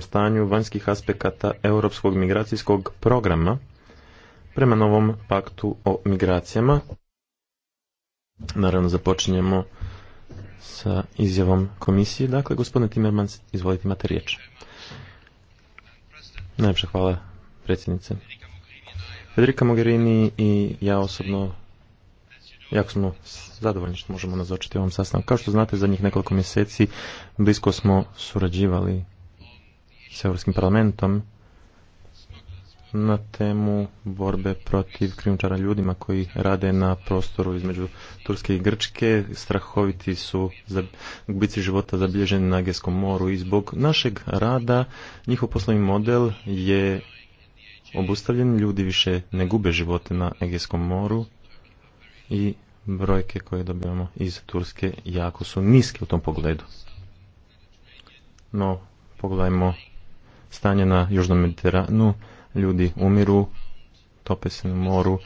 stanju vanjskih aspekata europskog migracijskog programa prema novom paktu o migracijama. Naravno započinjemo sa izjavom komisije. Dakle, gospodine Timmermans, izvolite imate riječ. Najljepša hvala predsjednice. Federica Mogherini i ja osobno jako smo zadovoljni što možemo nazočiti ovom sastanku. Kao što znate, zadnjih nekoliko mjeseci blisko smo surađivali s Europskim parlamentom na temu borbe protiv krijumčara ljudima koji rade na prostoru između Turske i Grčke. Strahoviti su gubici života zabilježeni na Egeskom moru i zbog našeg rada njihov poslovni model je obustavljen. Ljudi više ne gube živote na Egeskom moru i brojke koje dobijamo iz Turske jako su niske u tom pogledu. No, pogledajmo stanje na Južnom Mediteranu, ljudi umiru, tope se na moru.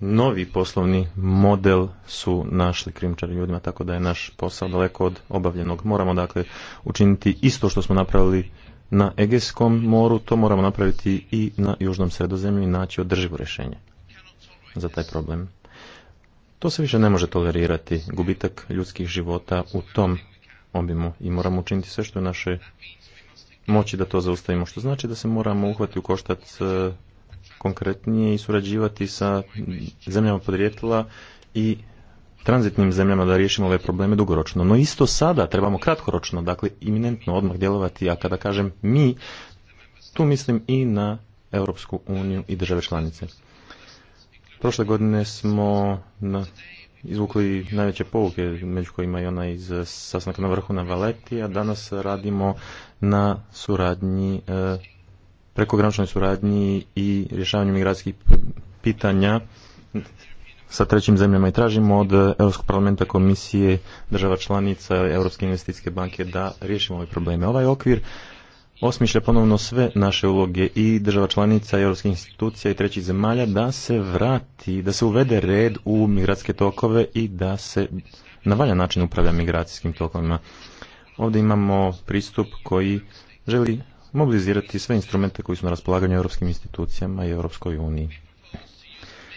Novi poslovni model su našli krimčari ljudima, tako da je naš posao daleko od obavljenog. Moramo dakle učiniti isto što smo napravili na Egejskom moru, to moramo napraviti i na Južnom sredozemlju i naći održivo rješenje za taj problem. To se više ne može tolerirati, gubitak ljudskih života u tom obimu i moramo učiniti sve što je naše moći da to zaustavimo, što znači da se moramo uhvati u koštac e, konkretnije i surađivati sa zemljama podrijetila i tranzitnim zemljama da riješimo ove probleme dugoročno. No isto sada trebamo kratkoročno, dakle iminentno odmah djelovati, a kada kažem mi, tu mislim i na Europsku uniju i države članice. Prošle godine smo na izvukli najveće pouke, među kojima je ona iz sastanka na vrhu na Valeti, a danas radimo na suradnji, e, prekograničnoj suradnji i rješavanju migracijskih pitanja sa trećim zemljama i tražimo od Europskog parlamenta komisije država članica Europske investicijske banke da riješimo ove probleme. Ovaj okvir osmišlja ponovno sve naše uloge i država članica i europskih institucija i trećih zemalja da se vrati, da se uvede red u migratske tokove i da se na valjan način upravlja migracijskim tokovima. Ovdje imamo pristup koji želi mobilizirati sve instrumente koji su na raspolaganju europskim institucijama i Europskoj uniji.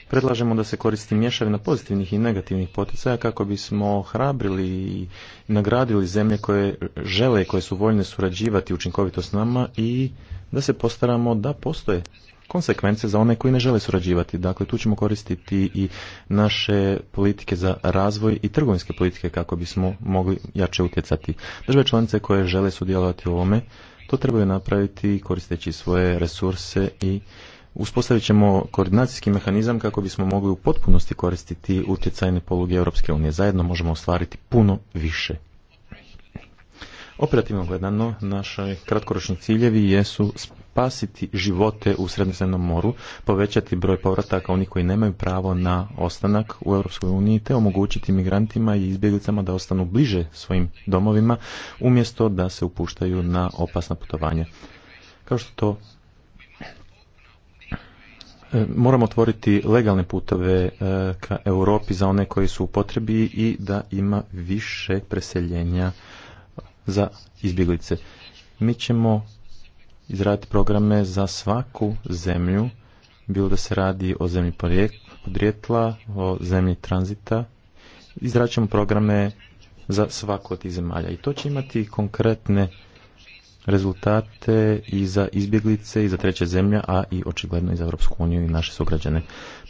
Predlažemo da se koristi mješavina pozitivnih i negativnih poticaja kako bismo hrabrili i nagradili zemlje koje žele i koje su voljne surađivati učinkovito s nama i da se postaramo da postoje konsekvence za one koji ne žele surađivati. Dakle, tu ćemo koristiti i naše politike za razvoj i trgovinske politike kako bismo mogli jače utjecati. Države članice koje žele sudjelovati u ovome, to trebaju napraviti koristeći svoje resurse i uspostavit ćemo koordinacijski mehanizam kako bismo mogli u potpunosti koristiti utjecajne poluge Europske unije. Zajedno možemo ostvariti puno više. Operativno gledano, naši kratkoročni ciljevi jesu spasiti živote u Sredozemnom moru, povećati broj povrataka onih koji nemaju pravo na ostanak u Europskoj uniji, te omogućiti migrantima i izbjeglicama da ostanu bliže svojim domovima, umjesto da se upuštaju na opasna putovanja. Kao što to E, moramo otvoriti legalne putove e, ka Europi za one koji su u potrebi i da ima više preseljenja za izbjeglice. Mi ćemo izraditi programe za svaku zemlju, bilo da se radi o zemlji podrijetla, o zemlji tranzita. ćemo programe za svaku od tih zemalja i to će imati konkretne rezultate i za izbjeglice i za treće zemlje, a i očigledno i za Europsku uniju i naše sugrađane.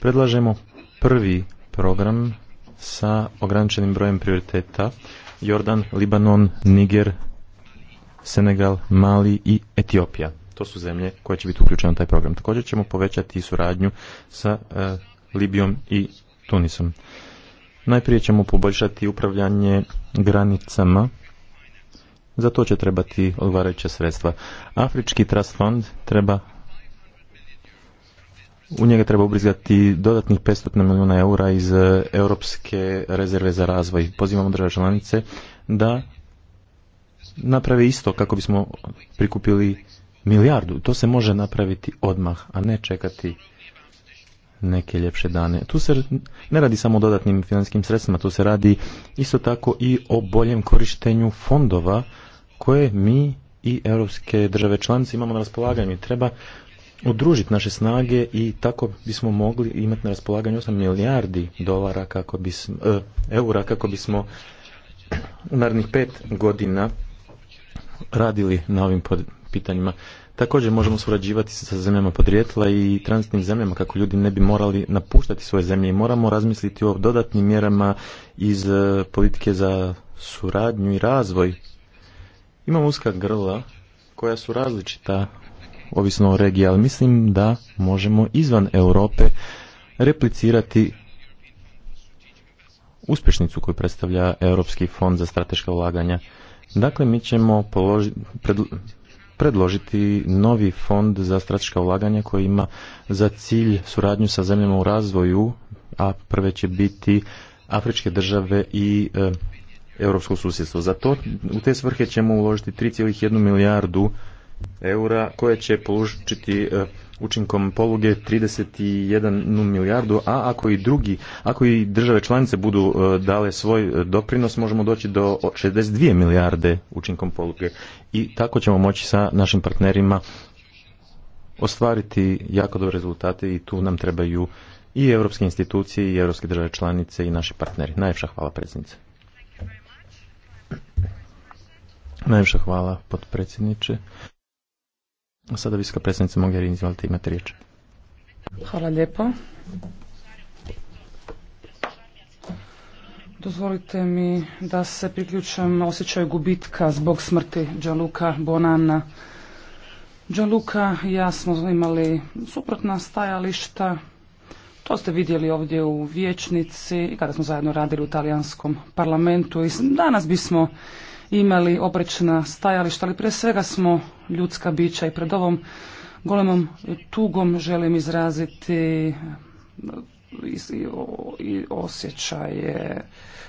Predlažemo prvi program sa ograničenim brojem prioriteta Jordan, Libanon, Niger, Senegal, Mali i Etiopija. To su zemlje koje će biti uključene u taj program. Također ćemo povećati suradnju sa e, Libijom i Tunisom. Najprije ćemo poboljšati upravljanje granicama za to će trebati odgovarajuća sredstva. Afrički trust fund treba u njega treba ubrizgati dodatnih 500 milijuna eura iz e, Europske rezerve za razvoj. Pozivamo države članice da naprave isto kako bismo prikupili milijardu. To se može napraviti odmah, a ne čekati neke ljepše dane. Tu se ne radi samo o dodatnim financijskim sredstvima, tu se radi isto tako i o boljem korištenju fondova koje mi i europske države članice imamo na raspolaganju i treba udružiti naše snage i tako bismo mogli imati na raspolaganju 8 milijardi dolara kako bismo, e, eura kako bismo u narednih pet godina radili na ovim pitanjima. Također možemo surađivati sa zemljama podrijetla i transitnim zemljama kako ljudi ne bi morali napuštati svoje zemlje i moramo razmisliti o dodatnim mjerama iz e, politike za suradnju i razvoj Imamo uska grla koja su različita ovisno o regiji, ali mislim da možemo izvan Europe replicirati uspješnicu koju predstavlja Europski fond za strateška ulaganja. Dakle, mi ćemo položi, predložiti novi fond za strateška ulaganja koji ima za cilj suradnju sa zemljama u razvoju, a prve će biti afričke države i e, europsko susjedstvo. Za to u te svrhe ćemo uložiti 3,1 milijardu eura koje će polučiti e, učinkom poluge 31 milijardu, a ako i drugi, ako i države članice budu e, dale svoj e, doprinos, možemo doći do 62 milijarde učinkom poluge. I tako ćemo moći sa našim partnerima ostvariti jako dobre rezultate i tu nam trebaju i europske institucije i europske države članice i naši partneri. Najljepša hvala predsjednice. Najviše hvala, potpredsjedniče. Sada viska predsjednica Mogherini, izvalite imati riječ. Hvala lijepo. Dozvolite mi da se priključam osjećaju gubitka zbog smrti Đaluka Bonana. Đaluka i ja smo imali suprotna stajališta. To ste vidjeli ovdje u vječnici i kada smo zajedno radili u talijanskom parlamentu i danas bismo imali oprečna stajališta, ali prije svega smo ljudska bića i pred ovom golemom tugom želim izraziti e, i osjećaje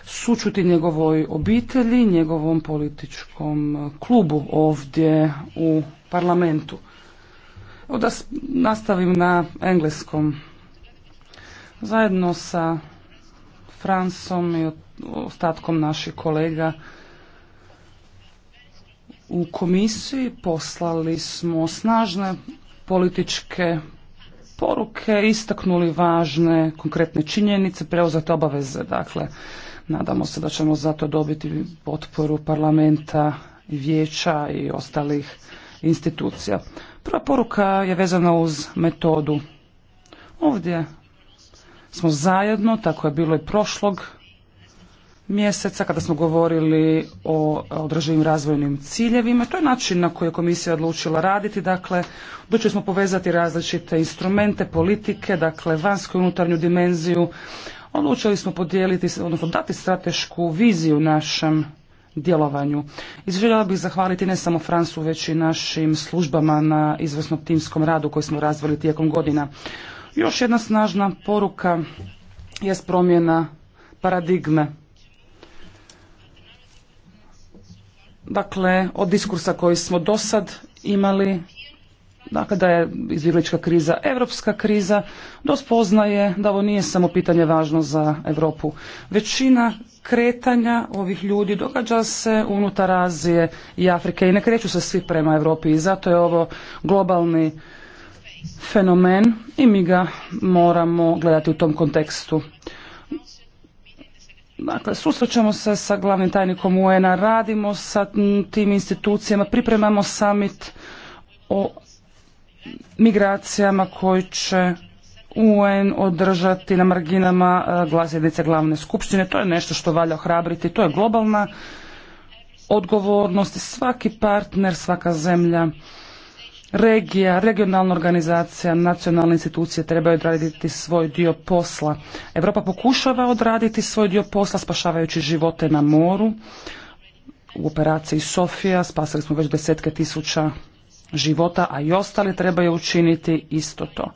sučuti njegovoj obitelji, njegovom političkom klubu ovdje u parlamentu. Da nastavim na engleskom. Zajedno sa Fransom i ostatkom naših kolega u komisiji poslali smo snažne političke poruke, istaknuli važne konkretne činjenice, preuzete obaveze. Dakle, nadamo se da ćemo zato dobiti potporu parlamenta, vijeća i ostalih institucija. Prva poruka je vezana uz metodu. Ovdje smo zajedno, tako je bilo i prošlog mjeseca kada smo govorili o održivim razvojnim ciljevima. To je način na koji je komisija odlučila raditi. Dakle, odlučili smo povezati različite instrumente, politike, dakle vanjsku i unutarnju dimenziju. Odlučili smo podijeliti, odnosno dati stratešku viziju našem djelovanju. I željela bih zahvaliti ne samo Francu, već i našim službama na izvrsnom timskom radu koji smo razvili tijekom godina. Još jedna snažna poruka jest promjena paradigme dakle, od diskursa koji smo do sad imali, dakle da je izbjeglička kriza europska kriza, do spoznaje da ovo nije samo pitanje važno za Europu. Većina kretanja ovih ljudi događa se unutar Azije i Afrike i ne kreću se svi prema Europi i zato je ovo globalni fenomen i mi ga moramo gledati u tom kontekstu. Dakle, susrećemo se sa glavnim tajnikom UN-a, radimo sa tim institucijama, pripremamo summit o migracijama koji će UN održati na marginama e, glasjednice glavne skupštine. To je nešto što valja ohrabriti. To je globalna odgovornost. Svaki partner, svaka zemlja regija, regionalna organizacija, nacionalne institucije trebaju odraditi svoj dio posla. Europa pokušava odraditi svoj dio posla spašavajući živote na moru. U operaciji Sofija spasili smo već desetke tisuća života, a i ostali trebaju učiniti isto to.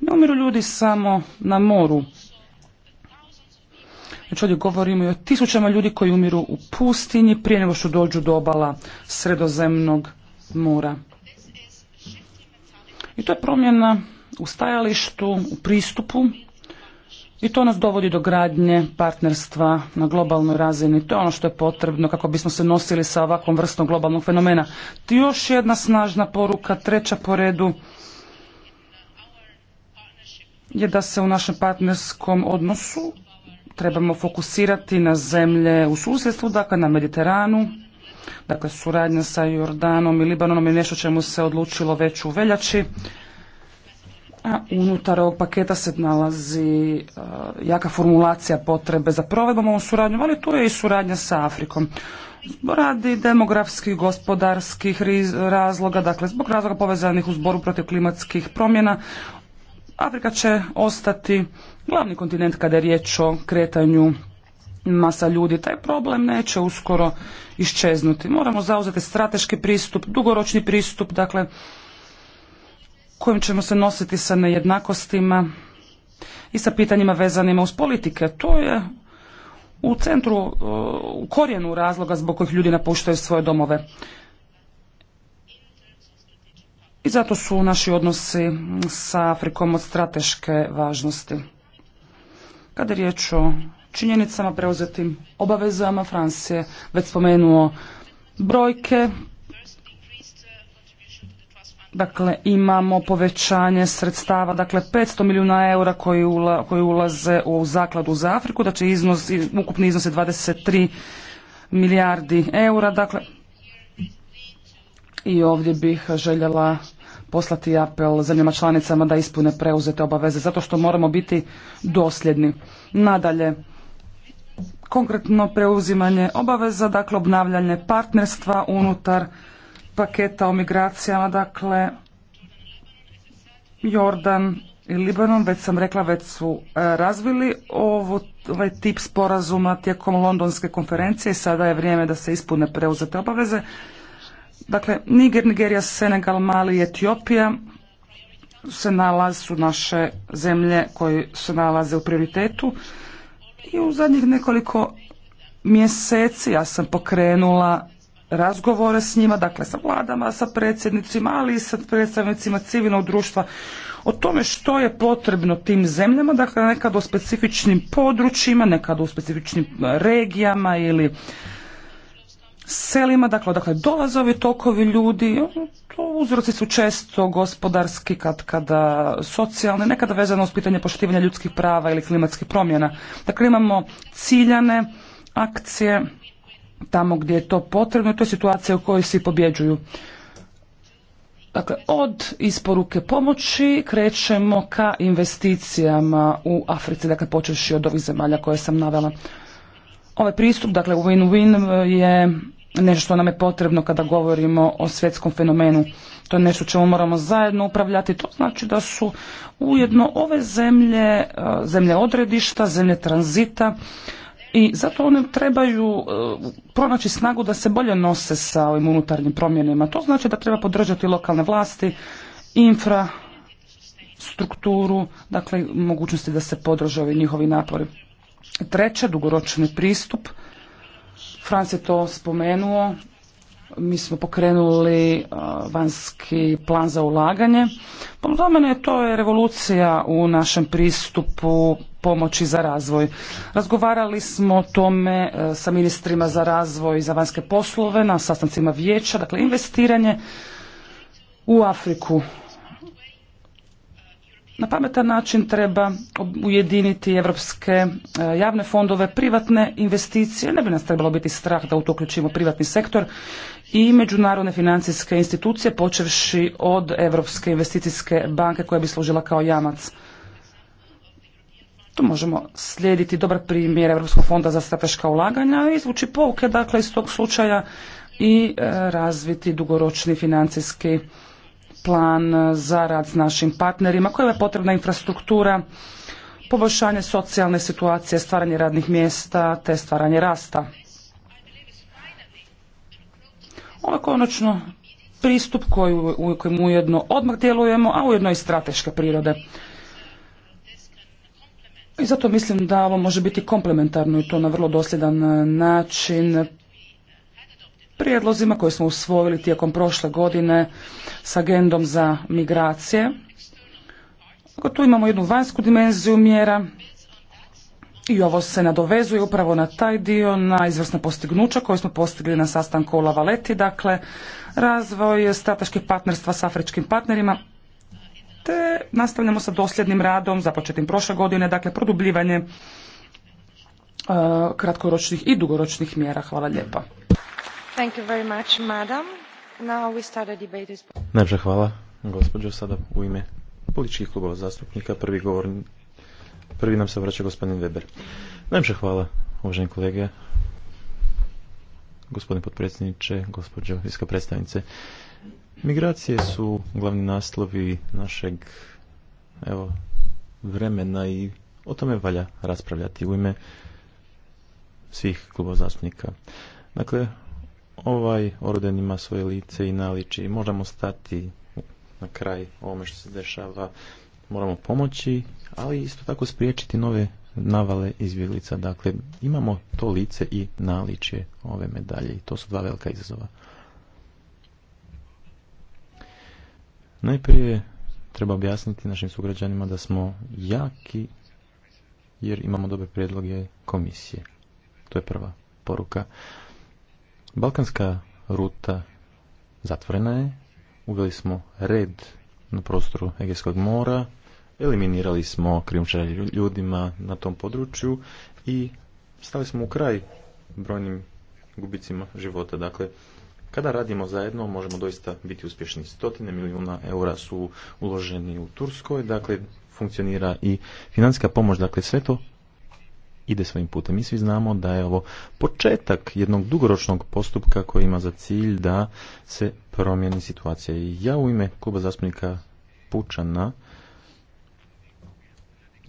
Ne umiru ljudi samo na moru. Znači ovdje govorimo i o tisućama ljudi koji umiru u pustinji prije nego što dođu do obala sredozemnog mora. I to je promjena u stajalištu, u pristupu i to nas dovodi do gradnje partnerstva na globalnoj razini. To je ono što je potrebno kako bismo se nosili sa ovakvom vrstom globalnog fenomena. Ti još jedna snažna poruka, treća po redu, je da se u našem partnerskom odnosu trebamo fokusirati na zemlje u susjedstvu, dakle na Mediteranu, Dakle, suradnja sa Jordanom i Libanonom je nešto čemu se odlučilo već u veljači. A unutar ovog paketa se nalazi e, jaka formulacija potrebe za provedbom ovom suradnjom, ali tu je i suradnja sa Afrikom. Radi demografskih, gospodarskih razloga, dakle zbog razloga povezanih u zboru protiv klimatskih promjena, Afrika će ostati glavni kontinent kada je riječ o kretanju masa ljudi. Taj problem neće uskoro iščeznuti. Moramo zauzeti strateški pristup, dugoročni pristup, dakle, kojim ćemo se nositi sa nejednakostima i sa pitanjima vezanima uz politike. To je u centru, u korijenu razloga zbog kojih ljudi napuštaju svoje domove. I zato su naši odnosi sa Afrikom od strateške važnosti. Kada je riječ o činjenicama, preuzetim obavezama. Frans je već spomenuo brojke. Dakle, imamo povećanje sredstava, dakle 500 milijuna eura koji, ulaze u zakladu za Afriku, da će iznos, ukupni iznos je 23 milijardi eura, dakle i ovdje bih željela poslati apel zemljama članicama da ispune preuzete obaveze zato što moramo biti dosljedni. Nadalje, konkretno preuzimanje obaveza, dakle obnavljanje partnerstva unutar paketa o migracijama, dakle Jordan i Libanon, već sam rekla, već su e, razvili ovo, ovaj tip sporazuma tijekom londonske konferencije i sada je vrijeme da se ispune preuzete obaveze. Dakle, Niger, Nigerija, Senegal, Mali i Etiopija se nalaze, su naše zemlje koje se nalaze u prioritetu. I u zadnjih nekoliko mjeseci ja sam pokrenula razgovore s njima, dakle sa vladama, sa predsjednicima, ali i sa predstavnicima civilnog društva o tome što je potrebno tim zemljama, dakle nekad u specifičnim područjima, nekad u specifičnim regijama ili selima, dakle odakle dolaze ovi tokovi ljudi, to uzroci su često gospodarski, kad kada socijalni, nekada vezano uz pitanje poštivanja ljudskih prava ili klimatskih promjena. Dakle imamo ciljane akcije tamo gdje je to potrebno i to je situacija u kojoj svi pobjeđuju. Dakle, od isporuke pomoći krećemo ka investicijama u Africi, dakle počevši od ovih zemalja koje sam navela. Ovaj pristup, dakle win-win je nešto nam je potrebno kada govorimo o svjetskom fenomenu. To je nešto čemu moramo zajedno upravljati. To znači da su ujedno ove zemlje, e, zemlje odredišta, zemlje tranzita i zato one trebaju e, pronaći snagu da se bolje nose sa ovim unutarnjim promjenama. To znači da treba podržati lokalne vlasti, infra, strukturu, dakle mogućnosti da se podrže ovi njihovi napori. Treće, dugoročni pristup Franc je to spomenuo. Mi smo pokrenuli uh, vanjski plan za ulaganje. Po je to je revolucija u našem pristupu pomoći za razvoj. Razgovarali smo o tome uh, sa ministrima za razvoj i za vanjske poslove na sastancima vijeća, dakle investiranje u Afriku na pametan način treba ujediniti evropske e, javne fondove, privatne investicije, ne bi nas trebalo biti strah da u to uključimo privatni sektor i međunarodne financijske institucije počevši od Europske investicijske banke koja bi služila kao jamac. Tu možemo slijediti dobar primjer Europskog fonda za strateška ulaganja i izvući pouke dakle iz tog slučaja i e, razviti dugoročni financijski plan za rad s našim partnerima kojima je potrebna infrastruktura, poboljšanje socijalne situacije, stvaranje radnih mjesta te stvaranje rasta. Ovo je konačno pristup u kojem ujedno odmah djelujemo, a ujedno i strateške prirode. I zato mislim da ovo može biti komplementarno i to na vrlo dosljedan način prijedlozima koje smo usvojili tijekom prošle godine s agendom za migracije. Ako dakle, tu imamo jednu vanjsku dimenziju mjera i ovo se nadovezuje upravo na taj dio, na izvrsna postignuća koje smo postigli na sastanku u Lavaleti, dakle razvoj strateških partnerstva s afričkim partnerima, te nastavljamo sa dosljednim radom, započetim prošle godine, dakle produbljivanje e, kratkoročnih i dugoročnih mjera. Hvala lijepa. Thank you hvala, gospođo, sada u ime političkih klubova zastupnika. Prvi, govor, prvi nam se vraća gospodin Weber. Najprej hvala, uvaženi kolege, gospodine potpredsjedniče, gospođo viska predstavnice. Migracije su glavni naslovi našeg evo, vremena i o tome valja raspravljati u ime svih klubova zastupnika. Dakle, ovaj orden ima svoje lice i i možemo stati na kraj ovome što se dešava. Moramo pomoći, ali isto tako spriječiti nove navale izbjeglica. Dakle, imamo to lice i naličje ove medalje i to su dva velika izazova. Najprije treba objasniti našim sugrađanima da smo jaki jer imamo dobre predloge komisije. To je prva poruka. Balkanska ruta zatvorena je, uveli smo red na prostoru Egejskog mora, eliminirali smo krijumčare ljudima na tom području i stali smo u kraj brojnim gubicima života. Dakle, kada radimo zajedno, možemo doista biti uspješni. Stotine milijuna eura su uloženi u Turskoj, dakle, funkcionira i financijska pomoć, dakle, sve to ide svojim putem. Mi svi znamo da je ovo početak jednog dugoročnog postupka koji ima za cilj da se promijeni situacija. I ja u ime kluba zastupnika Pučana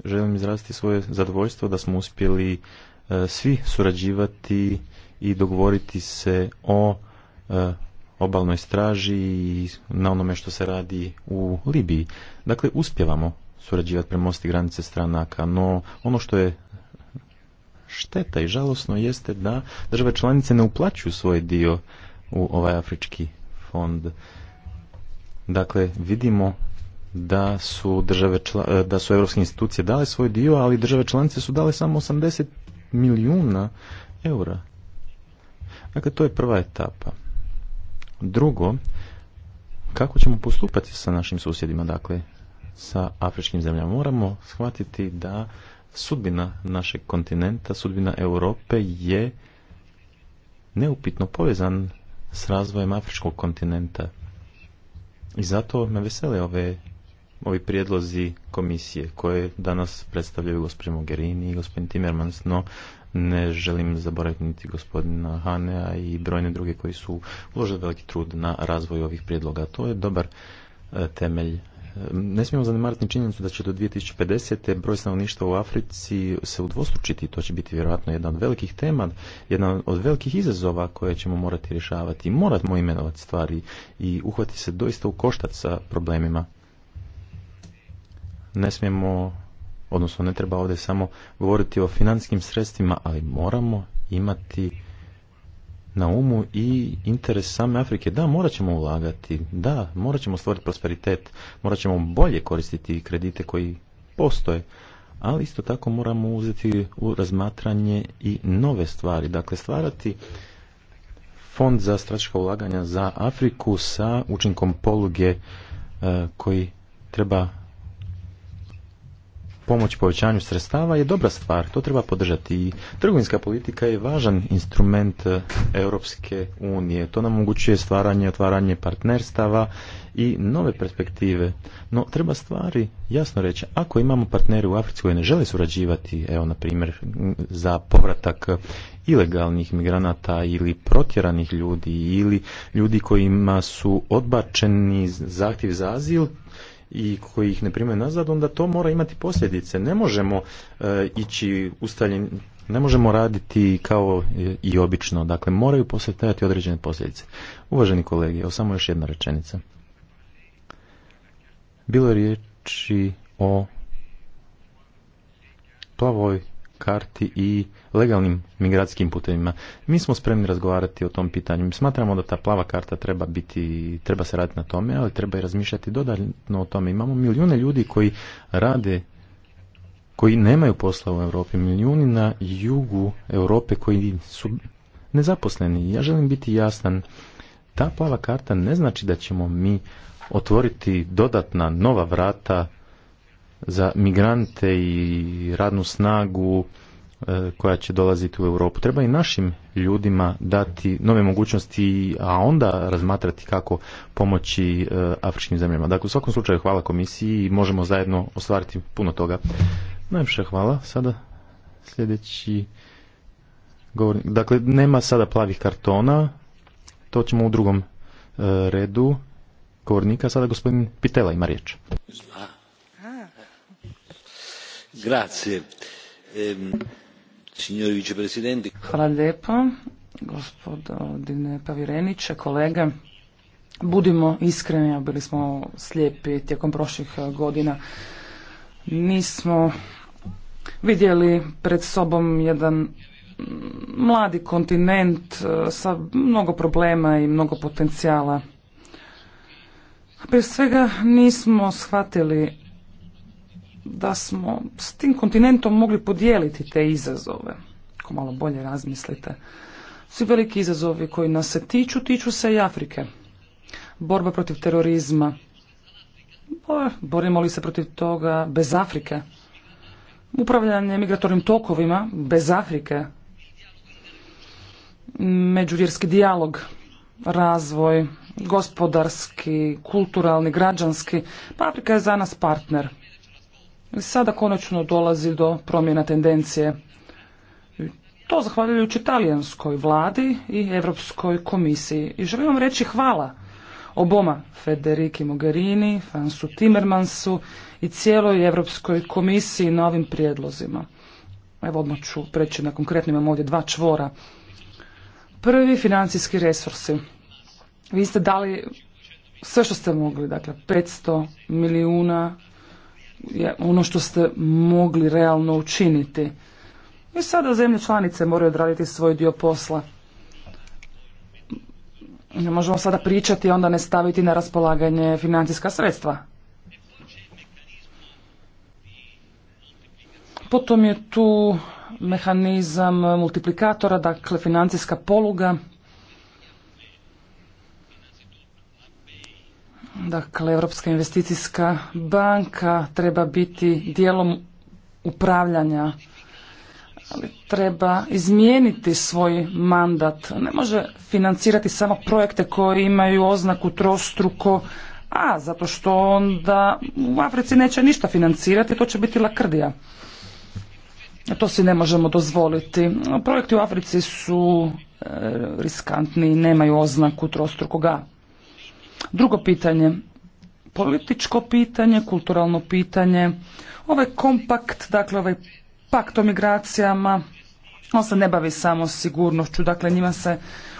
želim izraziti svoje zadovoljstvo da smo uspjeli e, svi surađivati i dogovoriti se o e, obalnoj straži i na onome što se radi u Libiji. Dakle, uspjevamo surađivati, premosti granice stranaka, no ono što je šteta i žalosno jeste da države članice ne uplaćuju svoj dio u ovaj afrički fond. Dakle, vidimo da su države e, da su europske institucije dale svoj dio, ali države članice su dale samo 80 milijuna eura. Dakle, to je prva etapa. Drugo, kako ćemo postupati sa našim susjedima, dakle, sa afričkim zemljama? Moramo shvatiti da sudbina našeg kontinenta, sudbina Europe je neupitno povezan s razvojem afričkog kontinenta. I zato me vesele ove, ovi prijedlozi komisije koje danas predstavljaju gospodin Mogherini i gospodin Timmermans, no ne želim zaboraviti gospodina Hanea i brojne druge koji su uložili veliki trud na razvoj ovih prijedloga. To je dobar e, temelj ne smijemo zanemariti činjenicu da će do 2050. broj stanovništva u Africi se udvostručiti to će biti vjerojatno jedna od velikih tema, jedna od velikih izazova koje ćemo morati rješavati. Moramo imenovati stvari i uhvati se doista u koštac sa problemima. Ne smijemo, odnosno ne treba ovdje samo govoriti o financijskim sredstvima, ali moramo imati na umu i interes same Afrike. Da, morat ćemo ulagati, da, morat ćemo stvoriti prosperitet, morat ćemo bolje koristiti kredite koji postoje, ali isto tako moramo uzeti u razmatranje i nove stvari. Dakle, stvarati fond za strateška ulaganja za Afriku sa učinkom poluge e, koji treba pomoć povećanju sredstava je dobra stvar, to treba podržati i trgovinska politika je važan instrument e, Europske unije. To nam omogućuje stvaranje i otvaranje partnerstava i nove perspektive. No treba stvari jasno reći, ako imamo partnere u Africi koji ne žele surađivati, evo na primjer za povratak ilegalnih migranata ili protjeranih ljudi ili ljudi kojima su odbačeni zahtjev za azil, i koji ih ne prime nazad, onda to mora imati posljedice. Ne možemo e, ići ustaljen, ne možemo raditi kao i obično. Dakle, moraju posjetajati određene posljedice. Uvaženi kolege, evo samo još jedna rečenica. Bilo je riječi o plavoj karti i legalnim migracijskim putevima. Mi smo spremni razgovarati o tom pitanju. Smatramo da ta plava karta treba biti, treba se raditi na tome, ali treba i razmišljati dodatno o tome. Imamo milijune ljudi koji rade koji nemaju posla u Europi, milijuni na jugu Europe koji su nezaposleni. Ja želim biti jasan, ta plava karta ne znači da ćemo mi otvoriti dodatna nova vrata za migrante i radnu snagu e, koja će dolaziti u Europu. Treba i našim ljudima dati nove mogućnosti, a onda razmatrati kako pomoći e, afričkim zemljama. Dakle, u svakom slučaju hvala komisiji i možemo zajedno ostvariti puno toga. Najviše hvala. Sada sljedeći govornik. Dakle, nema sada plavih kartona. To ćemo u drugom e, redu govornika. Sada gospodin Pitela ima riječ. Ehm, Hvala gospodine povjereniče kolege. Budimo iskreni, a bili smo slijepi tijekom prošlih eh, godina. Nismo vidjeli pred sobom jedan mm, mladi kontinent eh, sa mnogo problema i mnogo potencijala. Prije svega nismo shvatili da smo s tim kontinentom mogli podijeliti te izazove. Ako malo bolje razmislite. Svi veliki izazovi koji nas se tiču, tiču se i Afrike. Borba protiv terorizma. Borimo li se protiv toga bez Afrike? Upravljanje migratornim tokovima bez Afrike. Međuvjerski dijalog, razvoj, gospodarski, kulturalni, građanski. Pa Afrika je za nas partner. Sada konačno dolazi do promjena tendencije. To zahvaljujući talijanskoj vladi i Europskoj komisiji. I želim vam reći hvala oboma Federiki Mogherini, Fansu Timmermansu i cijeloj Europskoj komisiji na ovim prijedlozima. Evo odmah ću preći na konkretno, imam ovdje dva čvora. Prvi, financijski resursi. Vi ste dali sve što ste mogli, dakle 500 milijuna je ono što ste mogli realno učiniti. I sada zemlje članice moraju odraditi svoj dio posla. Ne možemo sada pričati, onda ne staviti na raspolaganje financijska sredstva. Potom je tu mehanizam multiplikatora, dakle financijska poluga Dakle, Europska investicijska banka treba biti dijelom upravljanja, ali treba izmijeniti svoj mandat. Ne može financirati samo projekte koji imaju oznaku trostruko A, zato što onda u Africi neće ništa financirati, to će biti lakrdija. To si ne možemo dozvoliti. Projekti u Africi su e, riskantni, i nemaju oznaku trostrukoga Drugo pitanje, političko pitanje, kulturalno pitanje, ovaj kompakt, dakle ovaj pakt o migracijama, on se ne bavi samo sigurnošću, dakle njima se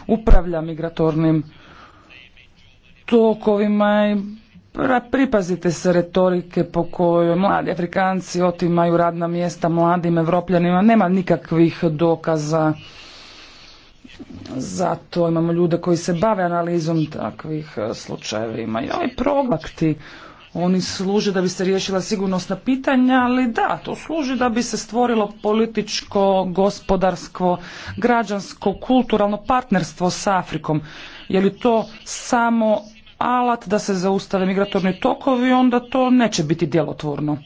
upravlja migratornim tokovima i pripazite se retorike po kojoj mladi Afrikanci otimaju radna mjesta mladim Evropljanima, nema nikakvih dokaza zato imamo ljude koji se bave analizom takvih e, slučajeva. Ima i probakti, Oni služe da bi se riješila sigurnosna pitanja, ali da, to služi da bi se stvorilo političko, gospodarsko, građansko, kulturalno partnerstvo s Afrikom. Je li to samo alat da se zaustave migratorni tokovi, onda to neće biti djelotvorno.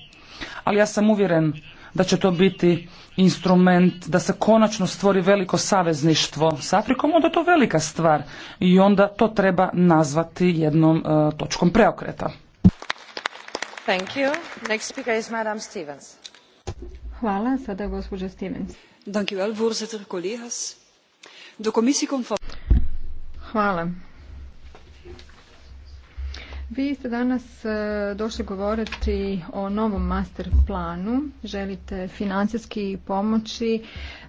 Ali ja sam uvjeren da će to biti instrument da se konačno stvori veliko savezništvo s Afrikom, onda je to velika stvar i onda to treba nazvati jednom uh, točkom preokreta. Thank you. Next speaker is Madam Stevens. Hvala, sada gospođa Stevens. Dankjewel, u wel, voorzitter, collega's. De Hvala, vi ste danas e, došli govoriti o novom master planu. Želite financijski pomoći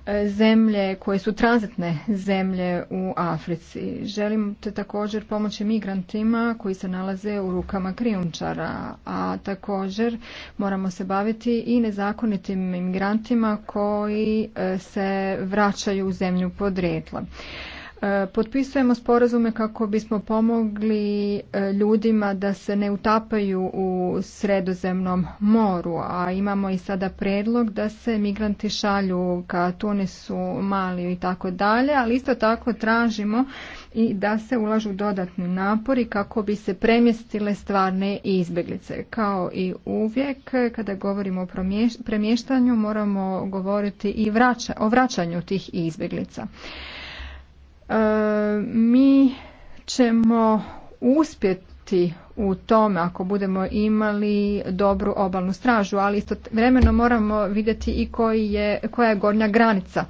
e, zemlje koje su tranzitne zemlje u Africi. Želite također pomoći migrantima koji se nalaze u rukama krijumčara, a također moramo se baviti i nezakonitim migrantima koji e, se vraćaju u zemlju podrijetla. E, potpisujemo sporazume kako bismo pomogli e, ljudima da se ne utapaju u sredozemnom moru, a imamo i sada predlog da se migranti šalju ka Tunisu, Maliju i tako dalje, ali isto tako tražimo i da se ulažu dodatni napori kako bi se premjestile stvarne izbjeglice. Kao i uvijek, kada govorimo o premještanju, moramo govoriti i o vraćanju tih izbjeglica. E, mi ćemo uspjeti u tome ako budemo imali dobru obalnu stražu, ali isto vremeno moramo vidjeti i koji je, koja je gornja granica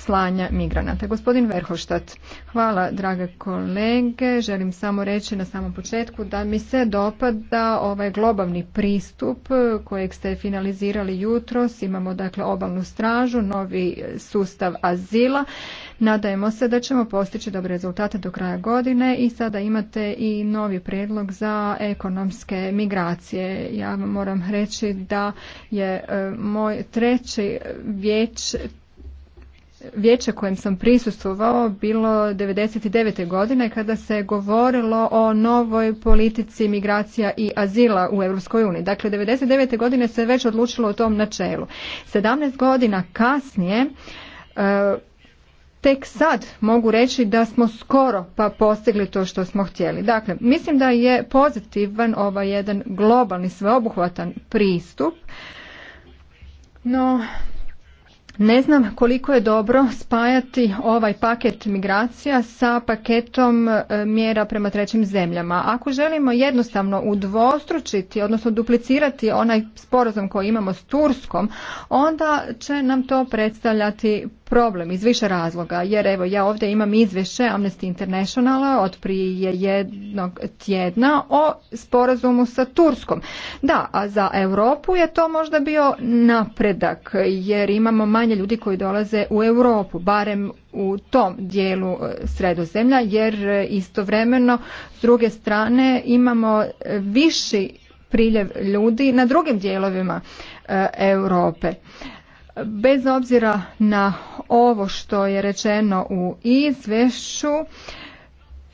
slanja migranata. Gospodin Verhoštat, hvala drage kolege. Želim samo reći na samom početku da mi se dopada ovaj globalni pristup kojeg ste finalizirali jutros. Imamo dakle obalnu stražu, novi sustav azila. Nadajemo se da ćemo postići dobre rezultate do kraja godine i sada imate i novi predlog za ekonomske migracije. Ja vam moram reći da je e, moj treći vječ, vijeće kojem sam prisustvovao bilo 99. godine kada se govorilo o novoj politici migracija i azila u Europskoj uniji. Dakle, 99. godine se već odlučilo o tom načelu. 17 godina kasnije e, tek sad mogu reći da smo skoro pa postigli to što smo htjeli. Dakle, mislim da je pozitivan ovaj jedan globalni sveobuhvatan pristup, no ne znam koliko je dobro spajati ovaj paket migracija sa paketom e, mjera prema trećim zemljama. Ako želimo jednostavno udvostručiti, odnosno duplicirati onaj sporazum koji imamo s Turskom, onda će nam to predstavljati problem iz više razloga, jer evo ja ovdje imam izvješće Amnesty Internationala od prije jednog tjedna o sporazumu sa Turskom. Da, a za Europu je to možda bio napredak, jer imamo manje ljudi koji dolaze u Europu, barem u tom dijelu e, sredozemlja, jer e, istovremeno s druge strane imamo viši priljev ljudi na drugim dijelovima e, Europe. Bez obzira na ovo što je rečeno u izvješću,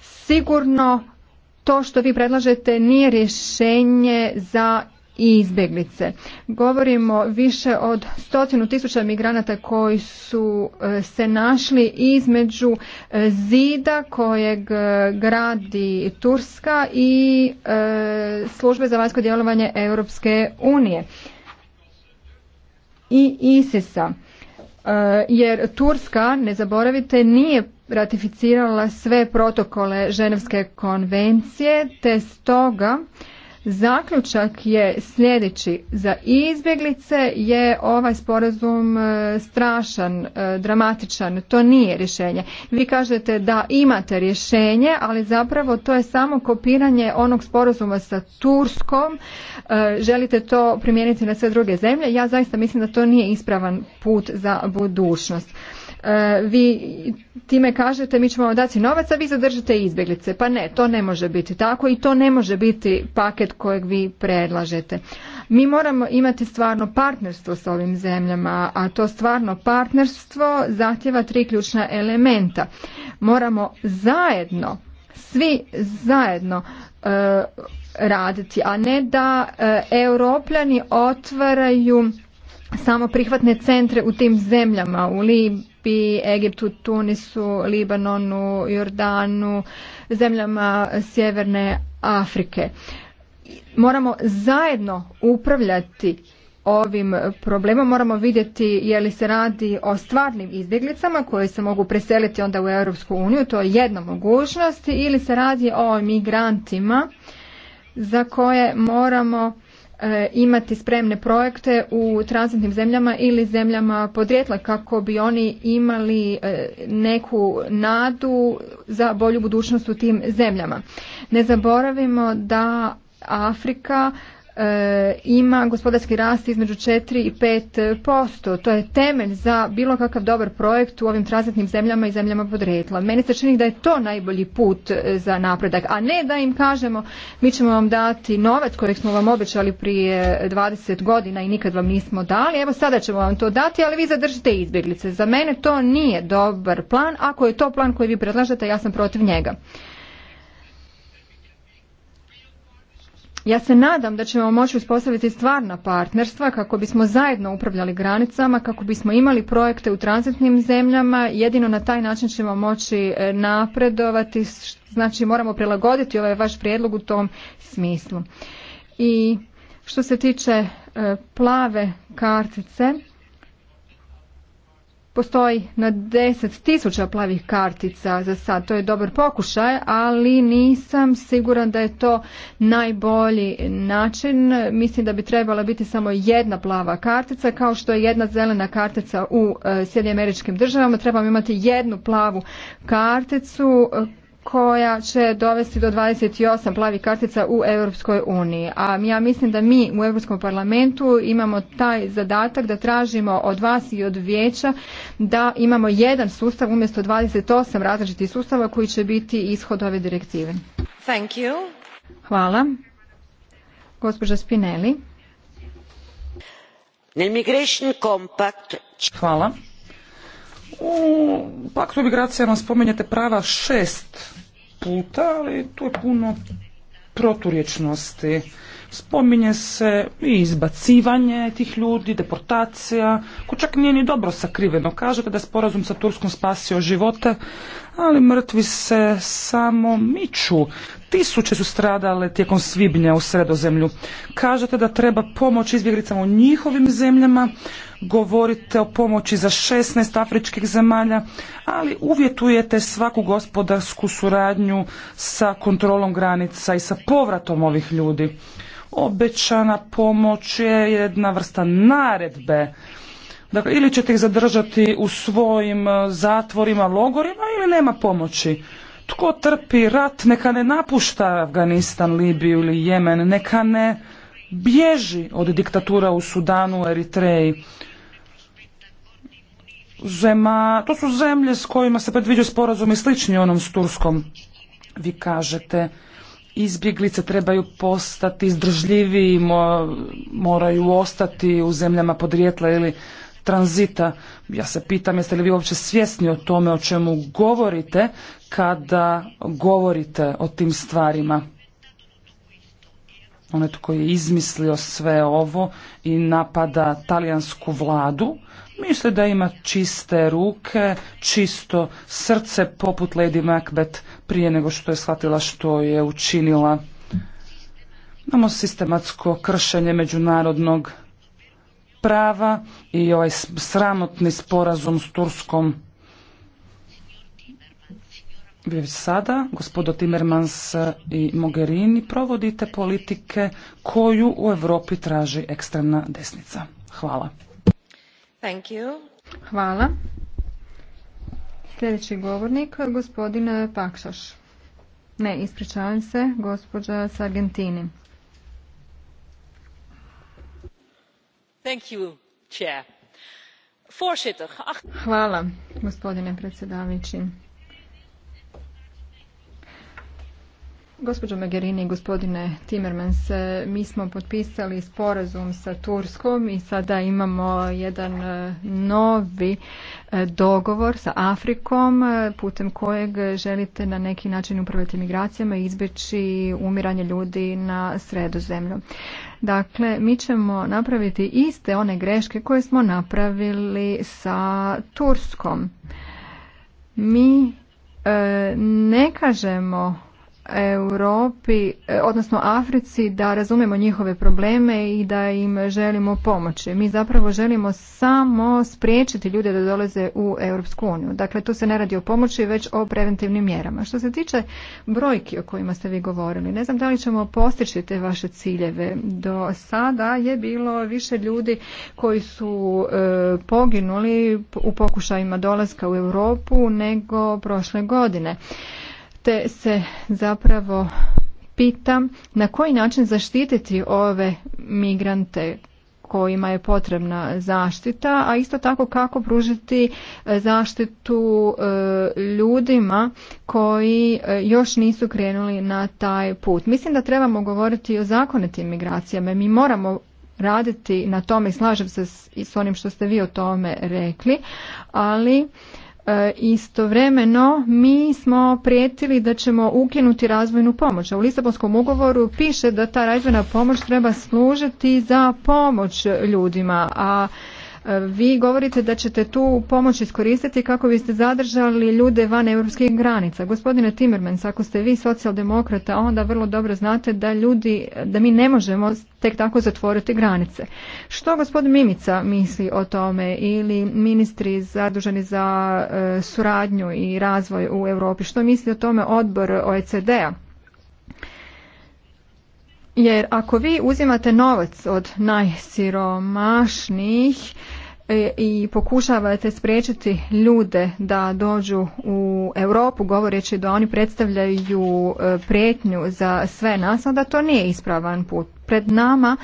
sigurno to što vi predlažete nije rješenje za izbjeglice. Govorimo više od stotinu tisuća migranata koji su e, se našli između e, zida kojeg e, gradi Turska i službe za vanjsko djelovanje Europske unije i ISIS-a. E, jer Turska, ne zaboravite, nije ratificirala sve protokole Ženevske konvencije, te stoga Zaključak je sljedeći. Za izbjeglice je ovaj sporazum e, strašan, e, dramatičan. To nije rješenje. Vi kažete da imate rješenje, ali zapravo to je samo kopiranje onog sporazuma sa Turskom. E, želite to primijeniti na sve druge zemlje. Ja zaista mislim da to nije ispravan put za budućnost. E, vi time kažete mi ćemo vam dati novac, a vi zadržite izbjeglice. Pa ne, to ne može biti tako i to ne može biti paket kojeg vi predlažete. Mi moramo imati stvarno partnerstvo s ovim zemljama, a to stvarno partnerstvo zahtjeva tri ključna elementa. Moramo zajedno, svi zajedno e, raditi, a ne da e, europljani otvaraju samo prihvatne centre u tim zemljama, u Libiji, i Egiptu, Tunisu, Libanonu, Jordanu, zemljama Sjeverne Afrike. Moramo zajedno upravljati ovim problemom moramo vidjeti je li se radi o stvarnim izbjeglicama koje se mogu preseliti onda u Europsku uniju, to je jedna mogućnost, ili se radi o migrantima za koje moramo E, imati spremne projekte u tranzitnim zemljama ili zemljama podrijetla kako bi oni imali e, neku nadu za bolju budućnost u tim zemljama. Ne zaboravimo da Afrika E, ima gospodarski rast između 4 i 5%. To je temelj za bilo kakav dobar projekt u ovim transitnim zemljama i zemljama podretla. Meni se čini da je to najbolji put e, za napredak, a ne da im kažemo mi ćemo vam dati novac kojeg smo vam obećali prije 20 godina i nikad vam nismo dali. Evo sada ćemo vam to dati, ali vi zadržite izbjeglice. Za mene to nije dobar plan. Ako je to plan koji vi predlažete, ja sam protiv njega. Ja se nadam da ćemo moći uspostaviti stvarna partnerstva kako bismo zajedno upravljali granicama, kako bismo imali projekte u tranzitnim zemljama. Jedino na taj način ćemo moći e, napredovati, znači moramo prilagoditi ovaj vaš prijedlog u tom smislu. I što se tiče e, plave kartice, postoji na deset tisuća plavih kartica za sad. To je dobar pokušaj, ali nisam siguran da je to najbolji način. Mislim da bi trebala biti samo jedna plava kartica, kao što je jedna zelena kartica u e, Sjedinim američkim državama. Trebamo imati jednu plavu karticu koja će dovesti do 28 plavih kartica u Europskoj uniji. A ja mislim da mi u Europskom parlamentu imamo taj zadatak da tražimo od vas i od vijeća da imamo jedan sustav umjesto 28 različitih sustava koji će biti ishod ove direktive. Thank you. Hvala. Gospođa Spinelli. Hvala. U paktu migracijama spominjete prava šest puta, ali tu je puno proturječnosti. Spominje se i izbacivanje tih ljudi, deportacija, ko čak nije ni dobro sakriveno. kaže da je sporazum sa Turskom spasio živote, ali mrtvi se samo miču. Tisuće su stradale tijekom svibnja u sredozemlju. Kažete da treba pomoć izbjeglicama u njihovim zemljama, govorite o pomoći za 16 afričkih zemalja, ali uvjetujete svaku gospodarsku suradnju sa kontrolom granica i sa povratom ovih ljudi. Obećana pomoć je jedna vrsta naredbe. Dakle, ili ćete ih zadržati u svojim eh, zatvorima, logorima ili nema pomoći. Tko trpi rat, neka ne napušta Afganistan, Libiju ili Jemen, neka ne bježi od diktatura u Sudanu, Eritreji. Zema, to su zemlje s kojima se predviđaju sporazumi slični onom s Turskom. Vi kažete, izbjeglice trebaju postati izdržljiviji, moraju ostati u zemljama podrijetla ili tranzita. Ja se pitam jeste li vi uopće svjesni o tome o čemu govorite kada govorite o tim stvarima. Onaj tko je izmislio sve ovo i napada talijansku vladu, misli da ima čiste ruke, čisto srce poput Lady Macbeth prije nego što je shvatila što je učinila. Imamo sistematsko kršenje međunarodnog prava i ovaj sramotni sporazum s Turskom. Vi sada, gospodo Timmermans i Mogherini, provodite politike koju u Europi traži ekstremna desnica. Hvala. Thank you. Hvala. Sljedeći govornik, gospodin Pakšaš. Ne, ispričavam se, gospođa Sargentini. Hvala, gospodine predsjedavajući Gospođo magerini i gospodine Timmermans, mi smo potpisali sporazum sa Turskom i sada imamo jedan e, novi e, dogovor sa Afrikom e, putem kojeg želite na neki način upravljati migracijama i izbjeći umiranje ljudi na sredozemlju. Dakle, mi ćemo napraviti iste one greške koje smo napravili sa Turskom. Mi ne kažemo Europi, e, odnosno Africi, da razumemo njihove probleme i da im želimo pomoći. Mi zapravo želimo samo spriječiti ljude da dolaze u Europsku uniju. Dakle, tu se ne radi o pomoći, već o preventivnim mjerama. Što se tiče brojki o kojima ste vi govorili, ne znam da li ćemo postići te vaše ciljeve. Do sada je bilo više ljudi koji su e, poginuli u pokušajima dolaska u Europu nego prošle godine te se zapravo pitam na koji način zaštititi ove migrante kojima je potrebna zaštita, a isto tako kako pružiti e, zaštitu e, ljudima koji e, još nisu krenuli na taj put. Mislim da trebamo govoriti o zakonitim migracijama. Mi moramo raditi na tome slažem se s onim što ste vi o tome rekli, ali E, istovremeno mi smo prijetili da ćemo ukinuti razvojnu pomoć. U Lisabonskom ugovoru piše da ta razvojna pomoć treba služiti za pomoć ljudima, a vi govorite da ćete tu pomoć iskoristiti kako biste zadržali ljude van europskih granica. Gospodine Timmermans, ako ste vi socijaldemokrata, onda vrlo dobro znate da ljudi, da mi ne možemo tek tako zatvoriti granice. Što gospodin Mimica misli o tome ili ministri zaduženi za e, suradnju i razvoj u Europi? Što misli o tome odbor OECD-a? Jer ako vi uzimate novac od najsiromašnijih, E, i pokušavate spriječiti ljude da dođu u Europu govoreći da oni predstavljaju e, prijetnju za sve nas, onda to nije ispravan put. Pred nama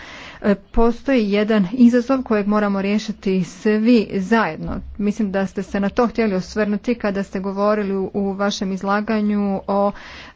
e, postoji jedan izazov kojeg moramo riješiti svi zajedno. Mislim da ste se na to htjeli osvrnuti kada ste govorili u vašem izlaganju o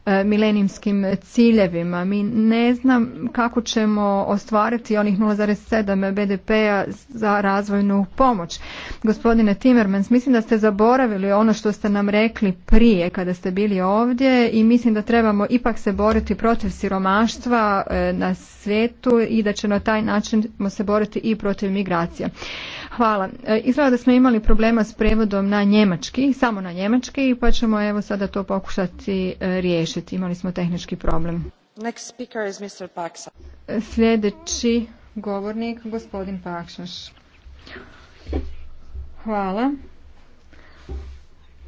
E, milenijskim ciljevima. Mi ne znam kako ćemo ostvariti onih 0,7 BDP-a za razvojnu pomoć. Gospodine Timmermans, mislim da ste zaboravili ono što ste nam rekli prije kada ste bili ovdje i mislim da trebamo ipak se boriti protiv siromaštva e, na svijetu i da ćemo na taj način se boriti i protiv migracija. Hvala. E, izgleda da smo imali problema s prevodom na njemački, samo na njemački, pa ćemo evo sada to pokušati e, riješiti. Imali smo tehnički problem. Next speaker is Mr. E, sljedeći govornik, gospodin Pakšaš. Hvala.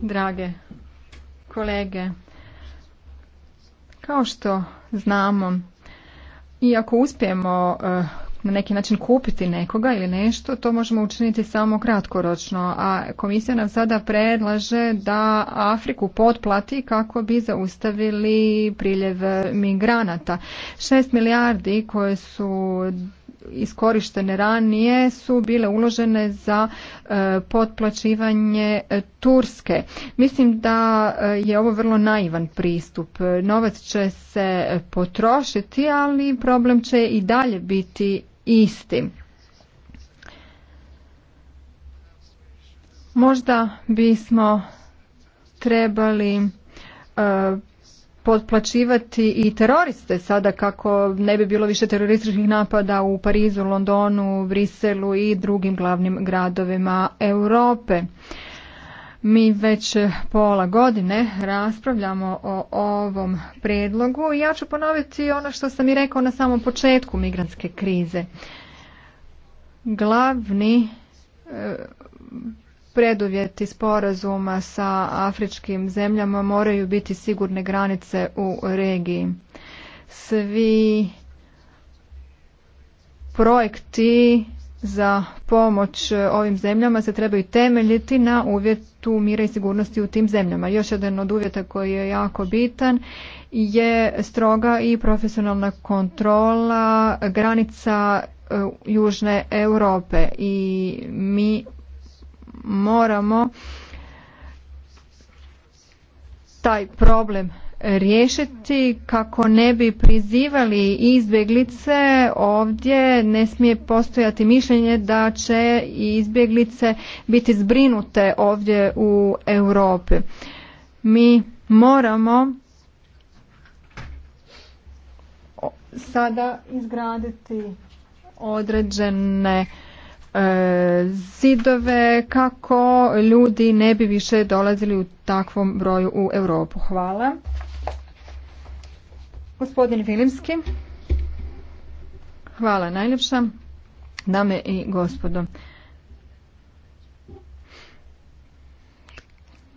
Drage kolege, kao što znamo, iako uspijemo na neki način kupiti nekoga ili nešto, to možemo učiniti samo kratkoročno. A komisija nam sada predlaže da Afriku potplati kako bi zaustavili priljev migranata. Šest milijardi koje su iskorištene ranije su bile uložene za e, potplaćivanje Turske. Mislim da e, je ovo vrlo naivan pristup. Novac će se potrošiti, ali problem će i dalje biti isti. Možda bismo trebali e, potplaćivati i teroriste sada kako ne bi bilo više terorističkih napada u Parizu, Londonu, Briselu i drugim glavnim gradovima Europe. Mi već e, pola godine raspravljamo o ovom predlogu i ja ću ponoviti ono što sam i rekao na samom početku migrantske krize. Glavni e, preduvjeti sporazuma sa afričkim zemljama moraju biti sigurne granice u regiji. Svi projekti za pomoć e, ovim zemljama se trebaju temeljiti na uvjetu mira i sigurnosti u tim zemljama. Još jedan od uvjeta koji je jako bitan je stroga i profesionalna kontrola granica e, Južne Europe i mi moramo taj problem riješiti kako ne bi prizivali izbjeglice ovdje ne smije postojati mišljenje da će izbjeglice biti zbrinute ovdje u Europi. Mi moramo sada izgraditi određene e, zidove kako ljudi ne bi više dolazili u takvom broju u Europu. Hvala. Gospodin Vilimski. Hvala najljepša. Dame i gospodo.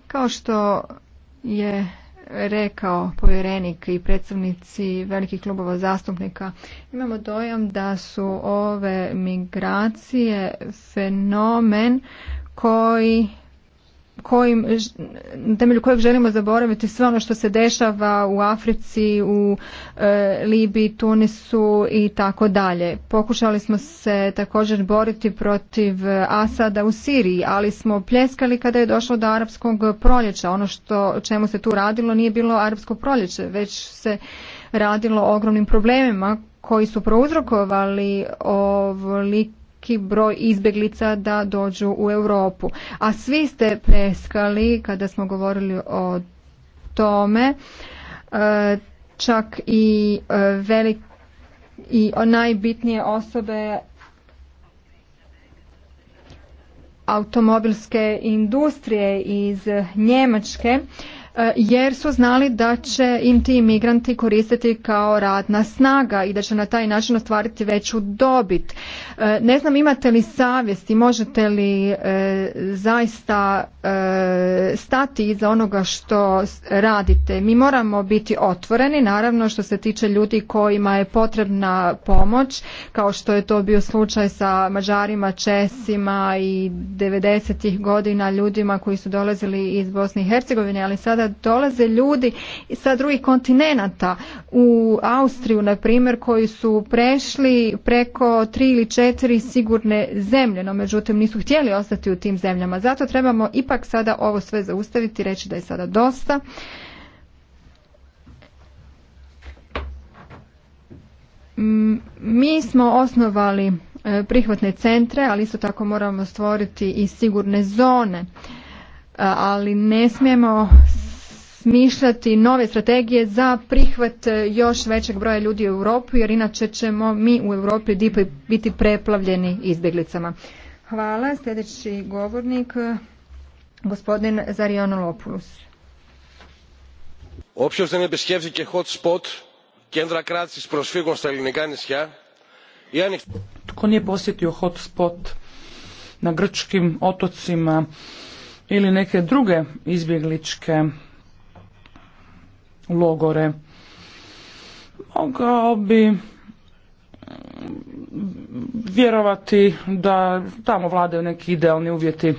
Kao što je rekao povjerenik i predstavnici velikih klubova zastupnika, imamo dojam da su ove migracije fenomen koji kojim, na temelju kojeg želimo zaboraviti sve ono što se dešava u Africi, u e, Libiji, Tunisu i tako dalje. Pokušali smo se također boriti protiv e, Asada u Siriji, ali smo pljeskali kada je došlo do arapskog proljeća. Ono što čemu se tu radilo nije bilo arapsko proljeće, već se radilo o ogromnim problemima koji su prouzrokovali ovoliko veliki broj izbjeglica da dođu u Europu. A svi ste preskali kada smo govorili o tome, e, čak i e, velik i najbitnije osobe automobilske industrije iz Njemačke E, jer su znali da će im ti migranti koristiti kao radna snaga i da će na taj način ostvariti veću dobit. E, ne znam imate li savjest i možete li e, zaista stati iza onoga što radite. Mi moramo biti otvoreni, naravno što se tiče ljudi kojima je potrebna pomoć, kao što je to bio slučaj sa Mađarima, Česima i 90. godina ljudima koji su dolazili iz Bosne i Hercegovine, ali sada dolaze ljudi sa drugih kontinenata u Austriju, na primjer, koji su prešli preko tri ili četiri sigurne zemlje, no međutim nisu htjeli ostati u tim zemljama. Zato trebamo ipak sada ovo sve zaustaviti, reći da je sada dosta. Mm, mi smo osnovali e, prihvatne centre, ali isto tako moramo stvoriti i sigurne zone, e, ali ne smijemo smišljati nove strategije za prihvat e, još većeg broja ljudi u Europu jer inače ćemo mi u Europi biti preplavljeni izbjeglicama. Hvala. Sljedeći govornik, e, gospodin Zarijano Lopulus. Όποιος δεν επισκέφθηκε ke hot spot, κέντρα κράτησης προσφύγων στα ελληνικά Tko nije posjetio hot spot na grčkim otocima ili neke druge izbjegličke logore. Mogao bi mm, vjerovati da tamo vladaju neki idealni uvjeti.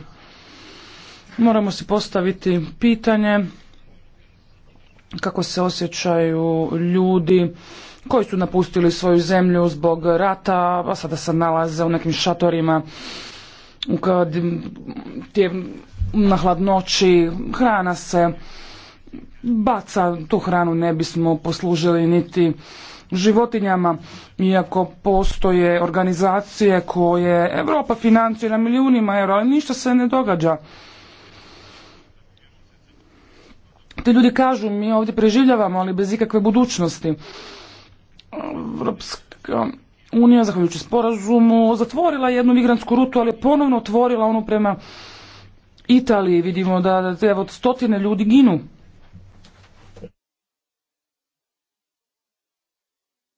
Moramo si postaviti pitanje kako se osjećaju ljudi koji su napustili svoju zemlju zbog rata, a sada se nalaze u nekim šatorima kad mm, je na hladnoći, hrana se baca tu hranu ne bismo poslužili niti životinjama, iako postoje organizacije koje Europa financira milijunima eura, ali ništa se ne događa. Ti ljudi kažu, mi ovdje preživljavamo, ali bez ikakve budućnosti. Europska unija, zahvaljujući sporazumu, zatvorila jednu migrantsku rutu, ali je ponovno otvorila onu prema Italiji. Vidimo da od stotine ljudi ginu.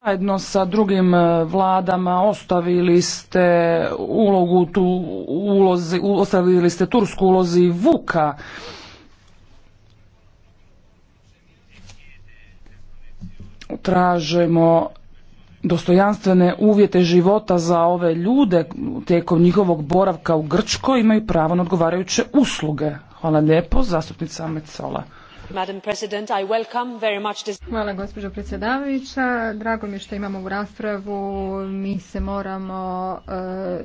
Zajedno sa drugim e, vladama ostavili ste ulogu tu ulozi, ostavili ste Tursku ulozi Vuka. Tražimo dostojanstvene uvjete života za ove ljude tijekom njihovog boravka u Grčkoj imaju pravo na odgovarajuće usluge. Hvala lijepo, zastupnica Mecola. Hvala gospođo predsjedavajuća. Drago mi je što imamo u raspravu. Mi se moramo eh,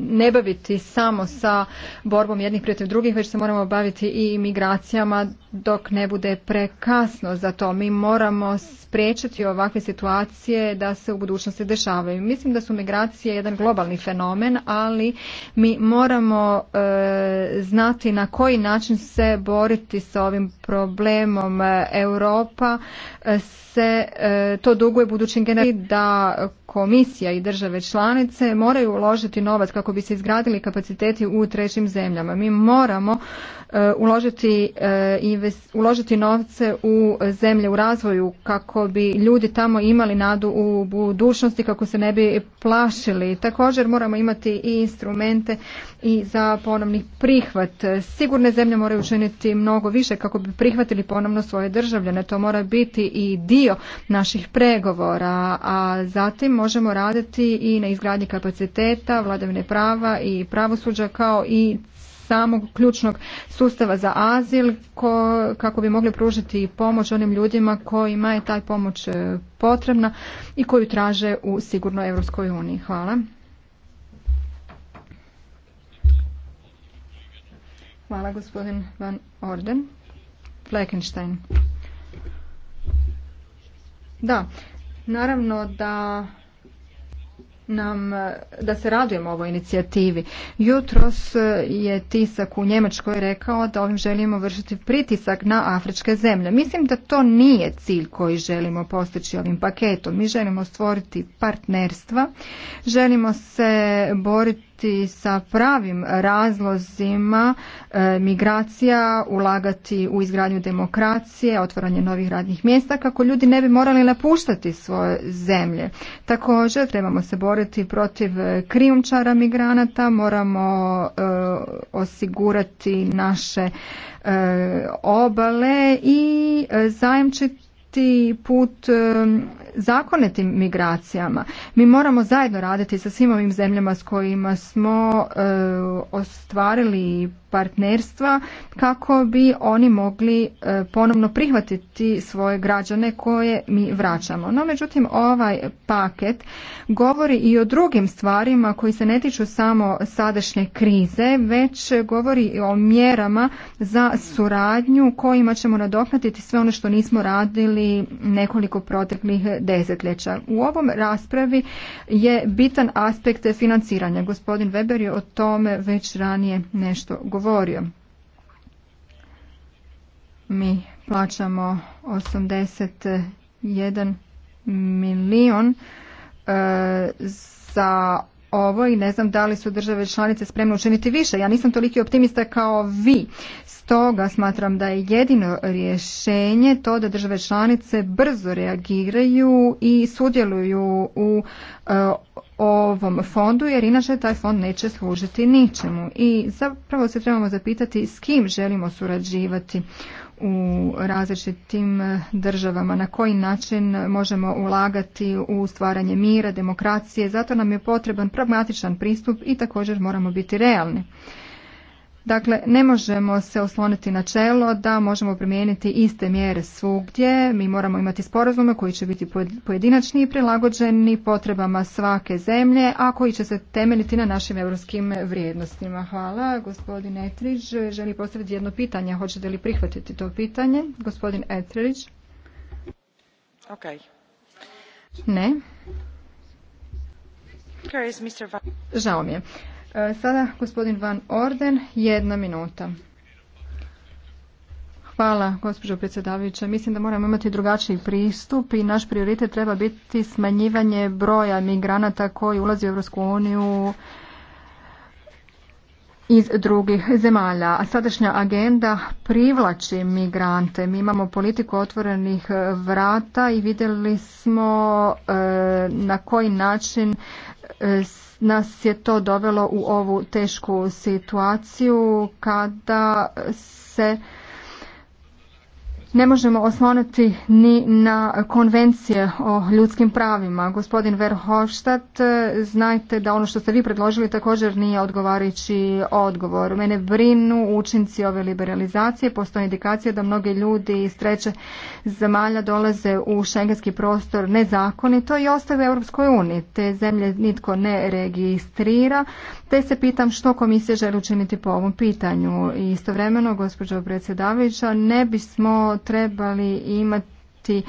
ne baviti samo sa borbom jednih protiv drugih, već se moramo baviti i migracijama dok ne bude prekasno za to. Mi moramo spriječiti ovakve situacije da se u budućnosti dešavaju. Mislim da su migracije jedan globalni fenomen, ali mi moramo eh, znati na koji način se boriti sa ovim problemom problemom e, Europa e, se e, to duguje budućim generacijama da komisija i države članice moraju uložiti novac kako bi se izgradili kapaciteti u trećim zemljama. Mi moramo e, uložiti, e, uložiti novce u zemlje u razvoju kako bi ljudi tamo imali nadu u budućnosti kako se ne bi plašili. Također moramo imati i instrumente i za ponovni prihvat. Sigurne zemlje moraju učiniti mnogo više kako bi prihvatili ponovno svoje državljane. To mora biti i dio naših pregovora, a zatim možemo raditi i na izgradnji kapaciteta, vladavine prava i pravosuđa kao i samog ključnog sustava za azil kako bi mogli pružiti pomoć onim ljudima kojima je taj pomoć e, potrebna i koju traže u sigurno Europskoj uniji. Hvala. Hvala gospodin Van Orden. Fleckenstein. Da, naravno da nam e, da se radujemo ovoj inicijativi. Jutros e, je tisak u Njemačkoj rekao da ovim želimo vršiti pritisak na afričke zemlje. Mislim da to nije cilj koji želimo postići ovim paketom. Mi želimo stvoriti partnerstva, želimo se boriti sa pravim razlozima e, migracija, ulagati u izgradnju demokracije, otvaranje novih radnih mjesta kako ljudi ne bi morali napuštati svoje zemlje. Također trebamo se boriti protiv krijumčara migranata, moramo e, osigurati naše e, obale i zajamčiti put zakonitim migracijama. Mi moramo zajedno raditi sa svim ovim zemljama s kojima smo e, ostvarili partnerstva kako bi oni mogli e, ponovno prihvatiti svoje građane koje mi vraćamo. No međutim ovaj paket govori i o drugim stvarima koji se ne tiču samo sadašnje krize, već govori i o mjerama za suradnju kojima ćemo nadoknatiti sve ono što nismo radili nekoliko proteklih desetljeća. U ovom raspravi je bitan aspekt financiranja. Gospodin Weber je o tome već ranije nešto govorio. Mi plaćamo 81 milion e, za ovo i ne znam da li su države članice spremne učiniti više. Ja nisam toliki optimista kao vi. Stoga smatram da je jedino rješenje to da države članice brzo reagiraju i sudjeluju u e, ovom fondu jer inače taj fond neće služiti ničemu. I zapravo se trebamo zapitati s kim želimo surađivati u različitim državama, na koji način možemo ulagati u stvaranje mira, demokracije, zato nam je potreban pragmatičan pristup i također moramo biti realni. Dakle, ne možemo se osloniti na čelo da možemo primijeniti iste mjere svugdje. Mi moramo imati sporazume koji će biti pojedinačni i prilagođeni potrebama svake zemlje, a koji će se temeljiti na našim europskim vrijednostima. Hvala. Gospodin Etrić želi postaviti jedno pitanje. Hoćete li prihvatiti to pitanje? Gospodin Etrić. Ok. Ne. Žao mi je. E, sada gospodin Van Orden, jedna minuta. Hvala, gospođo predsjedavajuća. Mislim da moramo imati drugačiji pristup i naš prioritet treba biti smanjivanje broja migranata koji ulazi u EU uniju iz drugih zemalja. A sadašnja agenda privlači migrante. Mi imamo politiku otvorenih vrata i vidjeli smo e, na koji način e, nas je to dovelo u ovu tešku situaciju kada se ne možemo osloniti ni na konvencije o ljudskim pravima. Gospodin Verhofstadt, znajte da ono što ste vi predložili također nije odgovarajući odgovor. Mene brinu učinci ove liberalizacije. Postoje indikacije da mnogi ljudi iz treće zemalja dolaze u šengenski prostor nezakonito i ostaju u Europskoj uniji. Te zemlje nitko ne registrira. Te se pitam što komisija želi učiniti po ovom pitanju. istovremeno, gospođo predsjedavajuća, ne bismo trebali imati e,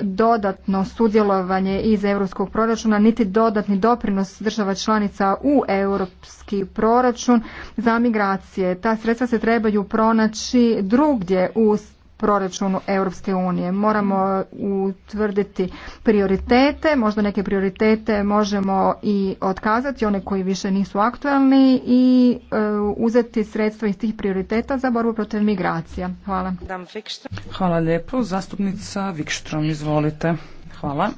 dodatno sudjelovanje iz europskog proračuna niti dodatni doprinos država članica u europski proračun za migracije. Ta sredstva se trebaju pronaći drugdje u proračunu Europske unije. Moramo utvrditi prioritete, možda neke prioritete možemo i otkazati, one koji više nisu aktualni i e, uzeti sredstva iz tih prioriteta za borbu protiv migracija. Hvala. Hvala lijepo. Zastupnica Vikštrom, izvolite. Hvala.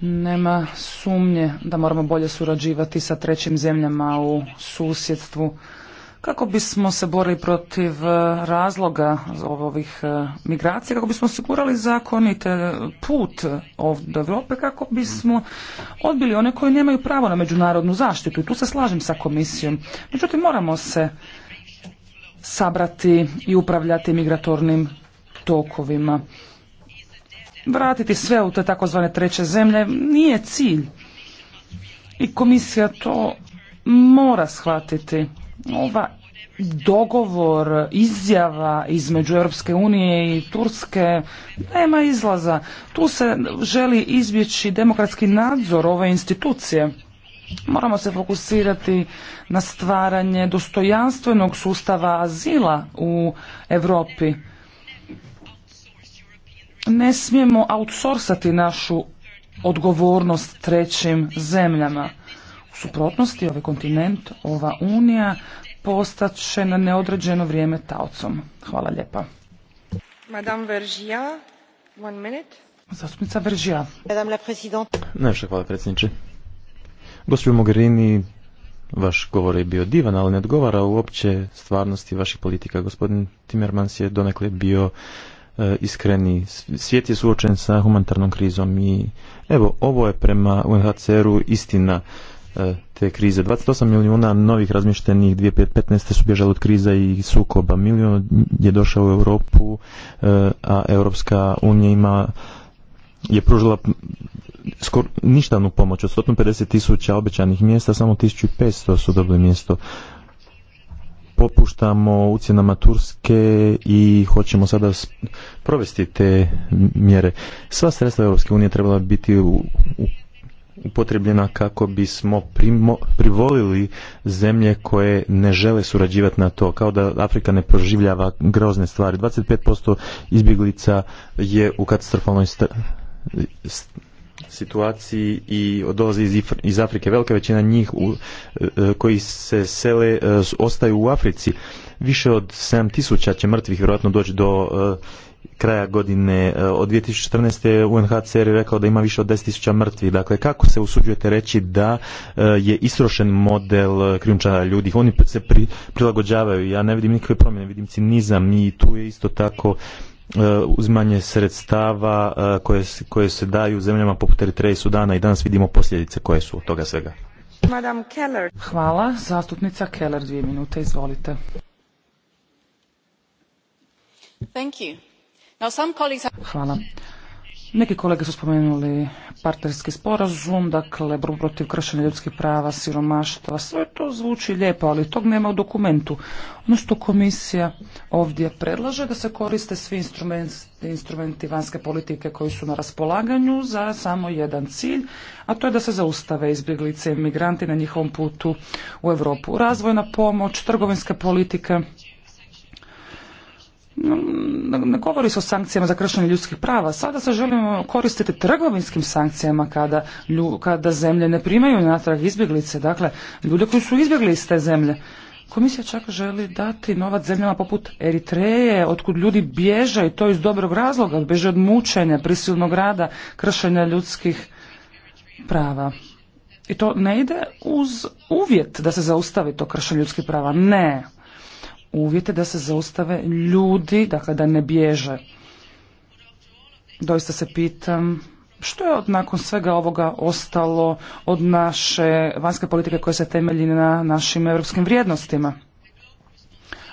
Nema sumnje da moramo bolje surađivati sa trećim zemljama u susjedstvu kako bismo se borili protiv e, razloga ovih e, migracija, kako bismo osigurali zakonite e, put ovdje do Europe, kako bismo odbili one koji nemaju pravo na međunarodnu zaštitu. I tu se slažem sa komisijom. Međutim, moramo se sabrati i upravljati migratornim tokovima. Vratiti sve u te takozvane treće zemlje nije cilj. I komisija to mora shvatiti ova dogovor, izjava između Europske unije i Turske nema izlaza. Tu se želi izbjeći demokratski nadzor ove institucije. Moramo se fokusirati na stvaranje dostojanstvenog sustava azila u Europi. Ne smijemo outsourcati našu odgovornost trećim zemljama suprotnosti, ovaj kontinent, ova unija postat na neodređeno vrijeme taocom. Hvala lijepa. Madame Vergia, one minute. Zastupnica Vergia. Madame la Presidente. Najviše hvala predsjedniče. Gospodin Mogherini, vaš govor je bio divan, ali ne odgovara uopće stvarnosti vaših politika. Gospodin Timmermans je donekle bio e, iskreni. Svijet je suočen sa humanitarnom krizom i evo, ovo je prema UNHCR-u istina. E, te krize. 28 milijuna novih razmišljenih 2015. su bježali od kriza i sukoba. Milijun je došao u Europu, e, a Europska unija ima je pružila skoro ništavnu pomoć. Od 150 tisuća obećanih mjesta, samo 1500 su dobili mjesto. Popuštamo ucjenama Turske i hoćemo sada provesti te mjere. Sva sredstva Europske unije trebala biti u upotrebljena kako bismo primo, privolili zemlje koje ne žele surađivati na to, kao da Afrika ne proživljava grozne stvari. 25% izbjeglica je u katastrofalnoj st situaciji i dolazi iz Afrike. Velika većina njih u, e, koji se sele e, ostaju u Africi. Više od 7000 će mrtvih vjerojatno doći do e, kraja godine. E, od 2014. UNHCR je rekao da ima više od 10.000 mrtvih. Dakle, kako se usuđujete reći da e, je istrošen model e, krijumčara ljudi? Oni se prilagođavaju. Ja ne vidim nikakve promjene, vidim cinizam i tu je isto tako uzmanje sredstava koje, se daju zemljama poput Eritreje i Sudana i danas vidimo posljedice koje su od toga svega. Hvala. Zastupnica Keller, dvije minute, izvolite. Hvala. Neki kolege su spomenuli partnerski sporazum, dakle, borbu protiv kršenja ljudskih prava, siromaštva, sve to zvuči lijepo, ali tog nema u dokumentu. Ono što komisija ovdje predlaže da se koriste svi instrumenti, instrumenti vanjske politike koji su na raspolaganju za samo jedan cilj, a to je da se zaustave izbjeglice i migranti na njihovom putu u Europu. Razvojna pomoć, trgovinske politike, ne govori se o sankcijama za kršenje ljudskih prava, sada se želimo koristiti trgovinskim sankcijama kada, kada zemlje ne primaju natrag izbjeglice, dakle ljude koji su izbjegli iz te zemlje. Komisija čak želi dati novac zemljama poput Eritreje, otkud ljudi bježe i to iz dobrog razloga, bježe od mučenja, prisilnog rada, kršenja ljudskih prava. I to ne ide uz uvjet da se zaustavi to kršenje ljudskih prava. Ne uvjete da se zaustave ljudi, dakle da ne bježe. Doista se pitam što je od nakon svega ovoga ostalo od naše vanjske politike koja se temelji na našim europskim vrijednostima.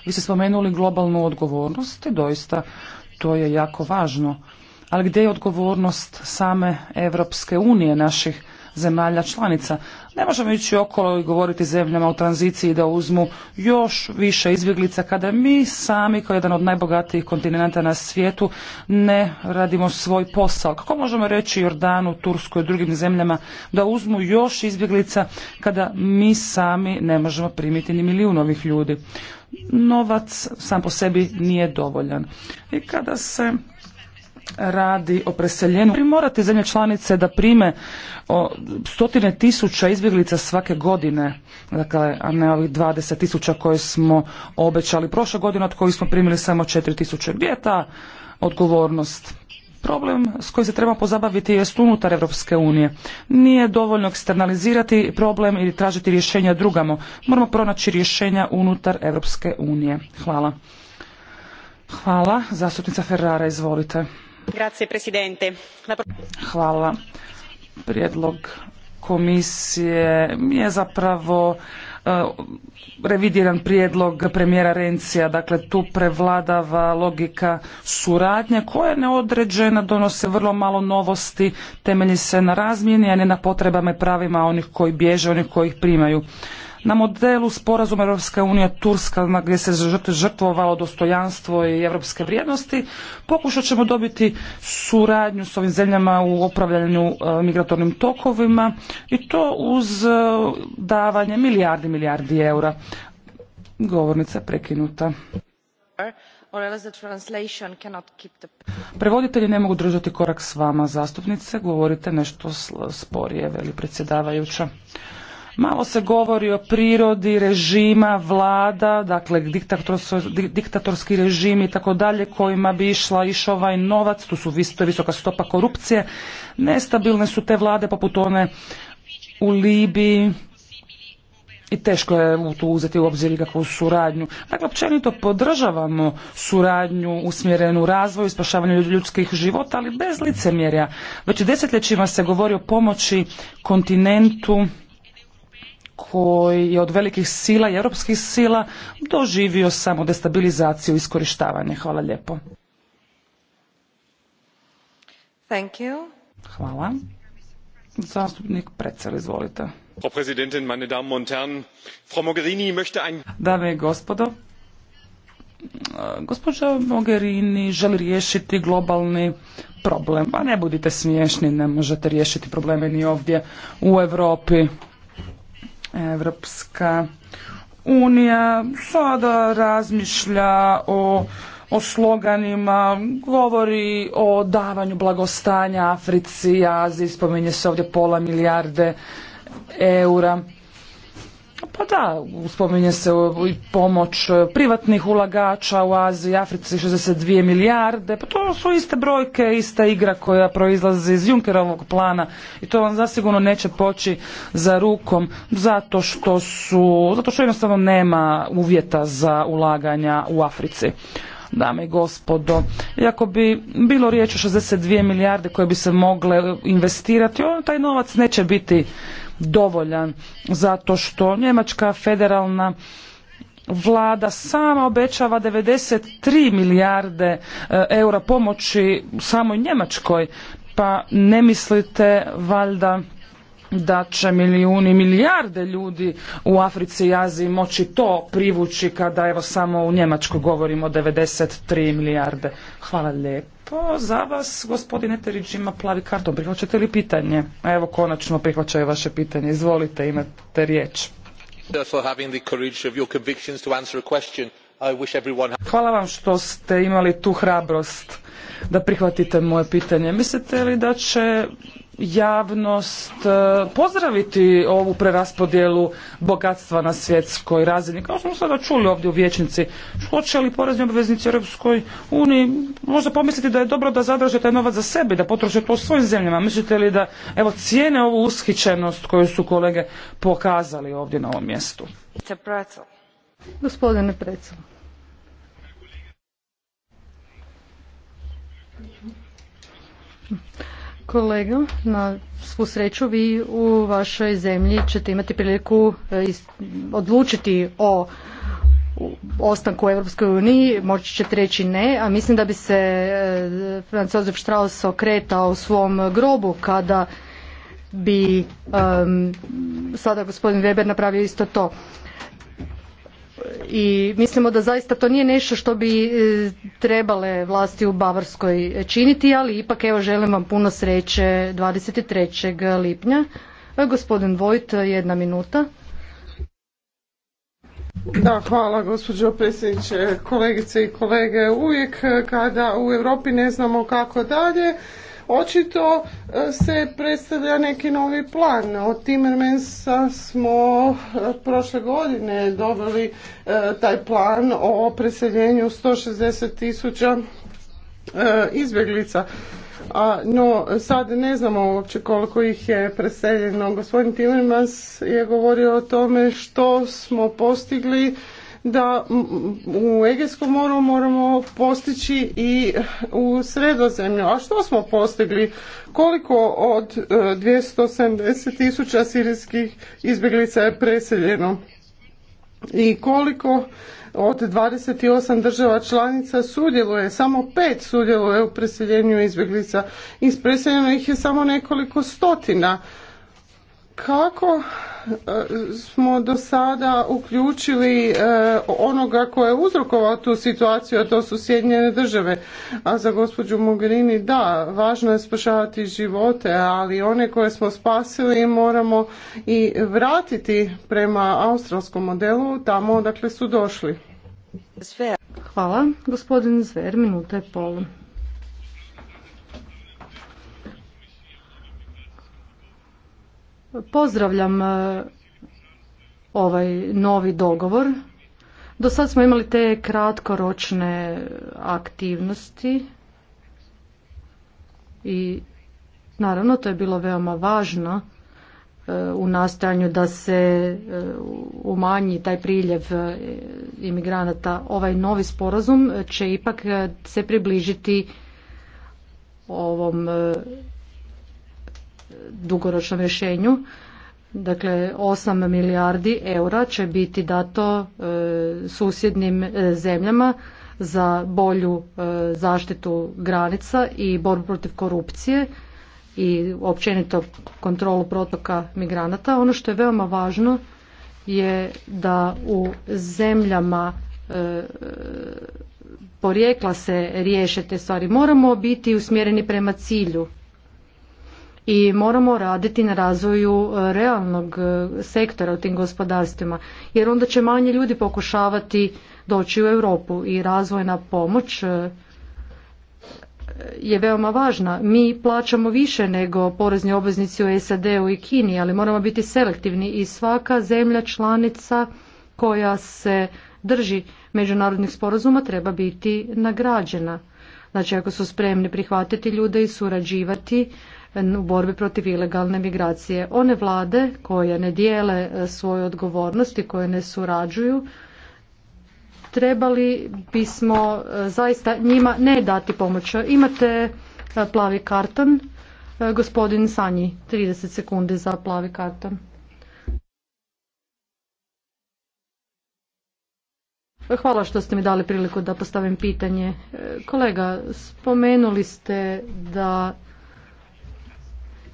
Vi ste spomenuli globalnu odgovornost i doista to je jako važno. Ali gdje je odgovornost same Europske unije, naših zemalja članica. Ne možemo ići okolo i govoriti zemljama u tranziciji da uzmu još više izbjeglica kada mi sami kao jedan od najbogatijih kontinenta na svijetu ne radimo svoj posao. Kako možemo reći Jordanu, Turskoj i drugim zemljama da uzmu još izbjeglica kada mi sami ne možemo primiti ni milijun ovih ljudi. Novac sam po sebi nije dovoljan. I kada se radi o preseljenju. Vi morate zemlje članice da prime o stotine tisuća izbjeglica svake godine, dakle, a ne ovih 20 tisuća koje smo obećali prošle godine, od kojih smo primili samo 4 tisuće. Gdje je ta odgovornost? Problem s kojim se treba pozabaviti jest unutar Europske unije. Nije dovoljno eksternalizirati problem ili tražiti rješenja drugamo. Moramo pronaći rješenja unutar Europske unije. Hvala. Hvala. Zastupnica Ferrara, izvolite. Hvala. Prijedlog komisije je zapravo e, revidiran prijedlog premijera Rencija. Dakle, tu prevladava logika suradnje koja je neodređena, donose vrlo malo novosti, temelji se na razmjeni, a ne na potrebama i pravima onih koji bježe, onih koji ih primaju na modelu sporazuma Europska unija Turska gdje se žrtvovalo dostojanstvo i europske vrijednosti pokušat ćemo dobiti suradnju s ovim zemljama u opravljanju e, migratornim tokovima i to uz e, davanje milijardi milijardi eura. Govornica je prekinuta. Prevoditelji ne mogu držati korak s vama, zastupnice. Govorite nešto sporije, veli predsjedavajuća. Malo se govori o prirodi režima, vlada, dakle diktatorski režim i tako dalje kojima bi išla iš ovaj novac, tu su visoka stopa korupcije. Nestabilne su te vlade poput one u Libiji i teško je tu uzeti u obzir kakvu suradnju. Dakle, općenito podržavamo suradnju usmjerenu razvoju i spašavanju ljudskih života, ali bez licemjerja. Već desetljećima se govori o pomoći kontinentu koji je od velikih sila i europskih sila doživio samo destabilizaciju i iskorištavanje. Hvala lijepo. Hvala. Zastupnik Precel, izvolite. Dame i gospodo, gospođa Mogherini želi riješiti globalni problem. Pa ne budite smiješni, ne možete riješiti probleme ni ovdje u Europi. Evropska unija sada razmišlja o, o sloganima, govori o davanju blagostanja Africi i Aziji, spominje se ovdje pola milijarde eura. Pa da, uspominje se i pomoć e, privatnih ulagača u Aziji, Africi 62 milijarde, pa to su iste brojke, ista igra koja proizlazi iz Junkerovog plana i to vam zasigurno neće poći za rukom zato što su, zato što jednostavno nema uvjeta za ulaganja u Africi dame i gospodo. Iako bi bilo riječ o 62 milijarde koje bi se mogle investirati, on, taj novac neće biti dovoljan zato što Njemačka federalna vlada sama obećava 93 milijarde e, eura pomoći samoj Njemačkoj. Pa ne mislite valjda da će milijuni, milijarde ljudi u Africi i Aziji moći to privući kada evo samo u Njemačku govorimo 93 milijarde. Hvala lijepo. Za vas, gospodine Terić, ima plavi karton. Prihvaćate li pitanje? Evo, konačno prihvaćaju vaše pitanje. Izvolite, imate riječ. Hvala vam što ste imali tu hrabrost da prihvatite moje pitanje. Mislite li da će javnost e, pozdraviti ovu preraspodjelu bogatstva na svjetskoj razini. Kao smo sada čuli ovdje u vječnici, hoće li porezni obveznici Europskoj uniji možda pomisliti da je dobro da zadrže taj novac za sebe, da potroše to svojim zemljama. Mislite li da evo cijene ovu ushićenost koju su kolege pokazali ovdje na ovom mjestu? Gospodine Precel kolega, na svu sreću vi u vašoj zemlji ćete imati priliku e, odlučiti o ostanku u Europskoj uniji, moći ćete reći ne, a mislim da bi se e, Franz Josef Strauss okretao u svom grobu kada bi sada gospodin Weber napravio isto to i mislimo da zaista to nije nešto što bi e, trebale vlasti u Bavarskoj činiti, ali ipak evo želim vam puno sreće 23. lipnja. E, gospodin Vojt, jedna minuta. Da, hvala gospođo predsjedniče, kolegice i kolege. Uvijek kada u Europi ne znamo kako dalje, Očito e, se predstavlja neki novi plan. Od Timmermansa smo e, prošle godine dobili e, taj plan o preseljenju 160 tisuća izbjeglica. A, no, sad ne znamo uopće koliko ih je preseljeno. Gospodin Timmermans je govorio o tome što smo postigli da u Egejskom moru moramo postići i u sredozemlju. A što smo postigli? Koliko od 270 e, tisuća sirijskih izbjeglica je preseljeno? I koliko od 28 država članica sudjeluje, samo pet sudjeluje u preseljenju izbjeglica. Ispreseljeno ih je samo nekoliko stotina kako e, smo do sada uključili e, onoga ko je uzrokovao tu situaciju, a to su Sjedinjene države. A za gospođu Mogherini, da, važno je spašavati živote, ali one koje smo spasili moramo i vratiti prema australskom modelu tamo odakle su došli. Hvala. Gospodin Zver, minuta je Pozdravljam e, ovaj novi dogovor. Do sad smo imali te kratkoročne aktivnosti i naravno to je bilo veoma važno e, u nastojanju da se e, umanji taj priljev imigranata. Ovaj novi sporazum će ipak se približiti ovom dugoročnom rješenju. Dakle, 8 milijardi eura će biti dato e, susjednim e, zemljama za bolju e, zaštitu granica i borbu protiv korupcije i općenito kontrolu protoka migranata. Ono što je veoma važno je da u zemljama porijekla se riješe te stvari. Moramo biti usmjereni prema cilju i moramo raditi na razvoju e, realnog e, sektora u tim gospodarstvima jer onda će manje ljudi pokušavati doći u Europu i razvojna pomoć e, je veoma važna. Mi plaćamo više nego porezni obveznici u SAD-u i Kini, ali moramo biti selektivni i svaka zemlja članica koja se drži međunarodnih sporazuma treba biti nagrađena. Znači ako su spremni prihvatiti ljude i surađivati, u borbi protiv ilegalne migracije. One vlade koje ne dijele e, svoje odgovornosti, koje ne surađuju, trebali bismo e, zaista njima ne dati pomoć. Imate e, plavi karton. Gospodin Sanji, 30 sekundi za plavi karton. Hvala što ste mi dali priliku da postavim pitanje. Kolega, spomenuli ste da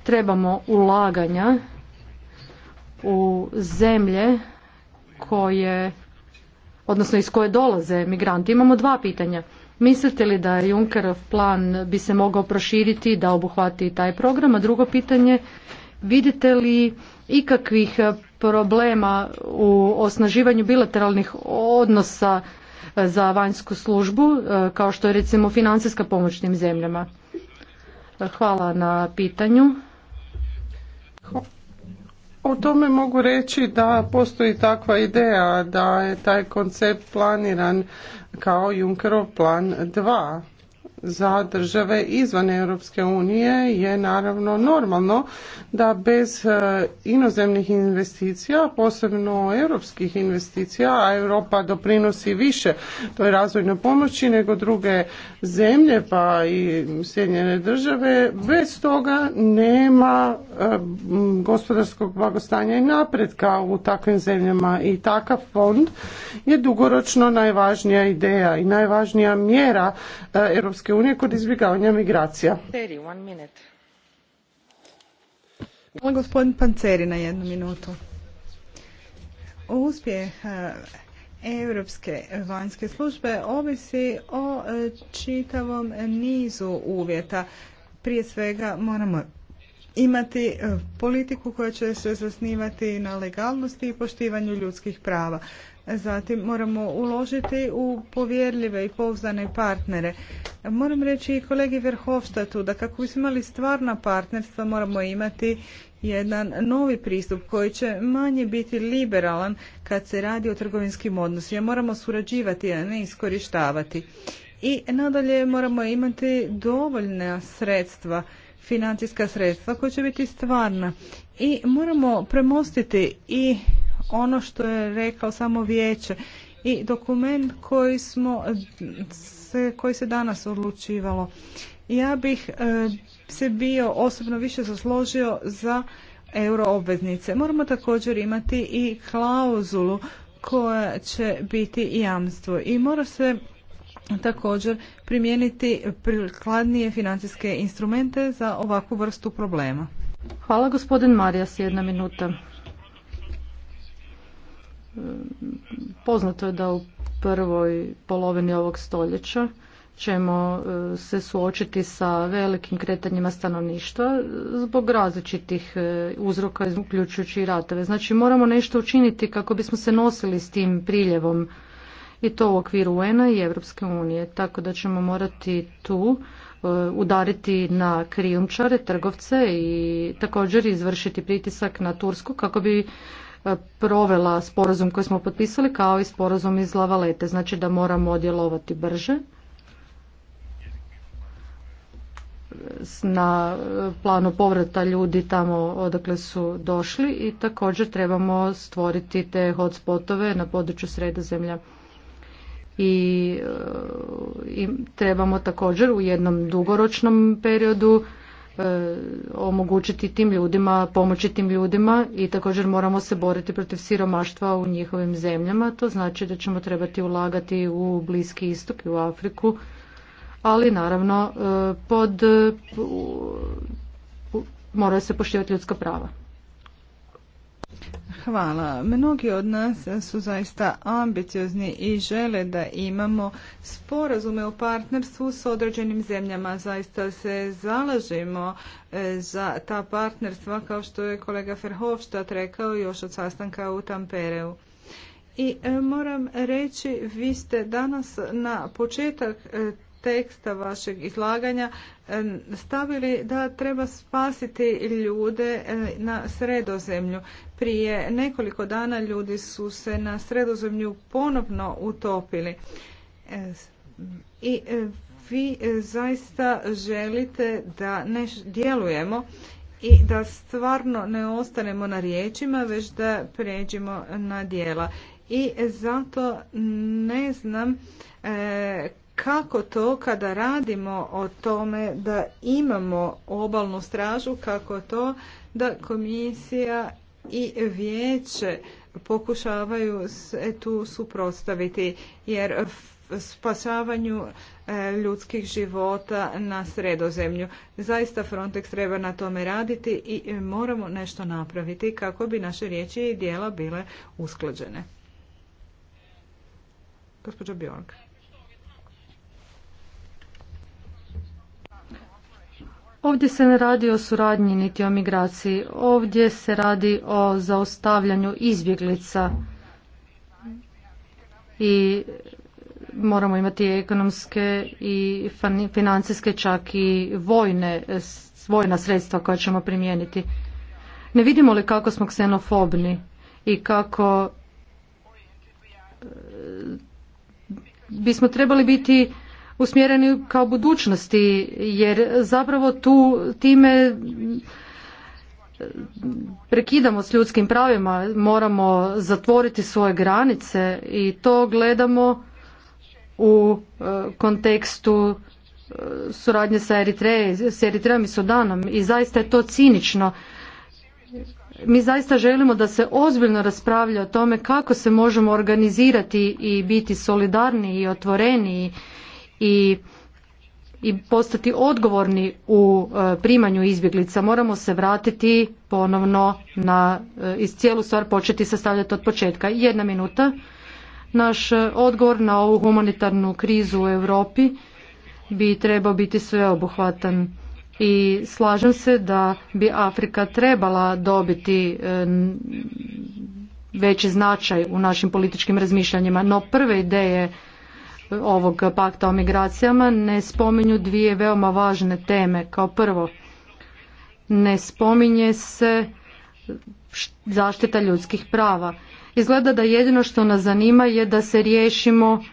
trebamo ulaganja u zemlje koje odnosno iz koje dolaze migranti. Imamo dva pitanja. Mislite li da Junckerov plan bi se mogao proširiti da obuhvati taj program? A drugo pitanje, vidite li ikakvih problema u osnaživanju bilateralnih odnosa za vanjsku službu, kao što je recimo financijska pomoć tim zemljama? Hvala na pitanju. O tome mogu reći da postoji takva ideja da je taj koncept planiran kao Junckerov plan 2 za države izvan Europske unije je naravno normalno da bez e, inozemnih investicija, posebno europskih investicija, a Europa doprinosi više toj razvojnoj pomoći nego druge zemlje pa i Sjedinjene države, bez toga nema e, gospodarskog blagostanja i napretka u takvim zemljama i takav fond je dugoročno najvažnija ideja i najvažnija mjera e, Europske Europske unije kod izbjegavanja migracija. gospodin Panceri na jednu minutu. Uspjeh e, Europske vanjske službe ovisi o e, čitavom nizu uvjeta. Prije svega moramo imati e, politiku koja će se zasnivati na legalnosti i poštivanju ljudskih prava. Zatim moramo uložiti u povjerljive i pouzdane partnere. Moram reći i kolegi Verhofstatu da kako bismo imali stvarna partnerstva moramo imati jedan novi pristup koji će manje biti liberalan kad se radi o trgovinskim odnosima. Moramo surađivati, a ne iskorištavati. I nadalje moramo imati dovoljna sredstva, financijska sredstva koja će biti stvarna. I moramo premostiti i ono što je rekao samo vijeće i dokument koji smo se, koji se danas odlučivalo. Ja bih e, se bio osobno više zasložio za euroobveznice. Moramo također imati i klauzulu koja će biti jamstvo i mora se također primijeniti prikladnije financijske instrumente za ovakvu vrstu problema. Hvala gospodin Marijas, jedna minuta. Poznato je da u prvoj polovini ovog stoljeća ćemo e, se suočiti sa velikim kretanjima stanovništva zbog različitih e, uzroka, uključujući i ratove. Znači moramo nešto učiniti kako bismo se nosili s tim priljevom i to u okviru UN-a i Europske unije. Tako da ćemo morati tu e, udariti na krijumčare, trgovce i također izvršiti pritisak na Tursku kako bi provela sporazum koji smo potpisali kao i sporazum iz Lavalete. Znači da moramo djelovati brže na planu povrata ljudi tamo odakle su došli i također trebamo stvoriti te hotspotove na području sredozemlja. I, e, i trebamo također u jednom dugoročnom periodu E, omogućiti tim ljudima, pomoći tim ljudima i također moramo se boriti protiv siromaštva u njihovim zemljama. To znači da ćemo trebati ulagati u Bliski istok i u Afriku, ali naravno e, pod, mora se poštivati ljudska prava. Hvala. Mnogi od nas su zaista ambiciozni i žele da imamo sporazume o partnerstvu s određenim zemljama. Zaista se zalažemo e, za ta partnerstva kao što je kolega Ferhofstadt rekao još od sastanka u Tampereu. I e, moram reći, vi ste danas na početak e, teksta vašeg izlaganja e, stavili da treba spasiti ljude e, na sredozemlju. Prije nekoliko dana ljudi su se na sredozemlju ponovno utopili. E, I vi zaista želite da ne djelujemo i da stvarno ne ostanemo na riječima, već da pređemo na dijela. I zato ne znam kako to kada radimo o tome da imamo obalnu stražu, kako to da komisija i vijeće pokušavaju se tu suprotstaviti jer spašavanju e, ljudskih života na sredozemlju. Zaista Frontex treba na tome raditi i moramo nešto napraviti kako bi naše riječi i dijela bile usklađene. Gospođo Bjorka. Ovdje se ne radi o suradnji niti o migraciji. Ovdje se radi o zaustavljanju izbjeglica i moramo imati ekonomske i financijske čak i vojne, vojna sredstva koja ćemo primijeniti. Ne vidimo li kako smo ksenofobni i kako e, bismo trebali biti usmjereni kao budućnosti jer zapravo tu time prekidamo s ljudskim pravima, moramo zatvoriti svoje granice i to gledamo u e, kontekstu e, suradnje sa Eritrejom i Sudanom i zaista je to cinično. Mi zaista želimo da se ozbiljno raspravlja o tome kako se možemo organizirati i biti solidarniji i otvoreniji i i postati odgovorni u e, primanju izbjeglica. Moramo se vratiti ponovno na e, iz cijelu stvar početi sastavljati od početka. Jedna minuta. Naš e, odgovor na ovu humanitarnu krizu u Europi bi trebao biti sveobuhvatan i slažem se da bi Afrika trebala dobiti veći značaj u našim političkim razmišljanjima, no prve ideje ovog pakta o migracijama ne spominju dvije veoma važne teme. Kao prvo, ne spominje se zaštita ljudskih prava. Izgleda da jedino što nas zanima je da se riješimo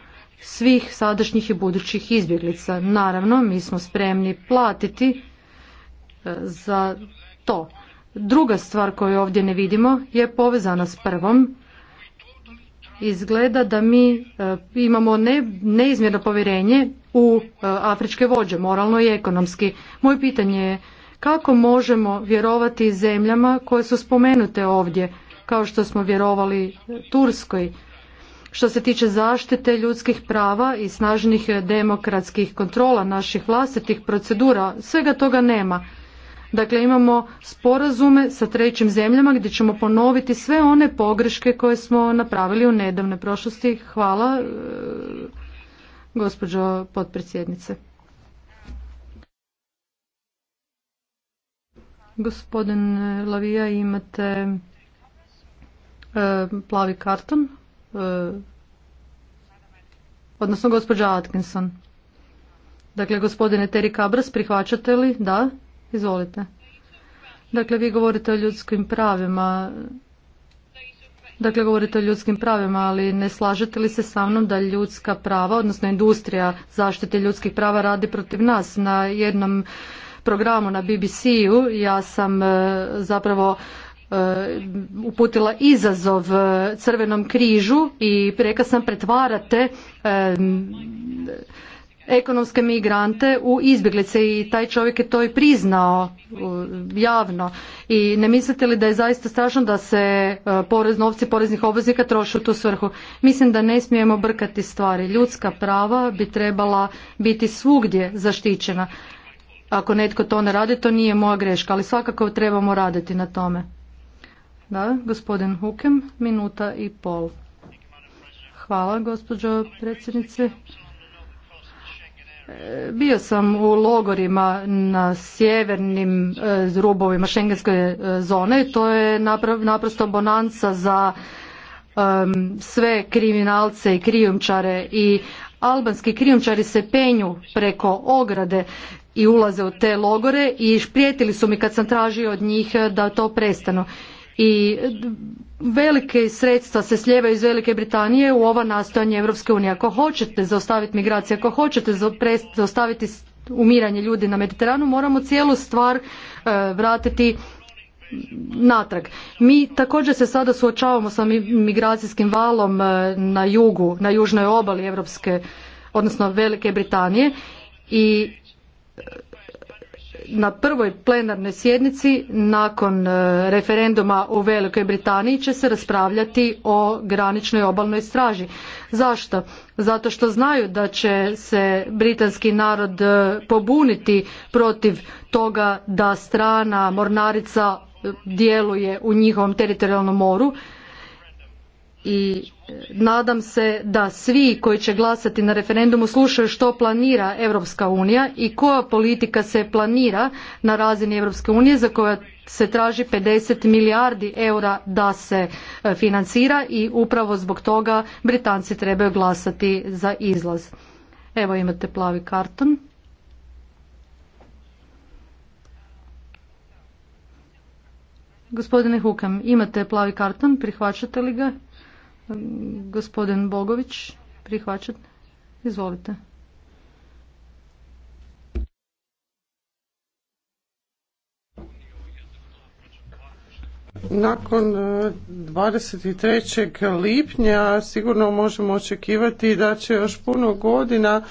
svih sadašnjih i budućih izbjeglica. Naravno, mi smo spremni platiti e, za to. Druga stvar koju ovdje ne vidimo je povezana s prvom izgleda da mi e, imamo neizmjerno povjerenje u e, afričke vođe, moralno i ekonomski. Moje pitanje je kako možemo vjerovati zemljama koje su spomenute ovdje, kao što smo vjerovali e, Turskoj, što se tiče zaštite ljudskih prava i snažnih demokratskih kontrola naših vlastitih procedura, svega toga nema. Dakle, imamo sporazume sa trećim zemljama gdje ćemo ponoviti sve one pogreške koje smo napravili u nedavnoj prošlosti. Hvala, e, gospođo potpredsjednice. Gospodin Lavija, imate e, plavi karton, e, odnosno gospođa Atkinson. Dakle, gospodine Terry Kabras, prihvaćate li? Da. Izvolite. Dakle, vi govorite o ljudskim pravima. Dakle, govorite o ljudskim pravima, ali ne slažete li se sa mnom da ljudska prava, odnosno industrija zaštite ljudskih prava radi protiv nas? Na jednom programu na BBC-u ja sam e, zapravo e, uputila izazov e, Crvenom križu i preka sam pretvarate ekonomske migrante u izbjeglice i taj čovjek je to i priznao javno. I ne mislite li da je zaista strašno da se e, porez, novci poreznih obveznika troše u tu svrhu? Mislim da ne smijemo brkati stvari. Ljudska prava bi trebala biti svugdje zaštićena. Ako netko to ne radi, to nije moja greška, ali svakako trebamo raditi na tome. Da, gospodin Hukem, minuta i pol. Hvala, gospođo predsjednice. E, bio sam u logorima na sjevernim e, rubovima šengenske e, zone. To je naprosto bonanca za sve kriminalce i krijumčare i albanski krijumčari se penju preko ograde i ulaze u te logore i prijetili su mi kad sam tražio od njih da to prestanu i velike sredstva se slijevaju iz Velike Britanije u ova nastojanja Europske unije. Ako hoćete zaustaviti migracije, ako hoćete zaustaviti umiranje ljudi na Mediteranu, moramo cijelu stvar e, vratiti natrag. Mi također se sada suočavamo sa migracijskim valom e, na jugu, na južnoj obali Europske, odnosno Velike Britanije i na prvoj plenarnoj sjednici nakon e, referenduma u Velikoj Britaniji će se raspravljati o graničnoj obalnoj straži. Zašto? Zato što znaju da će se britanski narod e, pobuniti protiv toga da strana mornarica e, djeluje u njihovom teritorijalnom moru i e, nadam se da svi koji će glasati na referendumu slušaju što planira Europska unija i koja politika se planira na razini Europske unije za koja se traži 50 milijardi eura da se e, financira i upravo zbog toga Britanci trebaju glasati za izlaz. Evo imate plavi karton. Gospodine Hukam, imate plavi karton, prihvaćate li ga? Gospodin Bogović, prihvaćat. Izvolite. Nakon 23. E, lipnja sigurno možemo očekivati da će još puno godina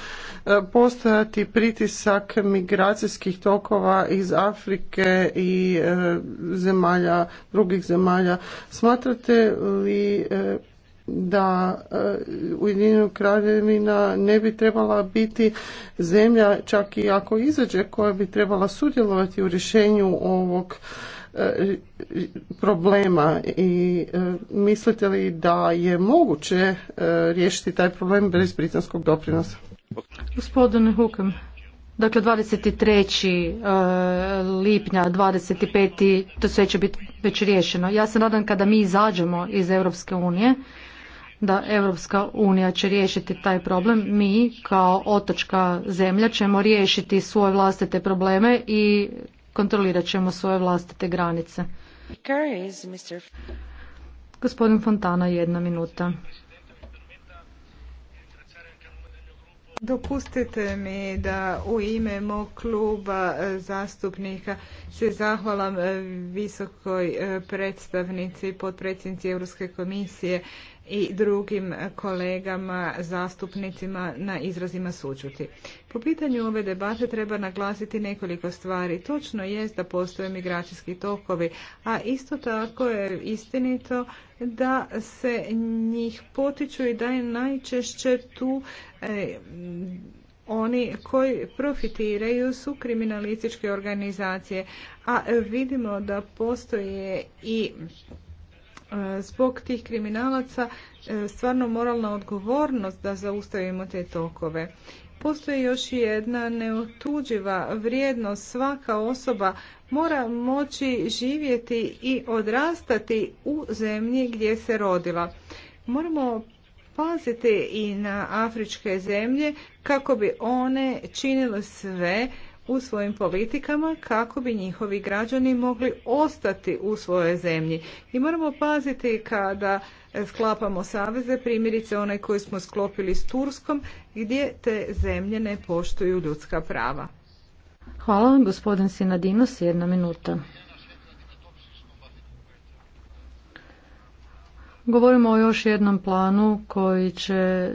e, postojati pritisak migracijskih tokova iz Afrike i e, zemalja, drugih zemalja. Smatrate li da e, Ujedinjena kraljevina ne bi trebala biti zemlja čak i ako izađe koja bi trebala sudjelovati u rješenju ovog e, problema i e, mislite li da je moguće riješiti taj problem bez britanskog doprinosa? Gospodine Hukam, dakle 23. lipnja, 25. to sve će biti već riješeno. Ja se nadam kada mi izađemo iz Europske unije, da Europska unija će riješiti taj problem. Mi kao otočka zemlja ćemo riješiti svoje vlastite probleme i kontrolirat ćemo svoje vlastite granice. Gospodin Fontana, jedna minuta. Dopustite mi da u ime mog kluba zastupnika se zahvalam visokoj predstavnici i potpredsjednici Europske komisije i drugim kolegama, zastupnicima na izrazima sučuti. Po pitanju ove debate treba naglasiti nekoliko stvari. Točno jest da postoje migracijski tokovi, a isto tako je istinito da se njih potiču i da je najčešće tu e, oni koji profitiraju su kriminalističke organizacije, a vidimo da postoje i E, zbog tih kriminalaca e, stvarno moralna odgovornost da zaustavimo te tokove. Postoji još jedna neotuđiva vrijednost. Svaka osoba mora moći živjeti i odrastati u zemlji gdje se rodila. Moramo paziti i na afričke zemlje kako bi one činile sve u svojim politikama kako bi njihovi građani mogli ostati u svojoj zemlji. I moramo paziti kada sklapamo saveze, primjerice one koje smo sklopili s Turskom, gdje te zemlje ne poštuju ljudska prava. Hvala, gospodin Sinadinos, jedna minuta. Govorimo o još jednom planu koji će e,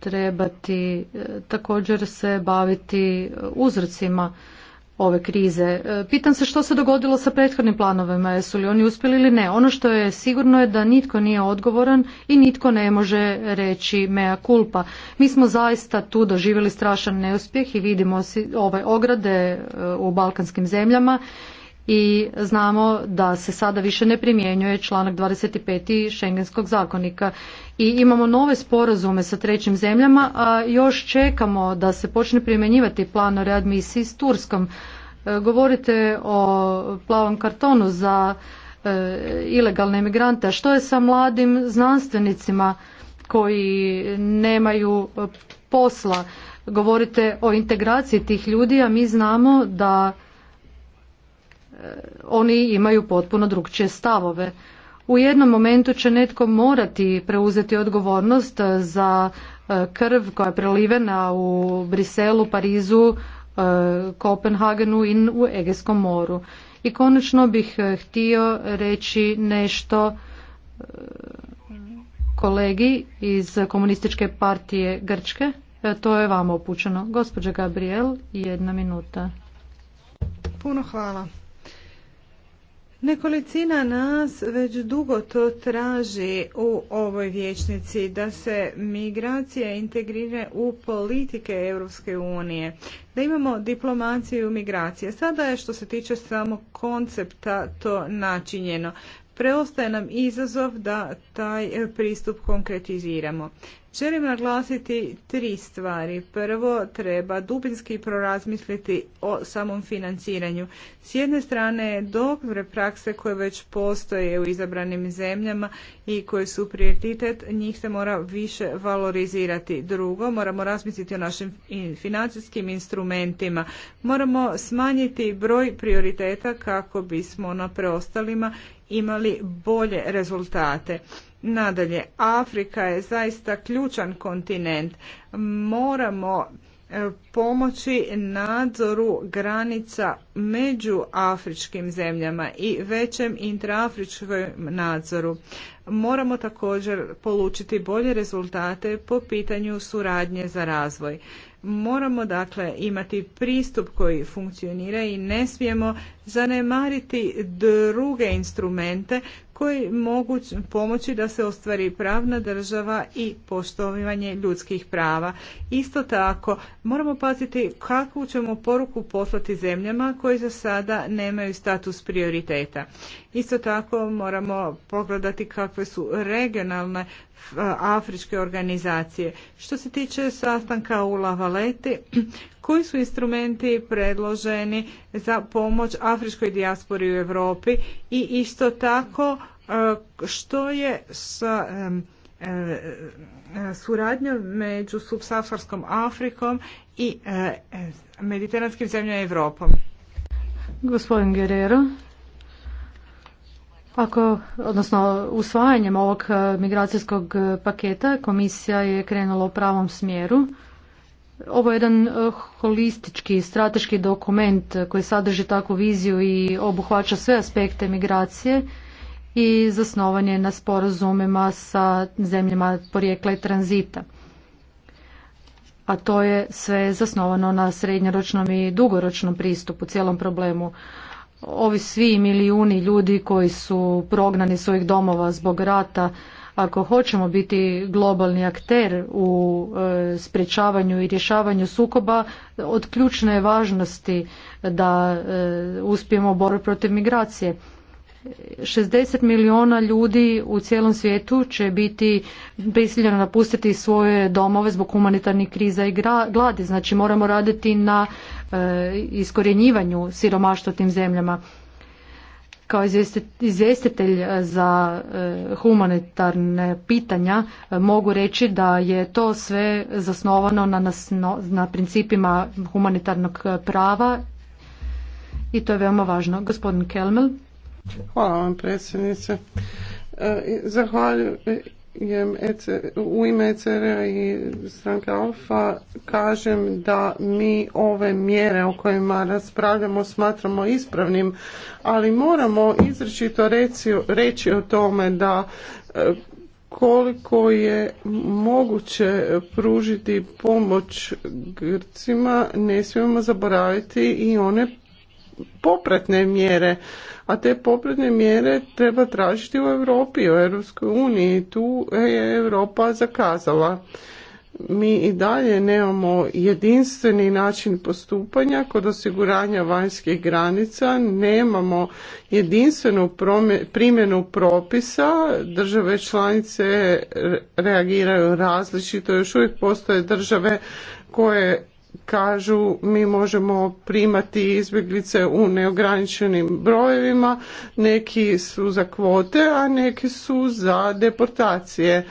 trebati e, također se baviti uzrocima ove krize. E, pitam se što se dogodilo sa prethodnim planovima, jesu li oni uspjeli ili ne. Ono što je sigurno je da nitko nije odgovoran i nitko ne može reći mea culpa. Mi smo zaista tu doživjeli strašan neuspjeh i vidimo ove ograde u balkanskim zemljama i znamo da se sada više ne primjenjuje članak 25. šengenskog zakonika i imamo nove sporazume sa trećim zemljama, a još čekamo da se počne primjenjivati plan o readmisiji s Turskom. E, govorite o plavom kartonu za e, ilegalne imigrante a što je sa mladim znanstvenicima koji nemaju posla? Govorite o integraciji tih ljudi, a mi znamo da oni imaju potpuno drugčije stavove. U jednom momentu će netko morati preuzeti odgovornost za e, krv koja je prelivena u Briselu, Parizu, e, Kopenhagenu i u Egeskom moru. I konačno bih e, htio reći nešto kolegi iz komunističke partije Grčke. To je vama upućeno. Gospođa Gabriel, jedna minuta. Puno hvala. Nekolicina nas već dugo to traži u ovoj vječnici da se migracija integrira u politike Europske unije, da imamo diplomaciju migracije. Sada je što se tiče samog koncepta to načinjeno. Preostaje nam izazov da taj pristup konkretiziramo. Želim naglasiti tri stvari. Prvo, treba dubinski prorazmisliti o samom financiranju. S jedne strane, dobre prakse koje već postoje u izabranim zemljama i koje su prioritet, njih se mora više valorizirati. Drugo, moramo razmisliti o našim financijskim instrumentima. Moramo smanjiti broj prioriteta kako bismo na preostalima imali bolje rezultate. Nadalje, Afrika je zaista ključan kontinent. Moramo e, pomoći nadzoru granica među afričkim zemljama i većem intraafričkom nadzoru. Moramo također polučiti bolje rezultate po pitanju suradnje za razvoj. Moramo dakle imati pristup koji funkcionira i ne smijemo zanemariti druge instrumente koji mogu pomoći da se ostvari pravna država i poštovanje ljudskih prava. Isto tako, moramo paziti kakvu ćemo poruku poslati zemljama koji za sada nemaju status prioriteta. Isto tako moramo pogledati kakve su regionalne afričke organizacije. Što se tiče sastanka u Lavaleti, koji su instrumenti predloženi za pomoć afričkoj dijaspori u Europi i isto tako e, što je s e, suradnjom među subsaharskom Afrikom i e, mediteranskim zemljama Europom. Gospodin Guerrero, ako, odnosno usvajanjem ovog migracijskog paketa komisija je krenula u pravom smjeru ovo je jedan eh, holistički, strateški dokument koji sadrži takvu viziju i obuhvaća sve aspekte migracije i zasnovan je na sporazumima sa zemljama porijekla i tranzita. A to je sve zasnovano na srednjoročnom i dugoročnom pristupu cijelom problemu. Ovi svi milijuni ljudi koji su prognani svojih domova zbog rata, ako hoćemo biti globalni akter u e, sprječavanju i rješavanju sukoba, od ključne je važnosti da e, uspijemo borbu protiv migracije. 60 milijuna ljudi u cijelom svijetu će biti prisiljeno napustiti svoje domove zbog humanitarnih kriza i gladi. Znači moramo raditi na e, iskorjenjivanju siromaštva tim zemljama kao izvjestitelj e, za e, humanitarne pitanja e, mogu reći da je to sve zasnovano na, na principima humanitarnog prava i to je veoma važno. Gospodin Kelmel. Hvala vam predsjednice. Zahvaljujem u ime ECR i stranke Alfa kažem da mi ove mjere o kojima raspravljamo smatramo ispravnim, ali moramo izrečito reći, o tome da e, koliko je moguće pružiti pomoć Grcima, ne smijemo zaboraviti i one popratne mjere a te popredne mjere treba tražiti u Europi, u Europskoj uniji. Tu je Europa zakazala. Mi i dalje nemamo jedinstveni način postupanja kod osiguranja vanjskih granica, nemamo jedinstvenu primjenu propisa, države članice reagiraju različito, još uvijek postoje države koje kažu mi možemo primati izbjeglice u neograničenim brojevima, neki su za kvote, a neki su za deportacije.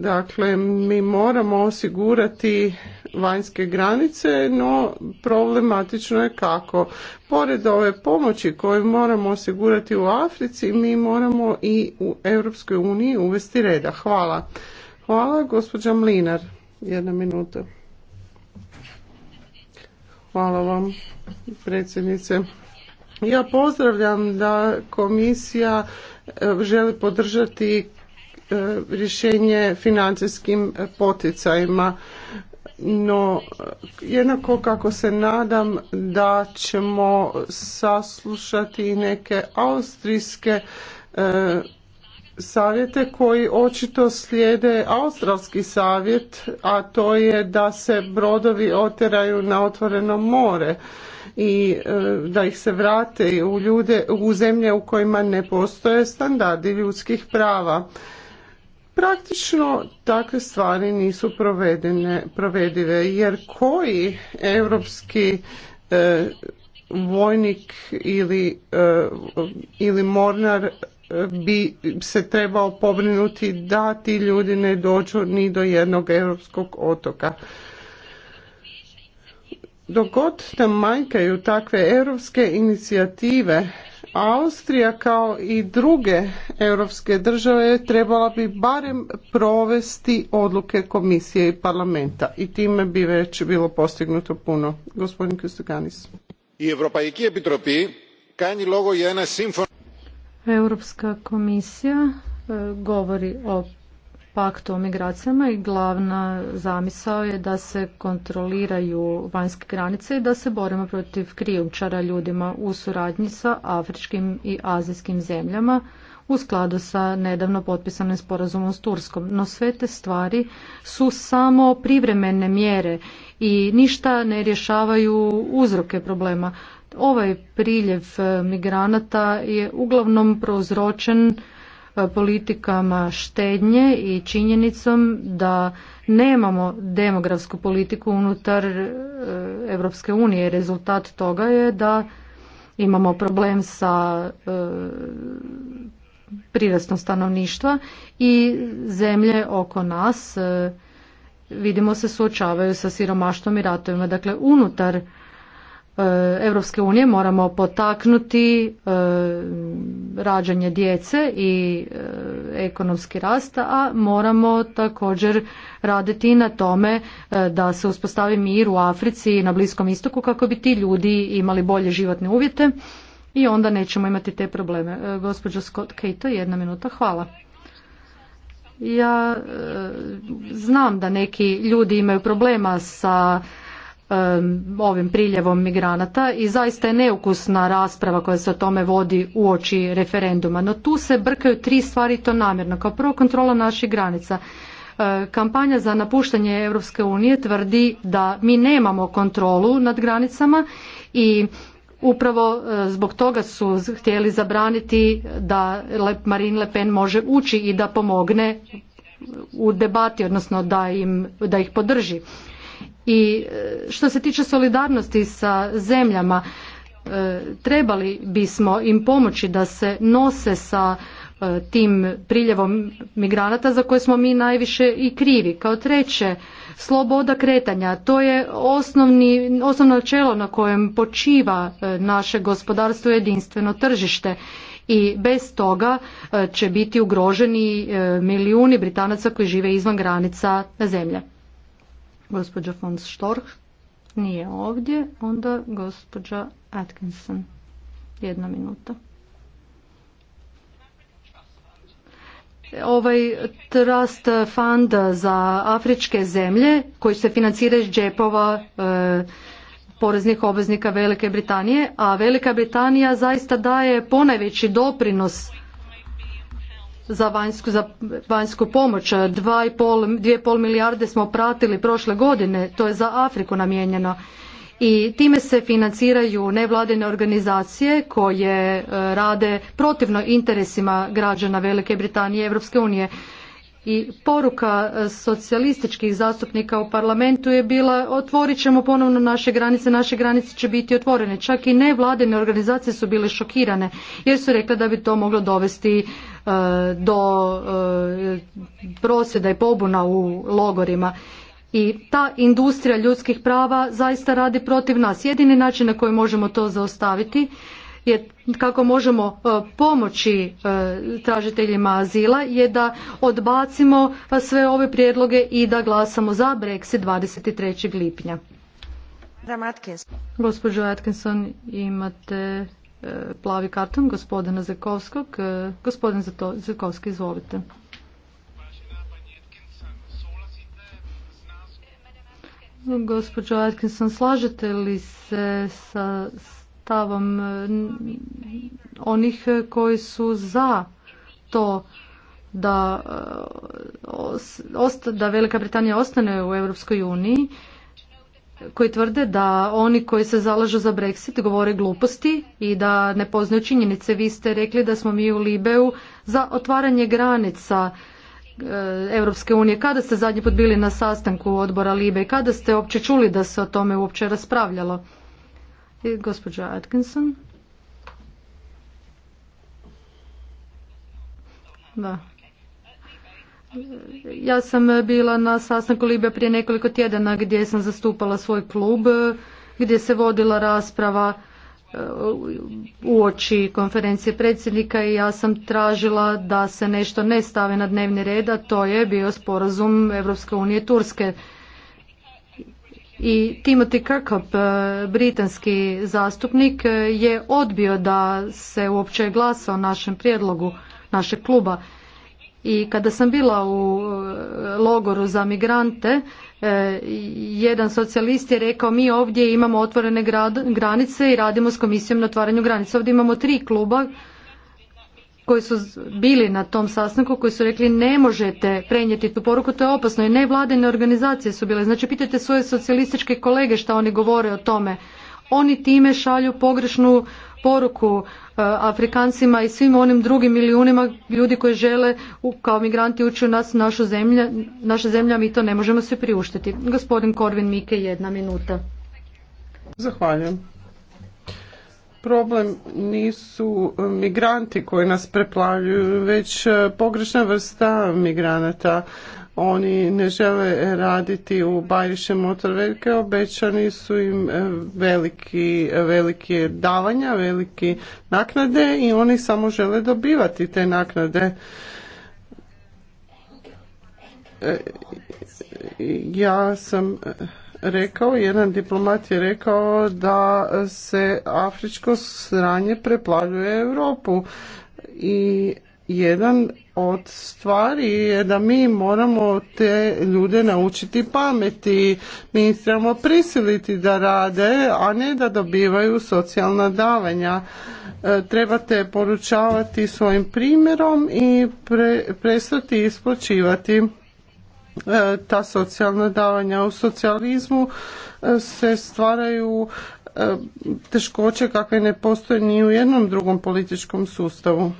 Dakle, mi moramo osigurati vanjske granice, no problematično je kako. Pored ove pomoći koju moramo osigurati u Africi, mi moramo i u Europskoj uniji uvesti reda. Hvala. Hvala, gospođa Mlinar. Jedna minuta. Hvala vam, predsjednice. Ja pozdravljam da komisija e, želi podržati e, rješenje financijskim poticajima no jednako kako se nadam da ćemo saslušati neke austrijske e, savjete koji očito slijede australski savjet, a to je da se brodovi oteraju na otvoreno more i e, da ih se vrate u, ljude, u zemlje u kojima ne postoje standardi ljudskih prava. Praktično takve stvari nisu provedene, provedive jer koji europski e, vojnik ili, e, ili mornar bi se trebao pobrinuti da ti ljudi ne dođu ni do jednog europskog otoka. Dogod nam manjkaju takve europske inicijative, Austrija kao i druge europske države trebala bi barem provesti odluke komisije i parlamenta i time bi već bilo postignuto puno. Gospodin Kustoganis. I Evropajki epitropi kanji logo je Europska komisija e, govori o paktu o migracijama i glavna zamisao je da se kontroliraju vanjske granice i da se borimo protiv krijumčara ljudima u suradnji sa afričkim i azijskim zemljama u skladu sa nedavno potpisanim sporazumom s Turskom. No sve te stvari su samo privremene mjere i ništa ne rješavaju uzroke problema. Ovaj priljev e, migranata je uglavnom prouzročen e, politikama štednje i činjenicom da nemamo demografsku politiku unutar Europske unije. Rezultat toga je da imamo problem sa e, prirastom stanovništva i zemlje oko nas vidimo se suočavaju sa siromaštvom i ratovima. Dakle, unutar Europske unije moramo potaknuti e, rađanje djece i e, ekonomski rast, a moramo također raditi na tome e, da se uspostavi mir u Africi i na Bliskom istoku kako bi ti ljudi imali bolje životne uvjete i onda nećemo imati te probleme. Gospođo Scott Keita, jedna minuta, hvala. Ja znam da neki ljudi imaju problema sa ovim priljevom migranata i zaista je neukusna rasprava koja se o tome vodi u oči referenduma. No tu se brkaju tri stvari to namjerno. Kao prvo kontrola naših granica. E, kampanja za napuštanje Europske unije tvrdi da mi nemamo kontrolu nad granicama i Upravo e, zbog toga su htjeli zabraniti da Marine Le Pen može ući i da pomogne u debati, odnosno da, im, da ih podrži. I e, što se tiče solidarnosti sa zemljama, e, trebali bismo im pomoći da se nose sa e, tim priljevom migranata za koje smo mi najviše i krivi. Kao treće, sloboda kretanja. To je osnovno načelo na kojem počiva naše gospodarstvo jedinstveno tržište i bez toga će biti ugroženi milijuni Britanaca koji žive izvan granica zemlje. Gospođa von Storch nije ovdje, onda gospođa Atkinson. Jedna minuta. Ovaj trust fund za afričke zemlje koji se financira iz džepova e, poreznih obveznika Velike Britanije, a Velika Britanija zaista daje ponajveći doprinos za vanjsku, za vanjsku pomoć. 2,5 milijarde smo pratili prošle godine, to je za Afriku namijenjeno. I time se financiraju nevladine organizacije koje e, rade protivno interesima građana Velike Britanije i Europske unije i poruka e, socijalističkih zastupnika u parlamentu je bila otvorit ćemo ponovno naše granice, naše granice će biti otvorene. Čak i nevladene organizacije su bile šokirane jer su rekle da bi to moglo dovesti e, do e, prosvjeda i pobuna u logorima. I ta industrija ljudskih prava zaista radi protiv nas. Jedini način na koji možemo to zaustaviti je kako možemo e, pomoći e, tražiteljima azila je da odbacimo e, sve ove prijedloge i da glasamo za Brexit 23. lipnja. Gospođo Atkinson, imate plavi karton gospodina Zekovskog. Gospodin Zekovski, izvolite. Gospođo Atkinson, slažete li se sa stavom e, onih e, koji su za to da, e, da Velika Britanija ostane u Europskoj uniji, koji tvrde da oni koji se zalažu za Brexit govore gluposti i da ne poznaju činjenice. Vi ste rekli da smo mi u Libeu za otvaranje granica Europske unije. Kada ste zadnji put bili na sastanku odbora Libe i kada ste uopće čuli da se o tome uopće raspravljalo? Gospođa Atkinson. Da. Ja sam bila na sastanku Libija prije nekoliko tjedana gdje sam zastupala svoj klub, gdje se vodila rasprava e, u oči konferencije predsjednika i ja sam tražila da se nešto ne stave na dnevni red, a to je bio sporazum Europske unije Turske. I Timothy Kirkup, e, britanski zastupnik, e, je odbio da se uopće glasa o našem prijedlogu našeg kluba. I kada sam bila u e, logoru za migrante, jedan socijalist je rekao mi ovdje imamo otvorene granice i radimo s komisijom na otvaranju granice. Ovdje imamo tri kluba koji su bili na tom sastanku koji su rekli ne možete prenijeti tu poruku, to je opasno i vladine organizacije su bile. Znači pitajte svoje socijalističke kolege šta oni govore o tome. Oni time šalju pogrešnu poruku e, Afrikancima i svim onim drugim milijunima ljudi koji žele kao migranti ući u nas, našu zemlju, naša zemlja, mi to ne možemo se priuštiti. Gospodin Korvin Mike, jedna minuta. Zahvaljujem problem nisu e, migranti koji nas preplavljuju, već e, pogrešna vrsta migranata. Oni ne žele raditi u Bajriše Motorverke, obećani su im e, veliki, velike davanja, velike naknade i oni samo žele dobivati te naknade. Ja sam rekao, jedan diplomat je rekao da se afričko sranje preplavljuje Europu i jedan od stvari je da mi moramo te ljude naučiti pameti. Mi ih trebamo prisiliti da rade, a ne da dobivaju socijalna davanja. E, trebate poručavati svojim primjerom i prestati isplaćivati E, ta socijalna davanja. U socijalizmu e, se stvaraju e, teškoće kakve ne postoje ni u jednom drugom političkom sustavu.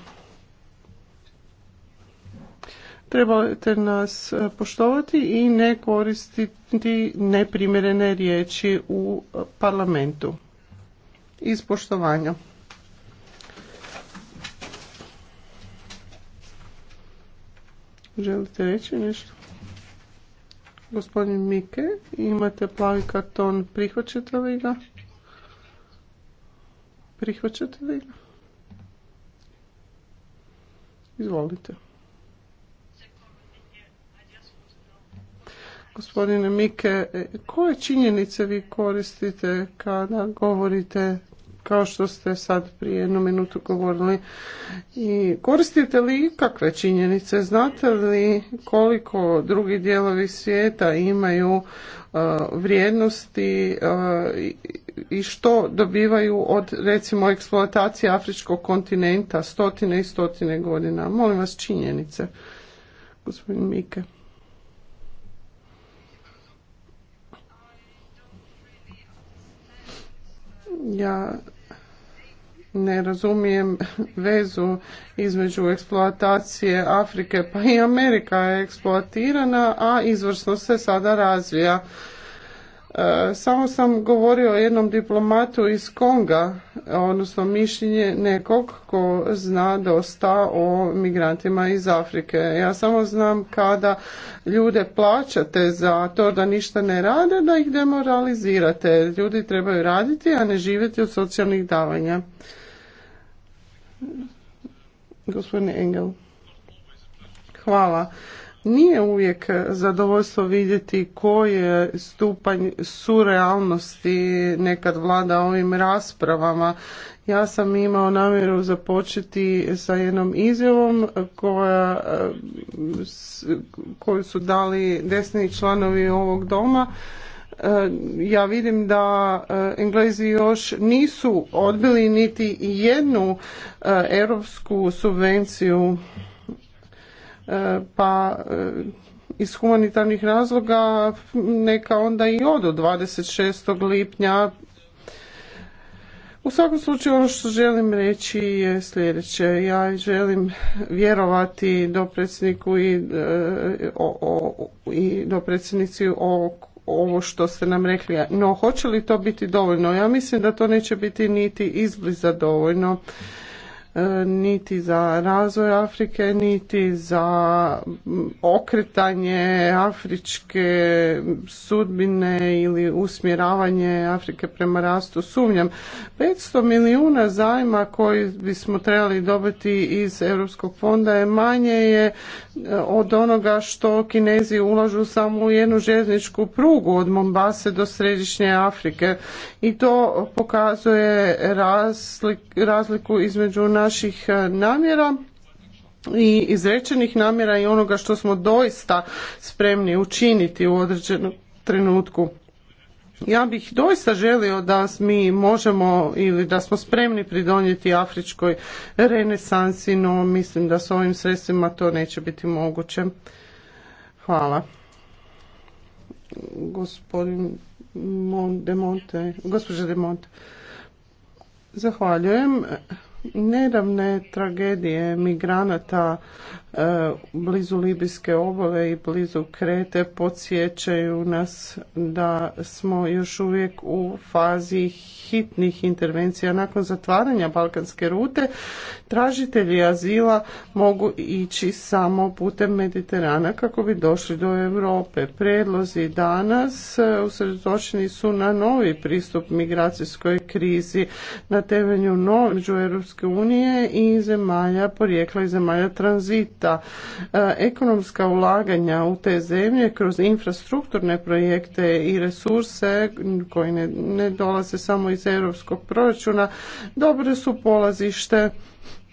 Trebate nas poštovati i ne koristiti neprimjerene riječi u parlamentu. Iz poštovanja. Želite reći nešto? Gospodin Mike, imate plavi karton, prihvaćate li ga? Prihvaćate li ga? Izvolite. Gospodine Mike, e, koje činjenice vi koristite kada govorite kao što ste sad prije jednu minutu govorili. I koristite li ikakve činjenice? Znate li koliko drugi dijelovi svijeta imaju e, vrijednosti e, i što dobivaju od recimo eksploatacije afričkog kontinenta stotine i stotine godina? Molim vas činjenice. Gospodin Mike. ja ne razumijem vezu između eksploatacije Afrike pa i Amerika je eksploatirana, a izvrsno se sada razvija. E, samo sam govorio o jednom diplomatu iz Konga, odnosno mišljenje nekog ko zna dosta o migrantima iz Afrike. Ja samo znam kada ljude plaćate za to da ništa ne rade, da ih demoralizirate. Ljudi trebaju raditi, a ne živjeti od socijalnih davanja. Gospodine Engel. Hvala. Nije uvijek zadovoljstvo vidjeti koji je stupanj surrealnosti nekad vlada ovim raspravama. Ja sam imao namjeru započeti sa jednom izjavom koja, koju su dali desni članovi ovog doma E, ja vidim da e, Englezi još nisu odbili niti jednu e, europsku subvenciju pa iz humanitarnih razloga neka onda i odu 26. lipnja u svakom slučaju ono što želim reći je sljedeće. Ja želim vjerovati predsjedniku i, do predsjednici o ovo što ste nam rekli. No, hoće li to biti dovoljno? Ja mislim da to neće biti niti izbliza dovoljno. E, niti za razvoj Afrike, niti za okretanje afričke sudbine ili usmjeravanje Afrike prema rastu sumnjam. 500 milijuna zajma koji bismo trebali dobiti iz Europskog fonda je manje je e, od onoga što Kinezi ulažu samo u jednu željezničku prugu od Mombase do središnje Afrike i to pokazuje razliku između naših e, namjera i izrečenih namjera i onoga što smo doista spremni učiniti u određenom trenutku. Ja bih doista želio da mi možemo ili da smo spremni pridonijeti afričkoj renesansi, no mislim da s ovim sredstvima to neće biti moguće. Hvala. Gospodin Mon gospođa Zahvaljujem. Nedavne tragedije migranata E, blizu Libijske obale i blizu Krete podsjećaju nas da smo još uvijek u fazi hitnih intervencija. Nakon zatvaranja balkanske rute tražitelji azila mogu ići samo putem Mediterana kako bi došli do Europe. Predlozi danas e, usredotočeni su na novi pristup migracijskoj krizi na temelju među Europske unije i zemalja porijekla i zemalja tranzita da e, Ekonomska ulaganja u te zemlje kroz infrastrukturne projekte i resurse koji ne, dolaze samo iz europskog proračuna dobre su polazište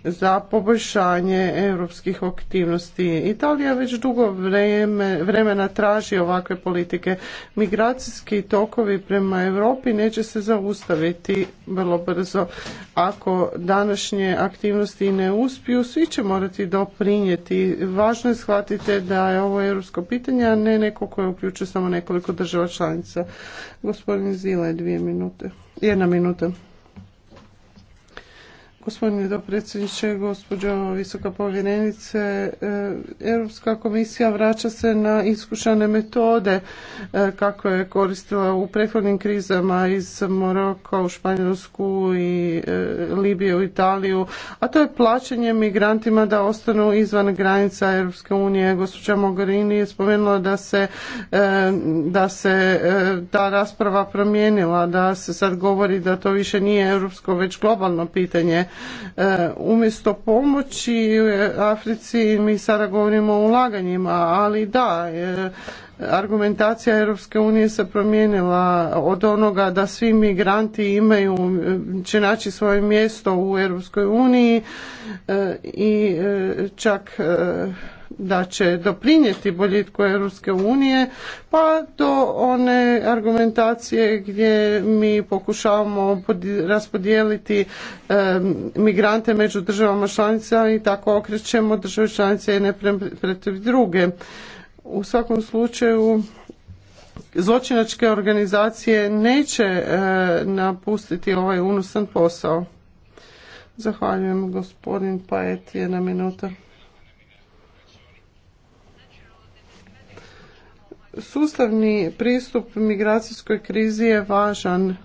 za poboljšanje europskih aktivnosti. Italija već dugo vreme, vremena traži ovakve politike. Migracijski tokovi prema Europi neće se zaustaviti vrlo brzo. Ako današnje aktivnosti ne uspiju, svi će morati doprinijeti. Važno je shvatiti da je ovo europsko pitanje, a ne neko koje uključuje samo nekoliko država članica. Gospodin je dvije minute. Jedna minuta. Gospodine dopredsjedniče, gospođo visoka povjerenice, e, Europska komisija vraća se na iskušane metode e, kako je koristila u prethodnim krizama iz Moroka u Španjolsku i e, Libiju u Italiju, a to je plaćanje migrantima da ostanu izvan granica Europske unije. Gospođa Mogherini je spomenula da se, da se ta rasprava promijenila, da se sad govori da to više nije europsko već globalno pitanje E, umjesto pomoći e, Africi mi sada govorimo o ulaganjima, ali da, e, argumentacija Europske unije se promijenila od onoga da svi migranti imaju, će naći svoje mjesto u Europskoj uniji i čak da će doprinijeti boljitku Europske unije, pa do one argumentacije gdje mi pokušavamo raspodijeliti migrante među državama članica i tako okrećemo države članice jedne protiv druge. U svakom slučaju zločinačke organizacije neće napustiti ovaj unosan posao. Zahvaljujem gospodin Paet, jedna minuta. Sustavni pristup migracijskoj krizi je važan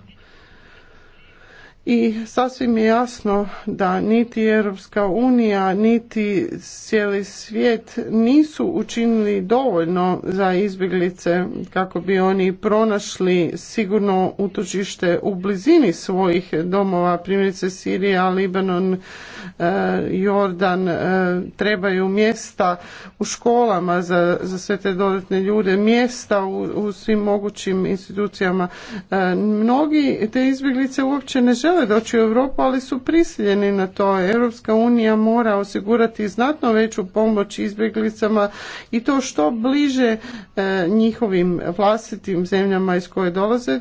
i sasvim je jasno da niti Europska unija niti cijeli svijet nisu učinili dovoljno za izbjeglice kako bi oni pronašli sigurno utočište u blizini svojih domova, primjerice Sirija, Libanon, E, Jordan, e, trebaju mjesta u školama za, sve te dodatne ljude, mjesta u, svim mogućim institucijama. E, mnogi te izbjeglice uopće ne žele doći u Europu, ali su prisiljeni na to. Europska unija mora osigurati znatno veću pomoć izbjeglicama i to što bliže njihovim vlastitim zemljama iz koje dolaze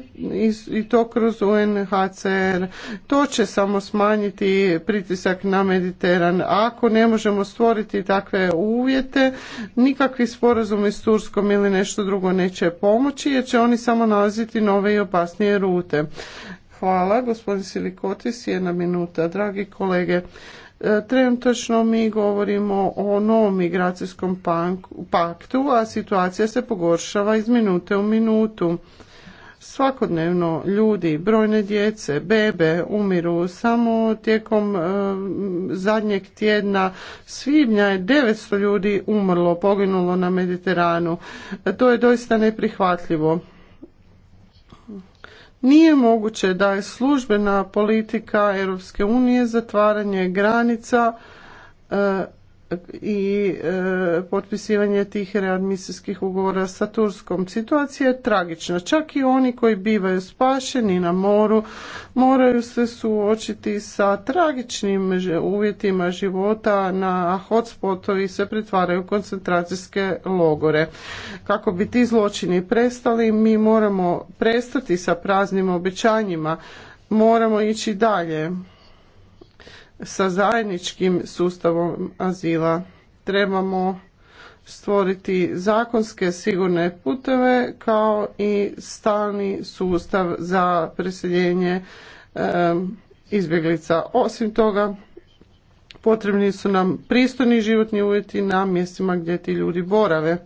i to kroz UNHCR. To će samo smanjiti pritisak na na Mediteran. Ako ne možemo stvoriti takve uvjete, nikakvi sporazumi s Turskom ili nešto drugo neće pomoći jer će oni samo nalaziti nove i opasnije rute. Hvala, gospodin Silikotis, jedna minuta. Dragi kolege, e, Trenutačno mi govorimo o novom migracijskom paktu, a situacija se pogoršava iz minute u minutu. Svakodnevno ljudi, brojne djece, bebe umiru samo tijekom e, zadnjeg tjedna svibnja je 900 ljudi umrlo, poginulo na Mediteranu. E, to je doista neprihvatljivo. Nije moguće da je službena politika Europske unije zatvaranje granica e, i e, potpisivanje tih readmisijskih ugovora sa Turskom. Situacija je tragična. Čak i oni koji bivaju spašeni na moru moraju se suočiti sa tragičnim uvjetima života na hotspotovi i se pretvaraju koncentracijske logore. Kako bi ti zločini prestali, mi moramo prestati sa praznim obećanjima. Moramo ići dalje sa zajedničkim sustavom azila. Trebamo stvoriti zakonske sigurne puteve kao i stalni sustav za preseljenje izbjeglica. Osim toga, potrebni su nam pristojni životni uvjeti na mjestima gdje ti ljudi borave.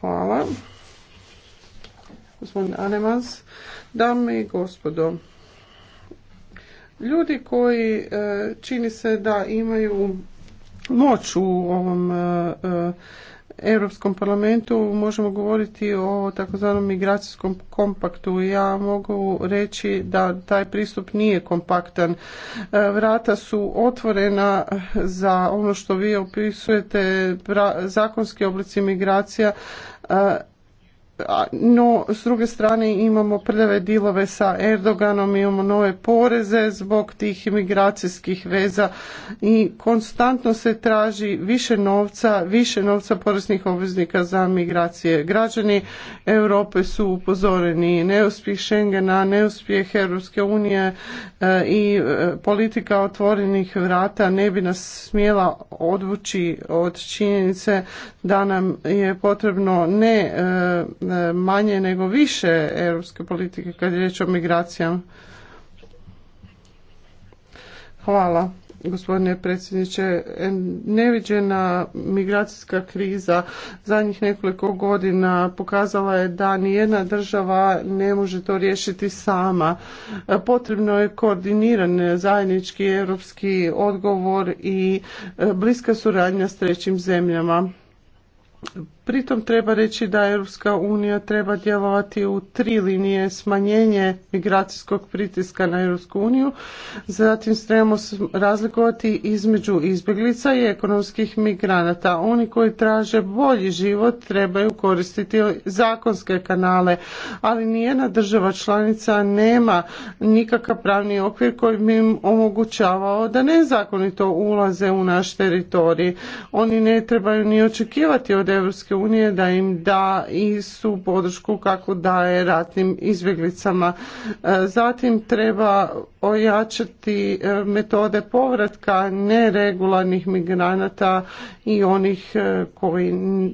Hvala. Gospodin Anemans, dame i gospodo, Ljudi koji e, čini se da imaju moć u ovom e, e, Europskom parlamentu možemo govoriti o takozvanom migracijskom kompaktu. Ja mogu reći da taj pristup nije kompaktan. Vrata su otvorena za ono što vi opisujete, zakonski oblici migracija no s druge strane imamo prljave dilove sa Erdoganom, imamo nove poreze zbog tih imigracijskih veza i konstantno se traži više novca, više novca poreznih obveznika za migracije. Građani Europe su upozoreni neuspjeh Schengena, neuspjeh Europske unije e, i e, politika otvorenih vrata ne bi nas smjela odvući od činjenice da nam je potrebno ne e, manje nego više europske politike kad je riječ o migracijama. Hvala gospodine predsjedniče. E, neviđena migracijska kriza zadnjih nekoliko godina pokazala je da jedna država ne može to riješiti sama. E, potrebno je koordiniran zajednički europski odgovor i e, bliska suradnja s trećim zemljama Pritom treba reći da Europska unija treba djelovati u tri linije smanjenje migracijskog pritiska na Europsku uniju, zatim trebamo razlikovati između izbjeglica i ekonomskih migranata. Oni koji traže bolji život trebaju koristiti zakonske kanale, ali nijedna država članica nema nikakav pravni okvir koji bi im omogućavao da nezakonito ulaze u naš teritorij. Oni ne trebaju ni očekivati od Europske unije da im da i su podršku kako daje ratnim izbjeglicama. E, zatim treba ojačati e, metode povratka neregularnih migranata i onih e, koji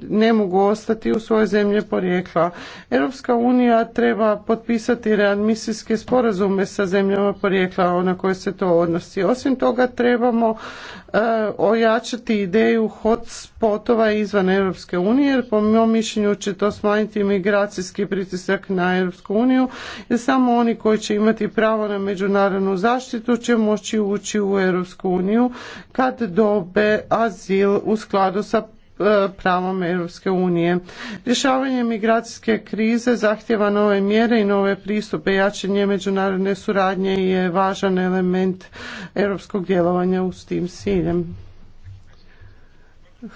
ne mogu ostati u svoje zemlje porijekla. Europska unija treba potpisati readmisijske sporazume sa zemljama porijekla na koje se to odnosi. Osim toga trebamo ojačati ideju hotspotova izvan Europske unije jer po mom mišljenju će to smanjiti migracijski pritisak na Europsku uniju jer samo oni koji će imati pravo na međunarodnu zaštitu će moći ući u Europsku uniju kad dobe azil u skladu sa e, pravom Europske unije. Rješavanje migracijske krize zahtjeva nove mjere i nove pristupe. Jačanje međunarodne suradnje je važan element europskog djelovanja s tim ciljem.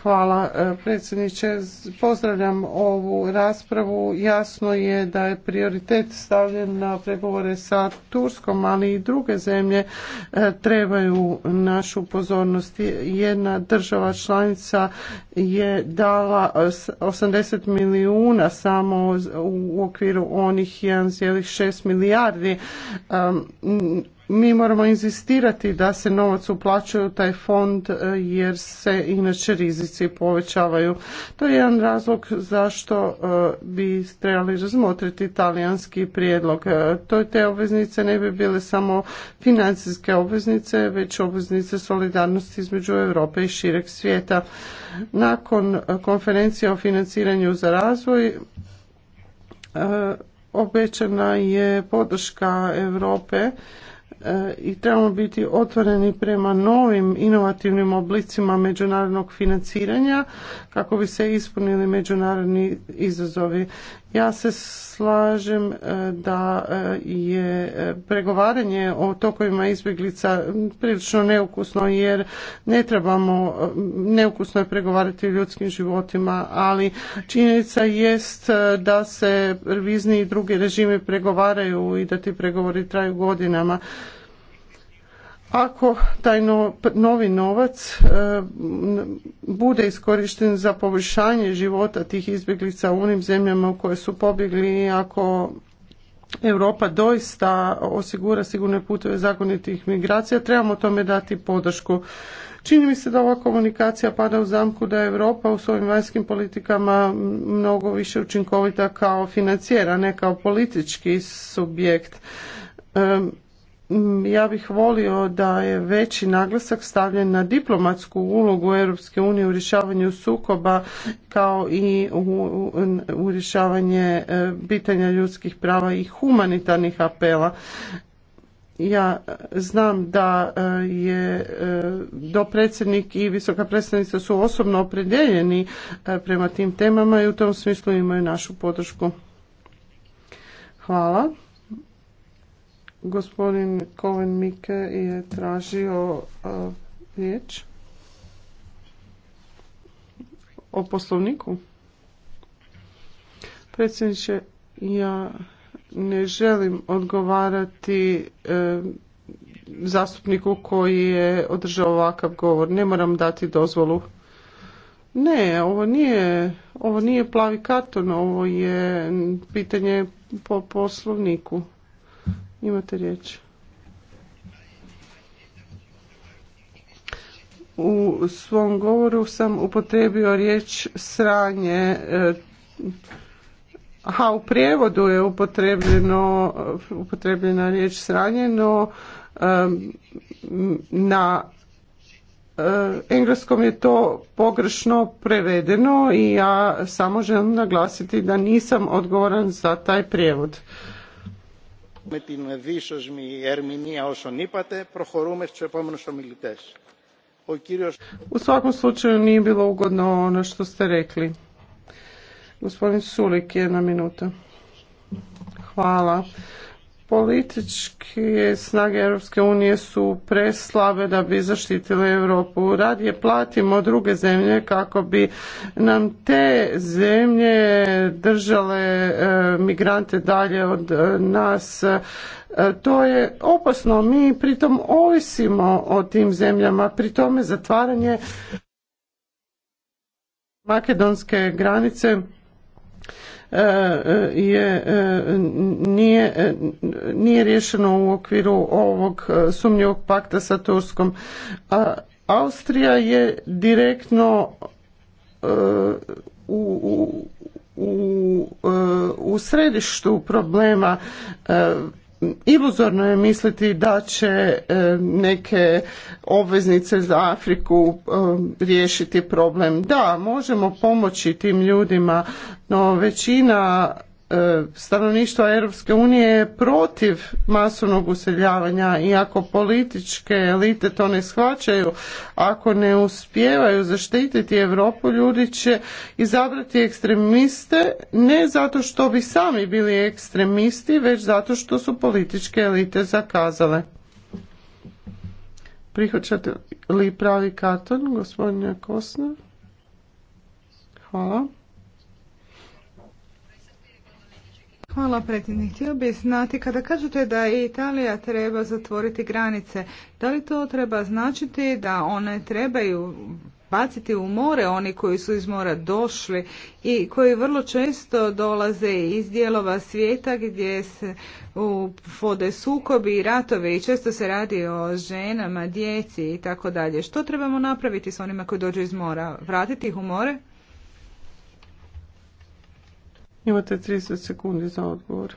Hvala e, predsjedniče. Pozdravljam ovu raspravu. Jasno je da je prioritet stavljen na pregovore sa Turskom, ali i druge zemlje e, trebaju našu pozornost. Jedna država članica je dala 80 milijuna samo u okviru onih 1,6 milijardi e, mi moramo inzistirati da se novac uplaćuje u taj fond e, jer se inače rizici povećavaju. To je jedan razlog zašto e, bi trebali razmotriti talijanski prijedlog. E, to te obveznice ne bi bile samo financijske obveznice, već obveznice solidarnosti između Europe i šireg svijeta. Nakon konferencije o financiranju za razvoj obećana je podrška Europe E, i trebamo biti otvoreni prema novim inovativnim oblicima međunarodnog financiranja kako bi se ispunili međunarodni izazovi. Ja se slažem e, da e, je e, pregovaranje o tokovima izbjeglica prilično neukusno jer ne trebamo, neukusno je pregovarati o ljudskim životima, ali činjenica jest da se vizni i drugi režimi pregovaraju i da ti pregovori traju godinama ako taj novi novac e, bude iskorišten za poboljšanje života tih izbjeglica u onim zemljama u koje su pobjegli i ako Europa doista osigura sigurne puteve zakonitih migracija, trebamo tome dati podršku. Čini mi se da ova komunikacija pada u zamku da je Europa u svojim vanjskim politikama mnogo više učinkovita kao financijera, ne kao politički subjekt. Mm, ja bih volio da je veći naglasak stavljen na diplomatsku ulogu Europske unije u rješavanju sukoba kao i u, rješavanje e, pitanja ljudskih prava i humanitarnih apela. Ja znam da e, je e, dopredsjednik i visoka predstavnica su osobno opredeljeni prema tim temama i u tom smislu imaju našu podršku. Hvala. Gospodin Koven Mike je tražio riječ o poslovniku. Predsjedniče, ja ne želim odgovarati e, zastupniku koji je održao ovakav govor. Ne moram dati dozvolu. Ne, ovo nije, ovo nije plavi karton, ovo je pitanje po poslovniku. Imate riječ. U svom govoru sam upotrebio riječ sranje. Aha, e, u prijevodu je upotrebljeno, upotrebljena riječ sranje, no na e, engleskom je to pogrešno prevedeno i ja samo želim naglasiti da nisam odgovoran za taj prijevod με την ερμηνεία όσων είπατε, προχωρούμε στους επόμενους ομιλητές. Ο κύριος... U svakom slučaju nije bilo ugodno ono što ste rekli. Gospodin Sulik, jedna minuta. Hvala. Političke snage Europske unije su preslabe da bi zaštitile Europu. Radije platimo druge zemlje kako bi nam te zemlje držale e, migrante dalje od e, nas. E, to je opasno. Mi pritom ovisimo o tim zemljama. Pri tome zatvaranje makedonske granice E, e, je e, nije, nije riješeno u okviru ovog sumnjivog pakta sa Turskom. Austrija je direktno u središtu problema Iluzorno je misliti da će e, neke obveznice za Afriku e, riješiti problem. Da, možemo pomoći tim ljudima, no većina E, stanovništva Europske unije je protiv masovnog useljavanja i ako političke elite to ne shvaćaju, ako ne uspijevaju zaštititi Europu, ljudi će izabrati ekstremiste ne zato što bi sami bili ekstremisti, već zato što su političke elite zakazale. Prihvaćate li pravi karton, gospodine Kosna? Hvala. Hvala predsjednik. Htio bih znati, kada kažete da Italija treba zatvoriti granice, da li to treba značiti da one trebaju baciti u more oni koji su iz mora došli i koji vrlo često dolaze iz dijelova svijeta gdje se vode sukobi i ratovi i često se radi o ženama, djeci i tako dalje. Što trebamo napraviti s onima koji dođu iz mora? Vratiti ih u more? Imate 30 sekundi za odgovor.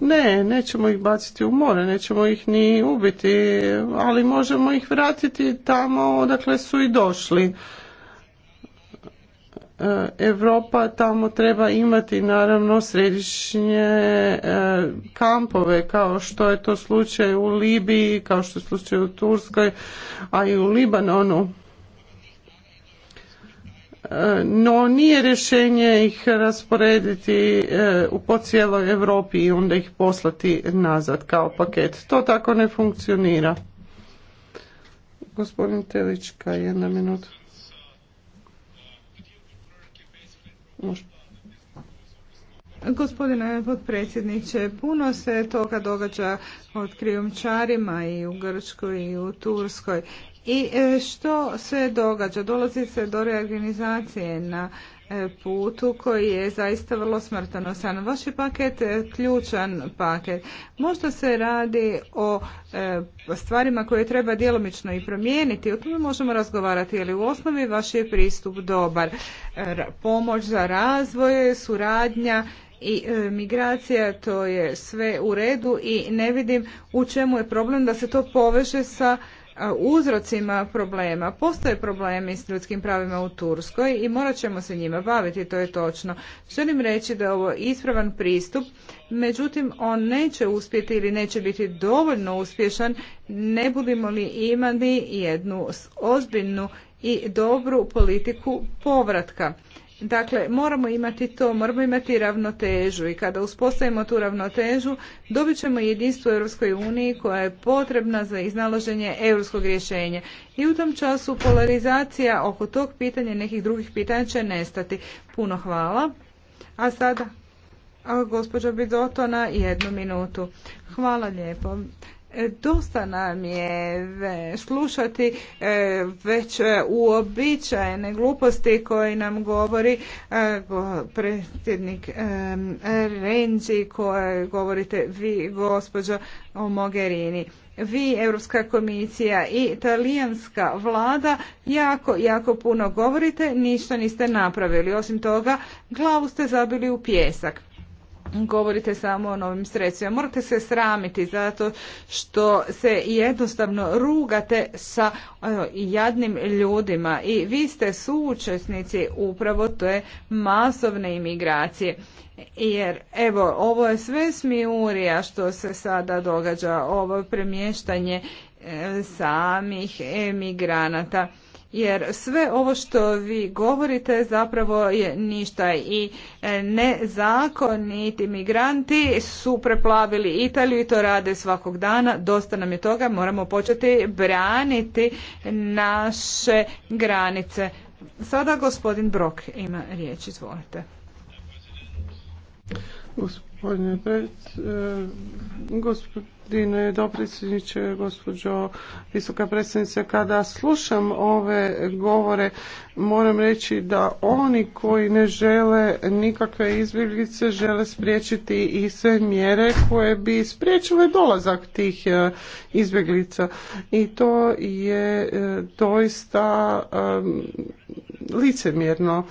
Ne, nećemo ih baciti u more, nećemo ih ni ubiti, ali možemo ih vratiti tamo odakle su i došli. Europa tamo treba imati naravno središnje e, kampove kao što je to slučaj u Libiji, kao što je slučaj u Turskoj, a i u Libanonu no nije rješenje ih rasporediti e, po cijeloj Europi i onda ih poslati nazad kao paket. To tako ne funkcionira. Gospodin Telička, jedna minuta. Gospodine potpredsjedniče, puno se toga događa od krijumčarima i u Grčkoj i u Turskoj i e, što se događa? Dolazi se do reorganizacije na e, putu koji je zaista vrlo smrtonosan. Vaš je paket e, ključan paket. Možda se radi o stvarima koje treba djelomično i promijeniti. O tome možemo razgovarati, ali u osnovi vaš je pristup dobar. Pomoć za razvoj, suradnja i migracija, to je sve u redu i ne vidim u čemu je problem da se to poveže sa uzrocima problema. Postoje problemi s ljudskim pravima u Turskoj i morat ćemo se njima baviti, to je točno. Želim reći da je ovo ispravan pristup, međutim on neće uspjeti ili neće biti dovoljno uspješan ne budemo li imali jednu ozbiljnu i dobru politiku povratka. Dakle, moramo imati to, moramo imati ravnotežu i kada uspostavimo tu ravnotežu dobit ćemo jedinstvo u Europskoj uniji koja je potrebna za iznaloženje europskog rješenja. I u tom času polarizacija oko tog pitanja i nekih drugih pitanja će nestati. Puno hvala. A sada, a gospođo Bidoto, jednu minutu. Hvala lijepo. E, dosta nam je e, slušati e, već uobičajene gluposti koje nam govori predsjednik Renzi koje govorite vi gospođo Mogherini. Vi, Europska komisija i talijanska vlada jako, jako puno govorite, ništa niste napravili. Osim toga, glavu ste zabili u pjesak govorite samo o novim sredstvima. Morate se sramiti zato što se jednostavno rugate sa jadnim ljudima i vi ste suučesnici upravo te masovne imigracije. Jer evo, ovo je sve smijurija što se sada događa, ovo premještanje e, samih emigranata jer sve ovo što vi govorite zapravo je ništa i e, nezakoniti migranti su preplavili Italiju i to rade svakog dana. Dosta nam je toga, moramo početi braniti naše granice. Sada gospodin Brok ima riječ, izvolite. Gospodine e, gospodine dopredsjedniče, gospođo visoka predsjednice. Kada slušam ove govore, moram reći da oni koji ne žele nikakve izbjeglice žele spriječiti i sve mjere koje bi spriječile dolazak tih e, izbjeglica. I to je e, doista licemjerno.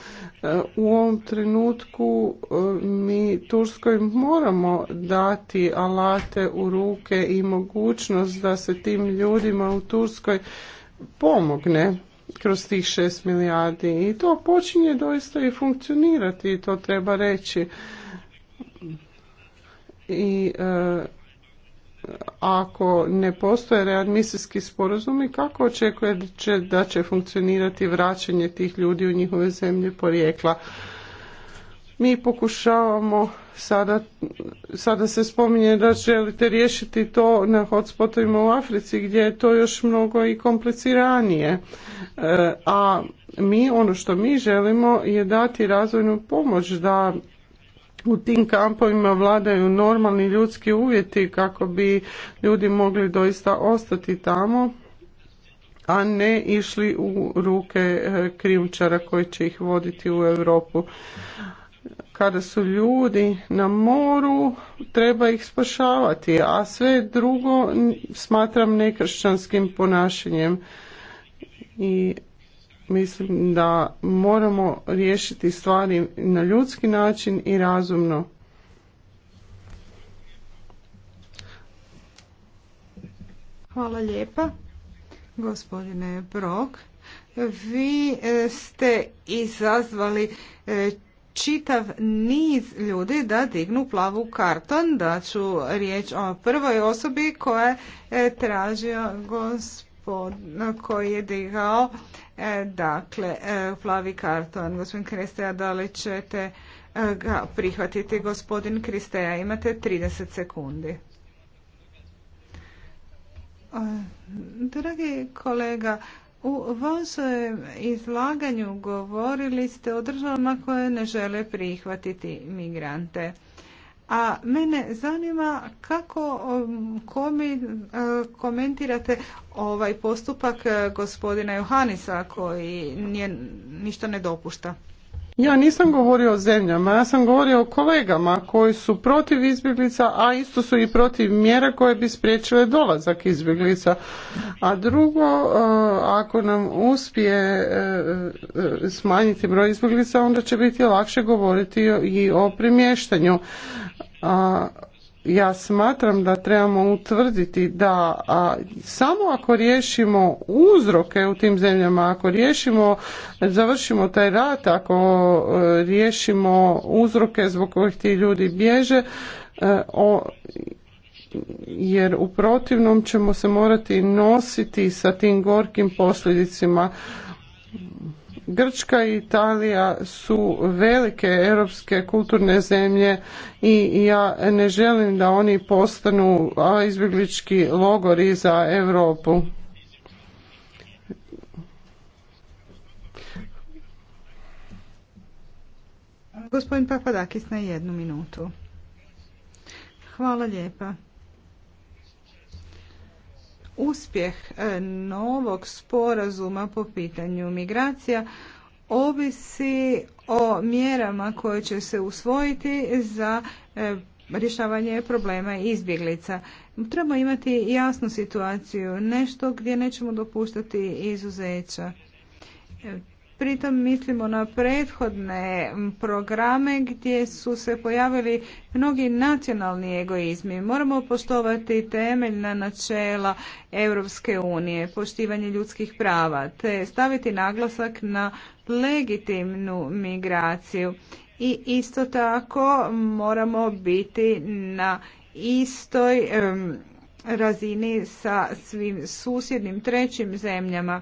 E, u ovom trenutku mi Turskoj moramo dati alate u ruku prilike i mogućnost da se tim ljudima u Turskoj pomogne kroz tih šest milijardi i to počinje doista i funkcionirati i to treba reći. I e, ako ne postoje readmisijski sporazumi, kako očekuje da će funkcionirati vraćanje tih ljudi u njihove zemlje porijekla? Mi pokušavamo sada, sada se spominje da želite riješiti to na hotspotovima u Africi gdje je to još mnogo i kompliciranije. E, a mi ono što mi želimo je dati razvojnu pomoć da u tim kampovima vladaju normalni ljudski uvjeti kako bi ljudi mogli doista ostati tamo a ne išli u ruke e, krijumčara koji će ih voditi u Europu. Kada su ljudi na moru, treba ih spašavati, a sve drugo smatram nekršćanskim ponašanjem. I mislim da moramo riješiti stvari na ljudski način i razumno. Hvala lijepa. Gospodine Brok, vi eh, ste izazvali eh, čitav niz ljudi da dignu plavu karton, da ću riječ o prvoj osobi koja je tražio gospod koji je digao e, dakle e, plavi karton. Gospodin Kristeja, da li ćete e, ga prihvatiti? Gospodin Kristeja, imate 30 sekundi. Dragi kolega, u vašem izlaganju govorili ste o državama koje ne žele prihvatiti migrante. A mene zanima kako um, komi, uh, komentirate ovaj postupak uh, gospodina Johanisa koji nije, ništa ne dopušta. Ja nisam govorio o zemljama, ja sam govorio o kolegama koji su protiv izbjeglica, a isto su i protiv mjera koje bi spriječile dolazak izbjeglica. A drugo, e, ako nam uspije e, e, smanjiti broj izbjeglica, onda će biti lakše govoriti i o premještanju. A ja smatram da trebamo utvrditi da a, samo ako riješimo uzroke u tim zemljama, ako riješimo, završimo taj rat, ako e, riješimo uzroke zbog kojih ti ljudi bježe, e, jer u protivnom ćemo se morati nositi sa tim gorkim posljedicima Grčka i Italija su velike europske kulturne zemlje i ja ne želim da oni postanu izbjeglički logori za Europu. Gospodin Papadakis na jednu minutu. Hvala lijepa uspjeh e, novog sporazuma po pitanju migracija ovisi o mjerama koje će se usvojiti za e, rješavanje problema izbjeglica. Treba imati jasnu situaciju, nešto gdje nećemo dopuštati izuzeća. E, Pritom mislimo na prethodne programe gdje su se pojavili mnogi nacionalni egoizmi. Moramo poštovati temeljna načela Europske unije, poštivanje ljudskih prava, te staviti naglasak na legitimnu migraciju. I isto tako moramo biti na istoj razini sa svim susjednim trećim zemljama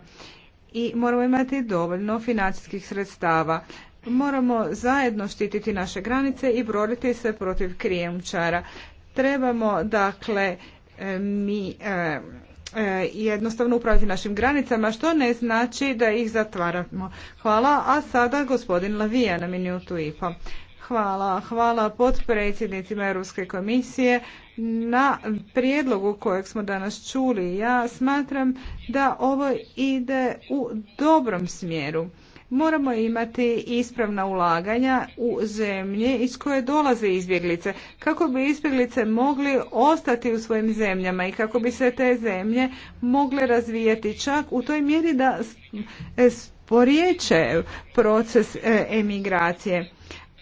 i moramo imati dovoljno financijskih sredstava. Moramo zajedno štititi naše granice i boriti se protiv krijemčara. Trebamo dakle e, mi e, e, jednostavno upraviti našim granicama, što ne znači da ih zatvaramo. Hvala, a sada gospodin Lavija na minutu i pol. Hvala. Hvala potpredsjednicima Europske komisije na prijedlogu kojeg smo danas čuli. Ja smatram da ovo ide u dobrom smjeru. Moramo imati ispravna ulaganja u zemlje iz koje dolaze izbjeglice, kako bi izbjeglice mogli ostati u svojim zemljama i kako bi se te zemlje mogle razvijati čak u toj mjeri da e, poriječe proces e, emigracije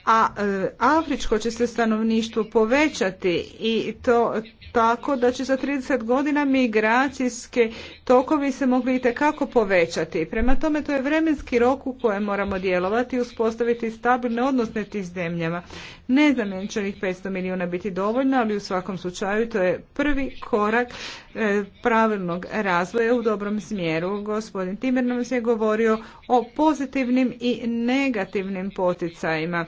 a e, afričko će se stanovništvo povećati i to tako da će za 30 godina migracijske tokovi se mogli kako povećati. Prema tome to je vremenski rok u kojem moramo djelovati i uspostaviti stabilne odnosne tih zemljama. Ne znam je će njih 500 milijuna biti dovoljno, ali u svakom slučaju to je prvi korak e, pravilnog razvoja u dobrom smjeru. Gospodin Timir nam se je govorio o pozitivnim i negativnim poticajima.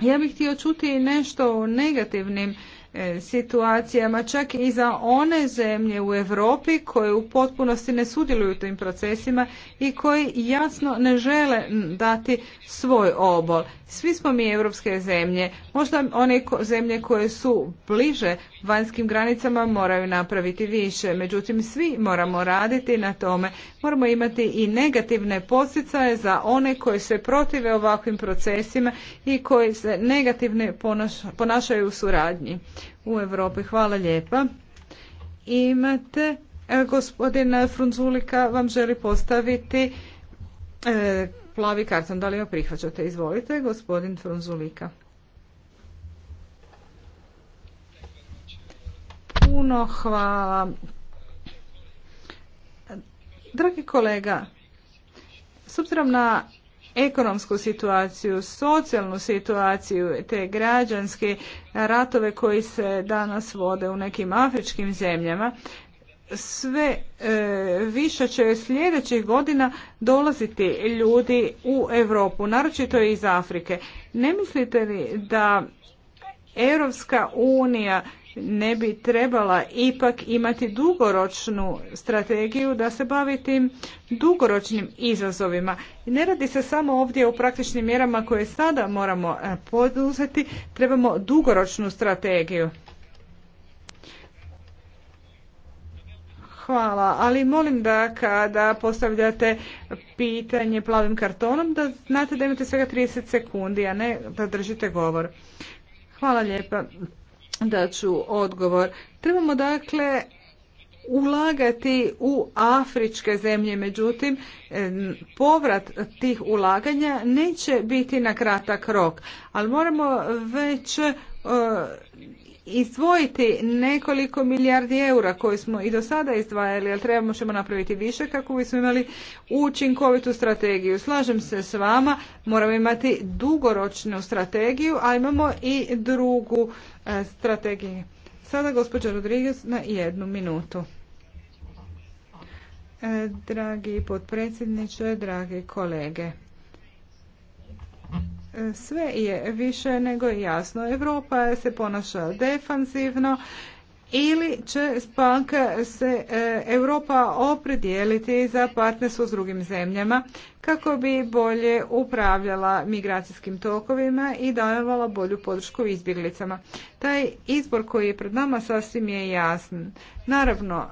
Ja bih htio čuti nešto o negativnim e, situacijama, čak i za one zemlje u Europi koje u potpunosti ne sudjeluju u tim procesima i koji jasno ne žele dati svoj obol. Svi smo mi europske zemlje, možda one zemlje koje su bliže vanjskim granicama moraju napraviti više. Međutim, svi moramo raditi na tome. Moramo imati i negativne posjecaje za one koji se protive ovakvim procesima i koji se negativne ponašaju u suradnji u Europi. Hvala lijepa. Imate, e, gospodin Frunzulika vam želi postaviti e, plavi karton. Da li ga prihvaćate? Izvolite, gospodin Frunzulika. Puno hvala. Dragi kolega, s obzirom na ekonomsku situaciju, socijalnu situaciju, te građanske ratove koji se danas vode u nekim afričkim zemljama, sve e, više će sljedećih godina dolaziti ljudi u Europu, naročito iz Afrike. Ne mislite li da Europska unija ne bi trebala ipak imati dugoročnu strategiju da se bavi tim dugoročnim izazovima. Ne radi se samo ovdje o praktičnim mjerama koje sada moramo e, poduzeti, trebamo dugoročnu strategiju. Hvala, ali molim da kada postavljate pitanje plavim kartonom da znate da imate svega 30 sekundi, a ne da držite govor. Hvala lijepa. Daću ću odgovor. Trebamo dakle ulagati u afričke zemlje, međutim e, povrat tih ulaganja neće biti na kratak rok, ali moramo već e, izdvojiti nekoliko milijardi eura koje smo i do sada izdvajali, ali trebamo ćemo napraviti više kako bismo imali učinkovitu strategiju. Slažem se s vama, moramo imati dugoročnu strategiju, a imamo i drugu e, strategiju. Sada gospođa Rodriguez na jednu minutu. E, dragi potpredsjedniče, dragi kolege sve je više nego jasno. Europa se ponaša defanzivno ili će Spanka se e, Europa opredijeliti za partnerstvo s drugim zemljama kako bi bolje upravljala migracijskim tokovima i davala bolju podršku izbjeglicama. Taj izbor koji je pred nama sasvim je jasan. Naravno,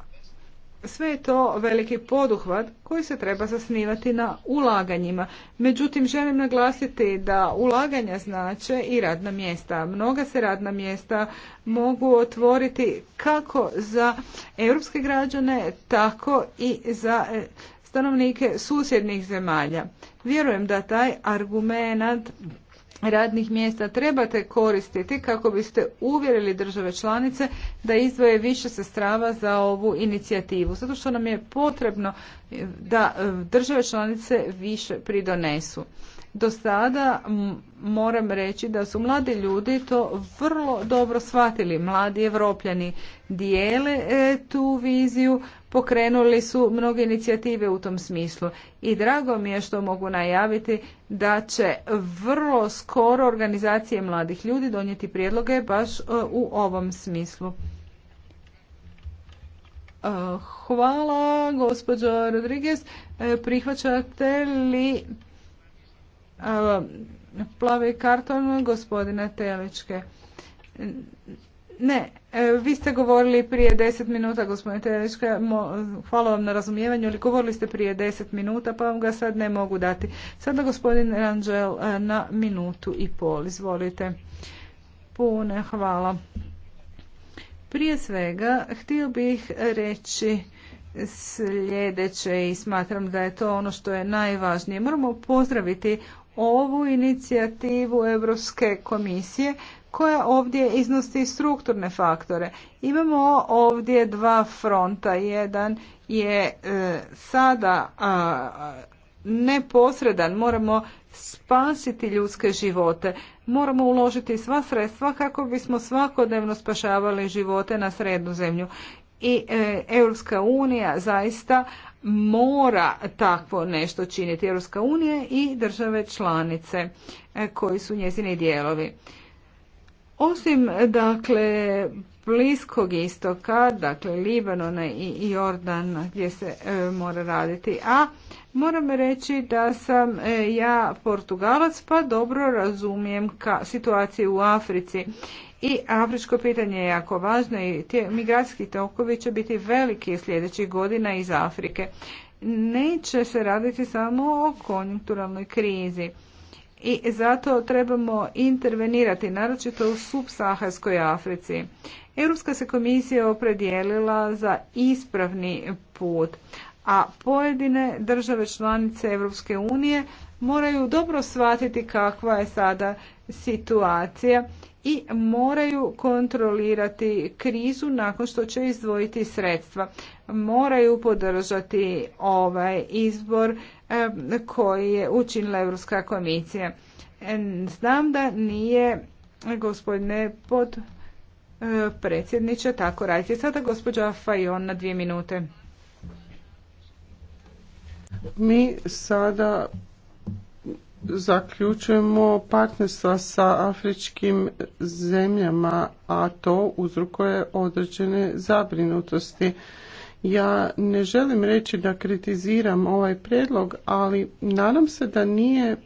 sve je to veliki poduhvat koji se treba zasnivati na ulaganjima. Međutim, želim naglasiti da ulaganja znače i radna mjesta. Mnoga se radna mjesta mogu otvoriti kako za europske građane, tako i za e, stanovnike susjednih zemalja. Vjerujem da taj argument radnih mjesta trebate koristiti kako biste uvjerili države članice da izdvoje više sestrava za ovu inicijativu. Zato što nam je potrebno e, da e, države članice više pridonesu. Do sada moram reći da su mladi ljudi to vrlo dobro shvatili. Mladi evropljani dijele e, tu viziju, pokrenuli su mnoge inicijative u tom smislu. I drago mi je što mogu najaviti da će vrlo skoro organizacije mladih ljudi donijeti prijedloge baš e, u ovom smislu. E, hvala, gospođo Rodriguez. E, prihvaćate li plavi karton gospodina Telečke? Ne, e, vi ste govorili prije deset minuta, gospodine Terečka, hvala vam na razumijevanju, ali govorili ste prije deset minuta, pa vam ga sad ne mogu dati. Sada gospodin Ranđel e, na minutu i pol, izvolite. Pune, hvala. Prije svega, htio bih reći sljedeće i smatram da je to ono što je najvažnije. Moramo pozdraviti ovu inicijativu Europske komisije koja ovdje iznosi strukturne faktore. Imamo ovdje dva fronta. Jedan je e, sada a, neposredan. Moramo spasiti ljudske živote. Moramo uložiti sva sredstva kako bismo svakodnevno spašavali živote na srednu zemlju. I e, Europska unija zaista mora takvo nešto činiti. Europska unija i države članice e, koji su njezini dijelovi. Osim dakle Bliskog istoka, dakle Libanona i Jordan gdje se e, mora raditi. A moram reći da sam e, ja Portugalac pa dobro razumijem ka, situaciju u Africi. I afričko pitanje je jako važno i te migracijski tokovi će biti veliki sljedećih godina iz Afrike. Neće se raditi samo o konjunkturalnoj krizi i zato trebamo intervenirati, naročito u subsaharskoj Africi. Europska se komisija opredijelila za ispravni put, a pojedine države članice Europske unije moraju dobro shvatiti kakva je sada situacija i moraju kontrolirati krizu nakon što će izdvojiti sredstva. Moraju podržati ovaj izbor E, koji je učinila Europska komisija. E, znam da nije gospodine pod e, predsjedniče tako raditi. Sada gospođa Fajon na dvije minute. Mi sada zaključujemo partnerstva sa afričkim zemljama, a to uzrukuje određene zabrinutosti. Ja ne želim reći da kritiziram ovaj prijedlog, ali nadam se da nije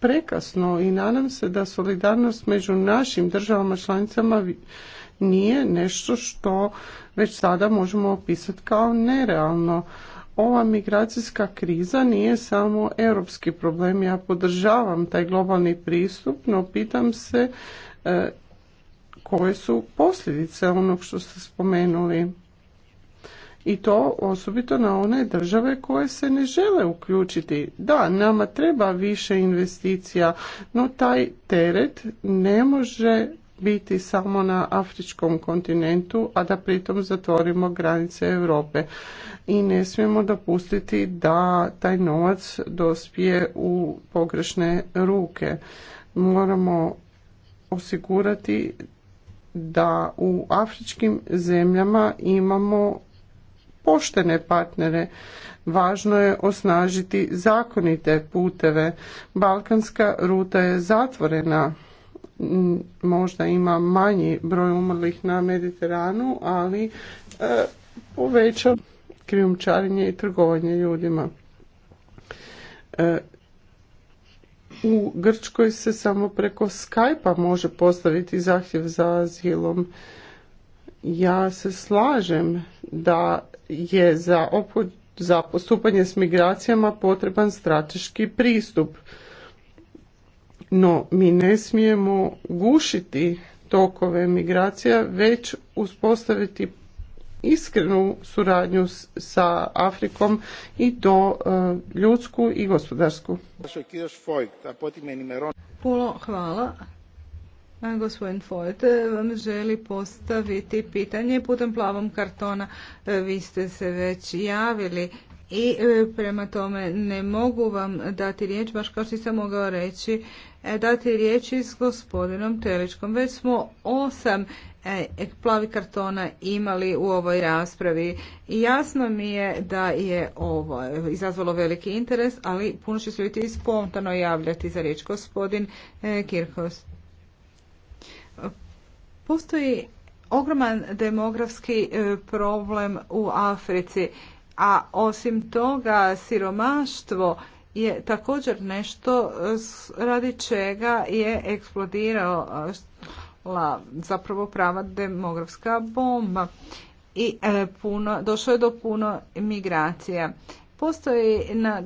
prekasno i nadam se da solidarnost među našim državama članicama nije nešto što već sada možemo opisati kao nerealno. Ova migracijska kriza nije samo europski problem. Ja podržavam taj globalni pristup, no pitam se e, koje su posljedice onog što ste spomenuli i to osobito na one države koje se ne žele uključiti. Da, nama treba više investicija, no taj teret ne može biti samo na afričkom kontinentu, a da pritom zatvorimo granice Europe. I ne smijemo dopustiti da taj novac dospije u pogrešne ruke. Moramo osigurati da u afričkim zemljama imamo poštene partnere. Važno je osnažiti zakonite puteve. Balkanska ruta je zatvorena. Mm, možda ima manji broj umrlih na Mediteranu, ali e, poveća krijumčarenje i trgovanje ljudima. E, u Grčkoj se samo preko skype može postaviti zahtjev za azilom. Ja se slažem da je za, za postupanje s migracijama potreban strateški pristup. No, mi ne smijemo gušiti tokove migracija, već uspostaviti iskrenu suradnju sa Afrikom i to e, ljudsku i gospodarsku. Puno hvala. Gospodin Folt e, vam želi postaviti pitanje putem plavom kartona. E, vi ste se već javili i e, prema tome ne mogu vam dati riječ, baš kao što sam mogao reći, dati riječ s gospodinom Teličkom. Već smo osam plavi kartona imali u ovoj raspravi. I jasno mi je da je ovo izazvalo veliki interes, ali puno će se biti spontano javljati za riječ gospodin kirkost Postoji ogroman demografski e, problem u Africi, a osim toga siromaštvo je također nešto e, radi čega je eksplodirao zapravo prava demografska bomba i e, puno, došlo je do puno migracija. Postoji na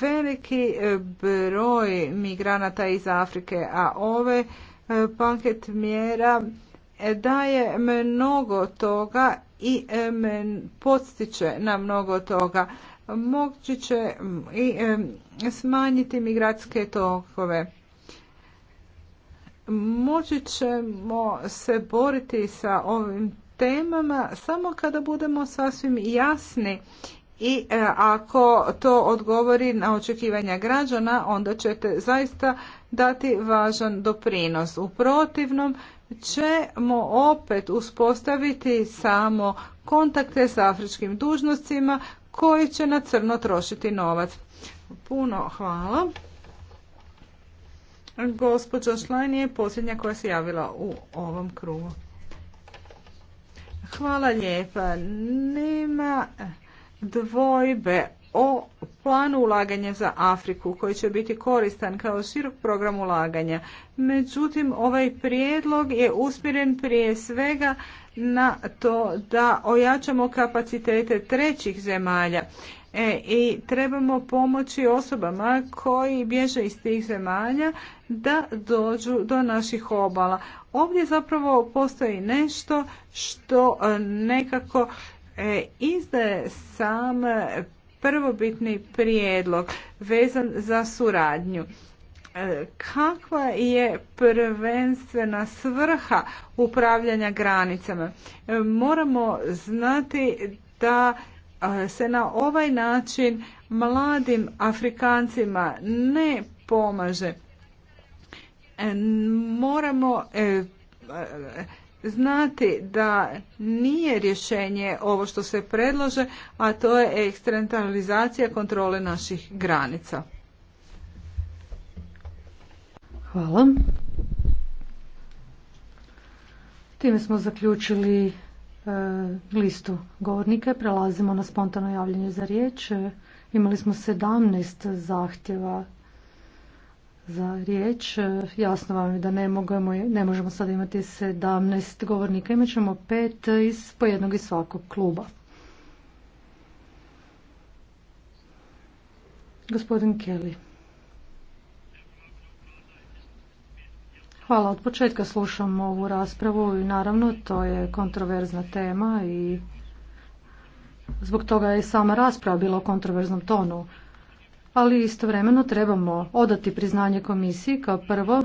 veliki broj migranata iz Afrike, a ove E, paket mjera e, daje mnogo toga i e, podstiče na mnogo toga. Moći će i smanjiti migracijske tokove. Moći ćemo se boriti sa ovim temama samo kada budemo sasvim jasni i e, ako to odgovori na očekivanja građana, onda ćete zaista dati važan doprinos. U protivnom ćemo opet uspostaviti samo kontakte sa afričkim dužnostima koji će na crno trošiti novac. Puno hvala. Gospođa Šlajn je posljednja koja se javila u ovom krugu. Hvala lijepa. Nema dvojbe o planu ulaganja za Afriku koji će biti koristan kao širok program ulaganja. Međutim, ovaj prijedlog je usmjeren prije svega na to da ojačamo kapacitete trećih zemalja e, i trebamo pomoći osobama koji bježe iz tih zemalja da dođu do naših obala. Ovdje zapravo postoji nešto što nekako E, izdaje sam prvobitni prijedlog vezan za suradnju. E, kakva je prvenstvena svrha upravljanja granicama? E, moramo znati da se na ovaj način mladim Afrikancima ne pomaže. Moramo znati da nije rješenje ovo što se predlaže, a to je eksternalizacija kontrole naših granica. Hvala. Time smo zaključili e, listu govornika. Prelazimo na spontano javljanje za riječ. E, imali smo 17 zahtjeva za riječ. Jasno vam je da ne, mogemo, ne možemo sad imati 17 govornika. Imat ćemo pet iz, po jednog iz svakog kluba. Gospodin Kelly. Hvala. Od početka slušam ovu raspravu i naravno to je kontroverzna tema i zbog toga je sama rasprava bila u kontroverznom tonu ali istovremeno trebamo odati priznanje komisiji kao prvo e,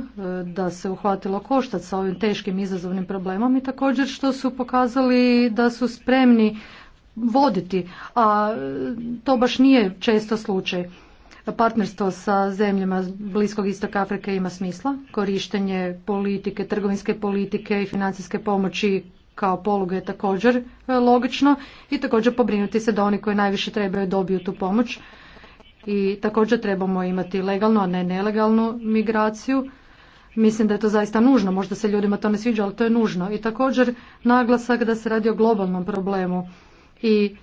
da se uhvatilo koštac sa ovim teškim izazovnim problemom i također što su pokazali da su spremni voditi, a e, to baš nije često slučaj. Partnerstvo sa zemljama Bliskog istoka Afrike ima smisla, korištenje politike, trgovinske politike i financijske pomoći kao poluge je također e, logično i također pobrinuti se da oni koji najviše trebaju dobiju tu pomoć i također trebamo imati legalnu, a ne nelegalnu migraciju. Mislim da je to zaista nužno, možda se ljudima to ne sviđa, ali to je nužno. I također naglasak da se radi o globalnom problemu i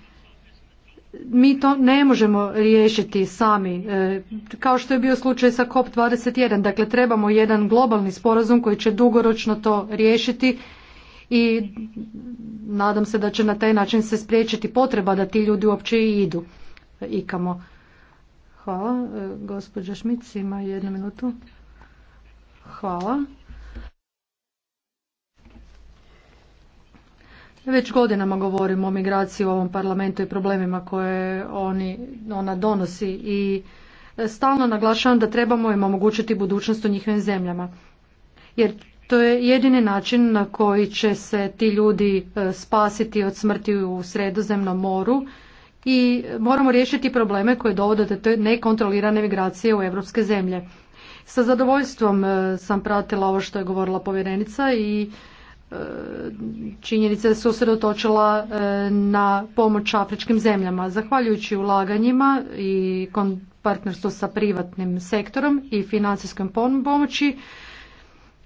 mi to ne možemo riješiti sami, e, kao što je bio slučaj sa COP21. Dakle, trebamo jedan globalni sporazum koji će dugoročno to riješiti i nadam se da će na taj način se spriječiti potreba da ti ljudi uopće i idu e, ikamo. Hvala. E, gospođa Šmic ima jednu minutu. Hvala. Već godinama govorimo o migraciji u ovom parlamentu i problemima koje oni, ona donosi i stalno naglašavam da trebamo im omogućiti budućnost u njihovim zemljama. Jer to je jedini način na koji će se ti ljudi e, spasiti od smrti u sredozemnom moru i moramo riješiti probleme koje dovode do te nekontrolirane migracije u europske zemlje. Sa zadovoljstvom e, sam pratila ovo što je govorila povjerenica i e, činjenica da se usredotočila e, na pomoć afričkim zemljama. Zahvaljujući ulaganjima i partnerstvu sa privatnim sektorom i financijskom pomoći,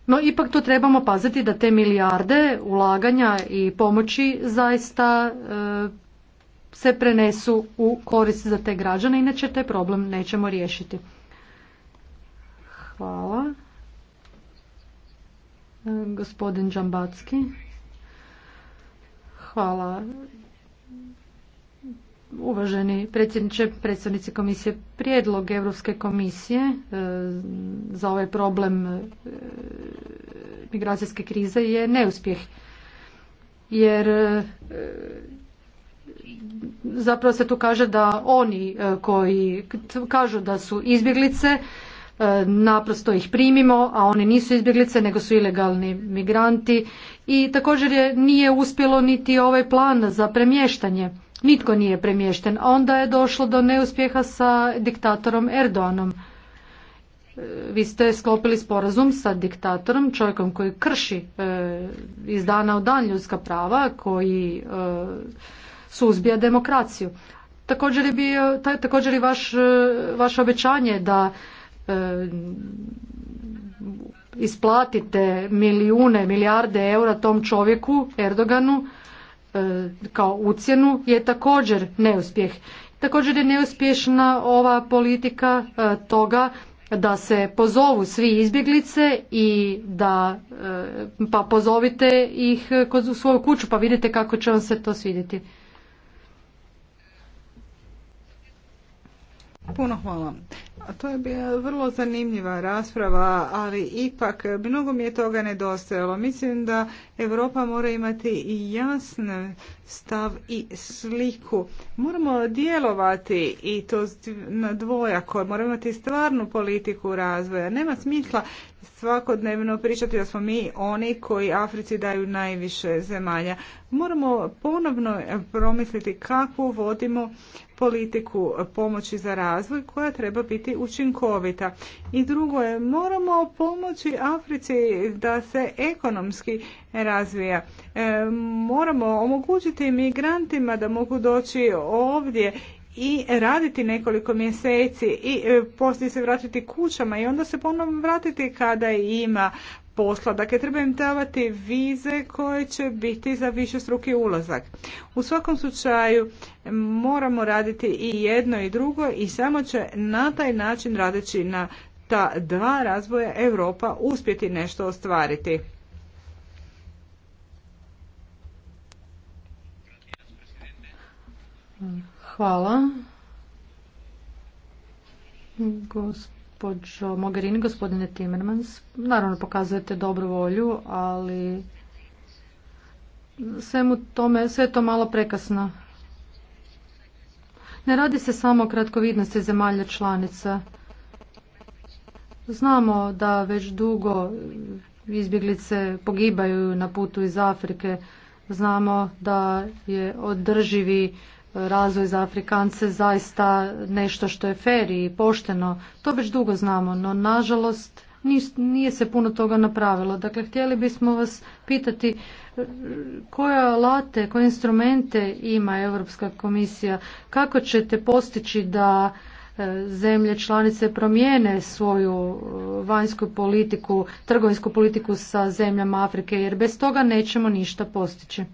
no ipak tu trebamo paziti da te milijarde ulaganja i pomoći zaista se prenesu u korist za te građane, inače taj problem nećemo riješiti. Hvala. Gospodin Džambacki. Hvala. Uvaženi predsjedniče, predsjednici komisije, prijedlog Europske komisije e, za ovaj problem e, migracijske krize je neuspjeh. Jer e, zapravo se tu kaže da oni e, koji kažu da su izbjeglice e, naprosto ih primimo, a oni nisu izbjeglice nego su ilegalni migranti i također je, nije uspjelo niti ovaj plan za premještanje. Nitko nije premješten, onda je došlo do neuspjeha sa diktatorom Erdoanom. E, vi ste sklopili sporazum sa diktatorom, čovjekom koji krši e, iz dana u dan ljudska prava, koji suzbija demokraciju. Također je bio, također i vaš, e, vaše obećanje da e, isplatite milijune, milijarde eura tom čovjeku, Erdoganu, e, kao ucjenu je također neuspjeh. Također je neuspješna ova politika toga da se pozovu svi izbjeglice i da pa pozovite ih u svoju kuću pa vidite kako će vam se to svidjeti. Puno hvala. To je bila vrlo zanimljiva rasprava, ali ipak mnogo mi je toga nedostajalo. Mislim da Europa mora imati i jasan stav i sliku. Moramo djelovati i to na dvojako. Moramo imati stvarnu politiku razvoja. Nema smisla svakodnevno pričati da smo mi oni koji Africi daju najviše zemalja. Moramo ponovno promisliti kako vodimo politiku pomoći za razvoj koja treba biti učinkovita. I drugo je, moramo pomoći Africi da se ekonomski razvija. E, moramo omogućiti migrantima da mogu doći ovdje i raditi nekoliko mjeseci i e, poslije se vratiti kućama i onda se ponovno vratiti kada ima posla. Dakle, treba im davati vize koje će biti za višestruki ulazak. U svakom slučaju moramo raditi i jedno i drugo i samo će na taj način radeći na ta dva razvoja Europa uspjeti nešto ostvariti. Mm. Hvala. Gospođo Mogherini, gospodine Timmermans, naravno pokazujete dobru volju, ali sve je to malo prekasno. Ne radi se samo o kratkovidnosti zemalja članica. Znamo da već dugo izbjeglice pogibaju na putu iz Afrike. Znamo da je održivi razvoj za Afrikance zaista nešto što je fer i pošteno. To već dugo znamo, no nažalost nije se puno toga napravilo. Dakle, htjeli bismo vas pitati e, koje alate, koje instrumente ima Europska komisija, kako ćete postići da e, zemlje članice promijene svoju e, vanjsku politiku, trgovinsku politiku sa zemljama Afrike, jer bez toga nećemo ništa postići.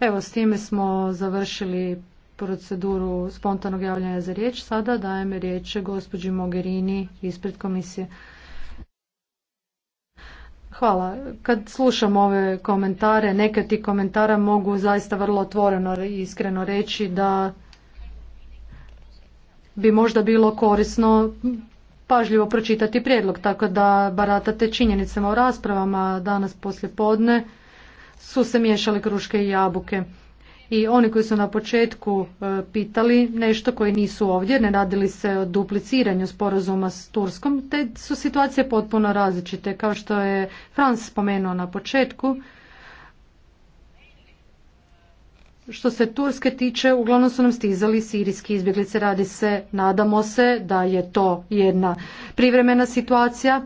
Evo, s time smo završili proceduru spontanog javljanja za riječ. Sada dajem riječ gospođi Mogherini ispred komisije. Hvala. Kad slušam ove komentare, neke ti komentara mogu zaista vrlo otvoreno i iskreno reći da bi možda bilo korisno pažljivo pročitati prijedlog, tako da baratate činjenicama u raspravama danas poslje podne su se miješale kruške i jabuke. I oni koji su na početku e, pitali nešto koji nisu ovdje, ne radili se o dupliciranju sporazuma s Turskom, te su situacije potpuno različite. Kao što je Franz spomenuo na početku, što se Turske tiče, uglavnom su nam stizali sirijski izbjeglice. Radi se, nadamo se, da je to jedna privremena situacija,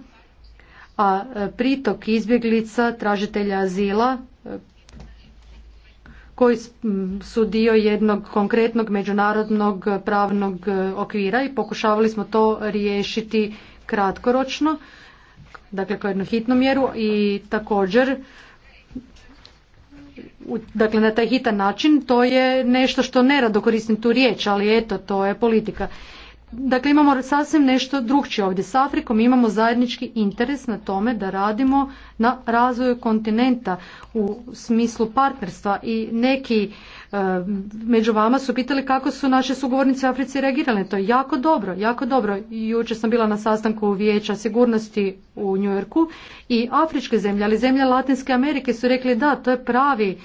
a e, pritok izbjeglica, tražitelja azila, koji su dio jednog konkretnog međunarodnog pravnog e, okvira i pokušavali smo to riješiti kratkoročno, dakle kao jednu hitnu mjeru i također dakle na taj hitan način to je nešto što nerado koristim tu riječ, ali eto to je politika. Dakle, imamo sasvim nešto drugčije ovdje s Afrikom, imamo zajednički interes na tome da radimo na razvoju kontinenta u smislu partnerstva i neki e, među vama su pitali kako su naše sugovornice u Africi reagirali. To je jako dobro, jako dobro. Juče sam bila na sastanku Vijeća sigurnosti u Yorku i afričke zemlje, ali zemlje Latinske Amerike su rekli da, to je pravi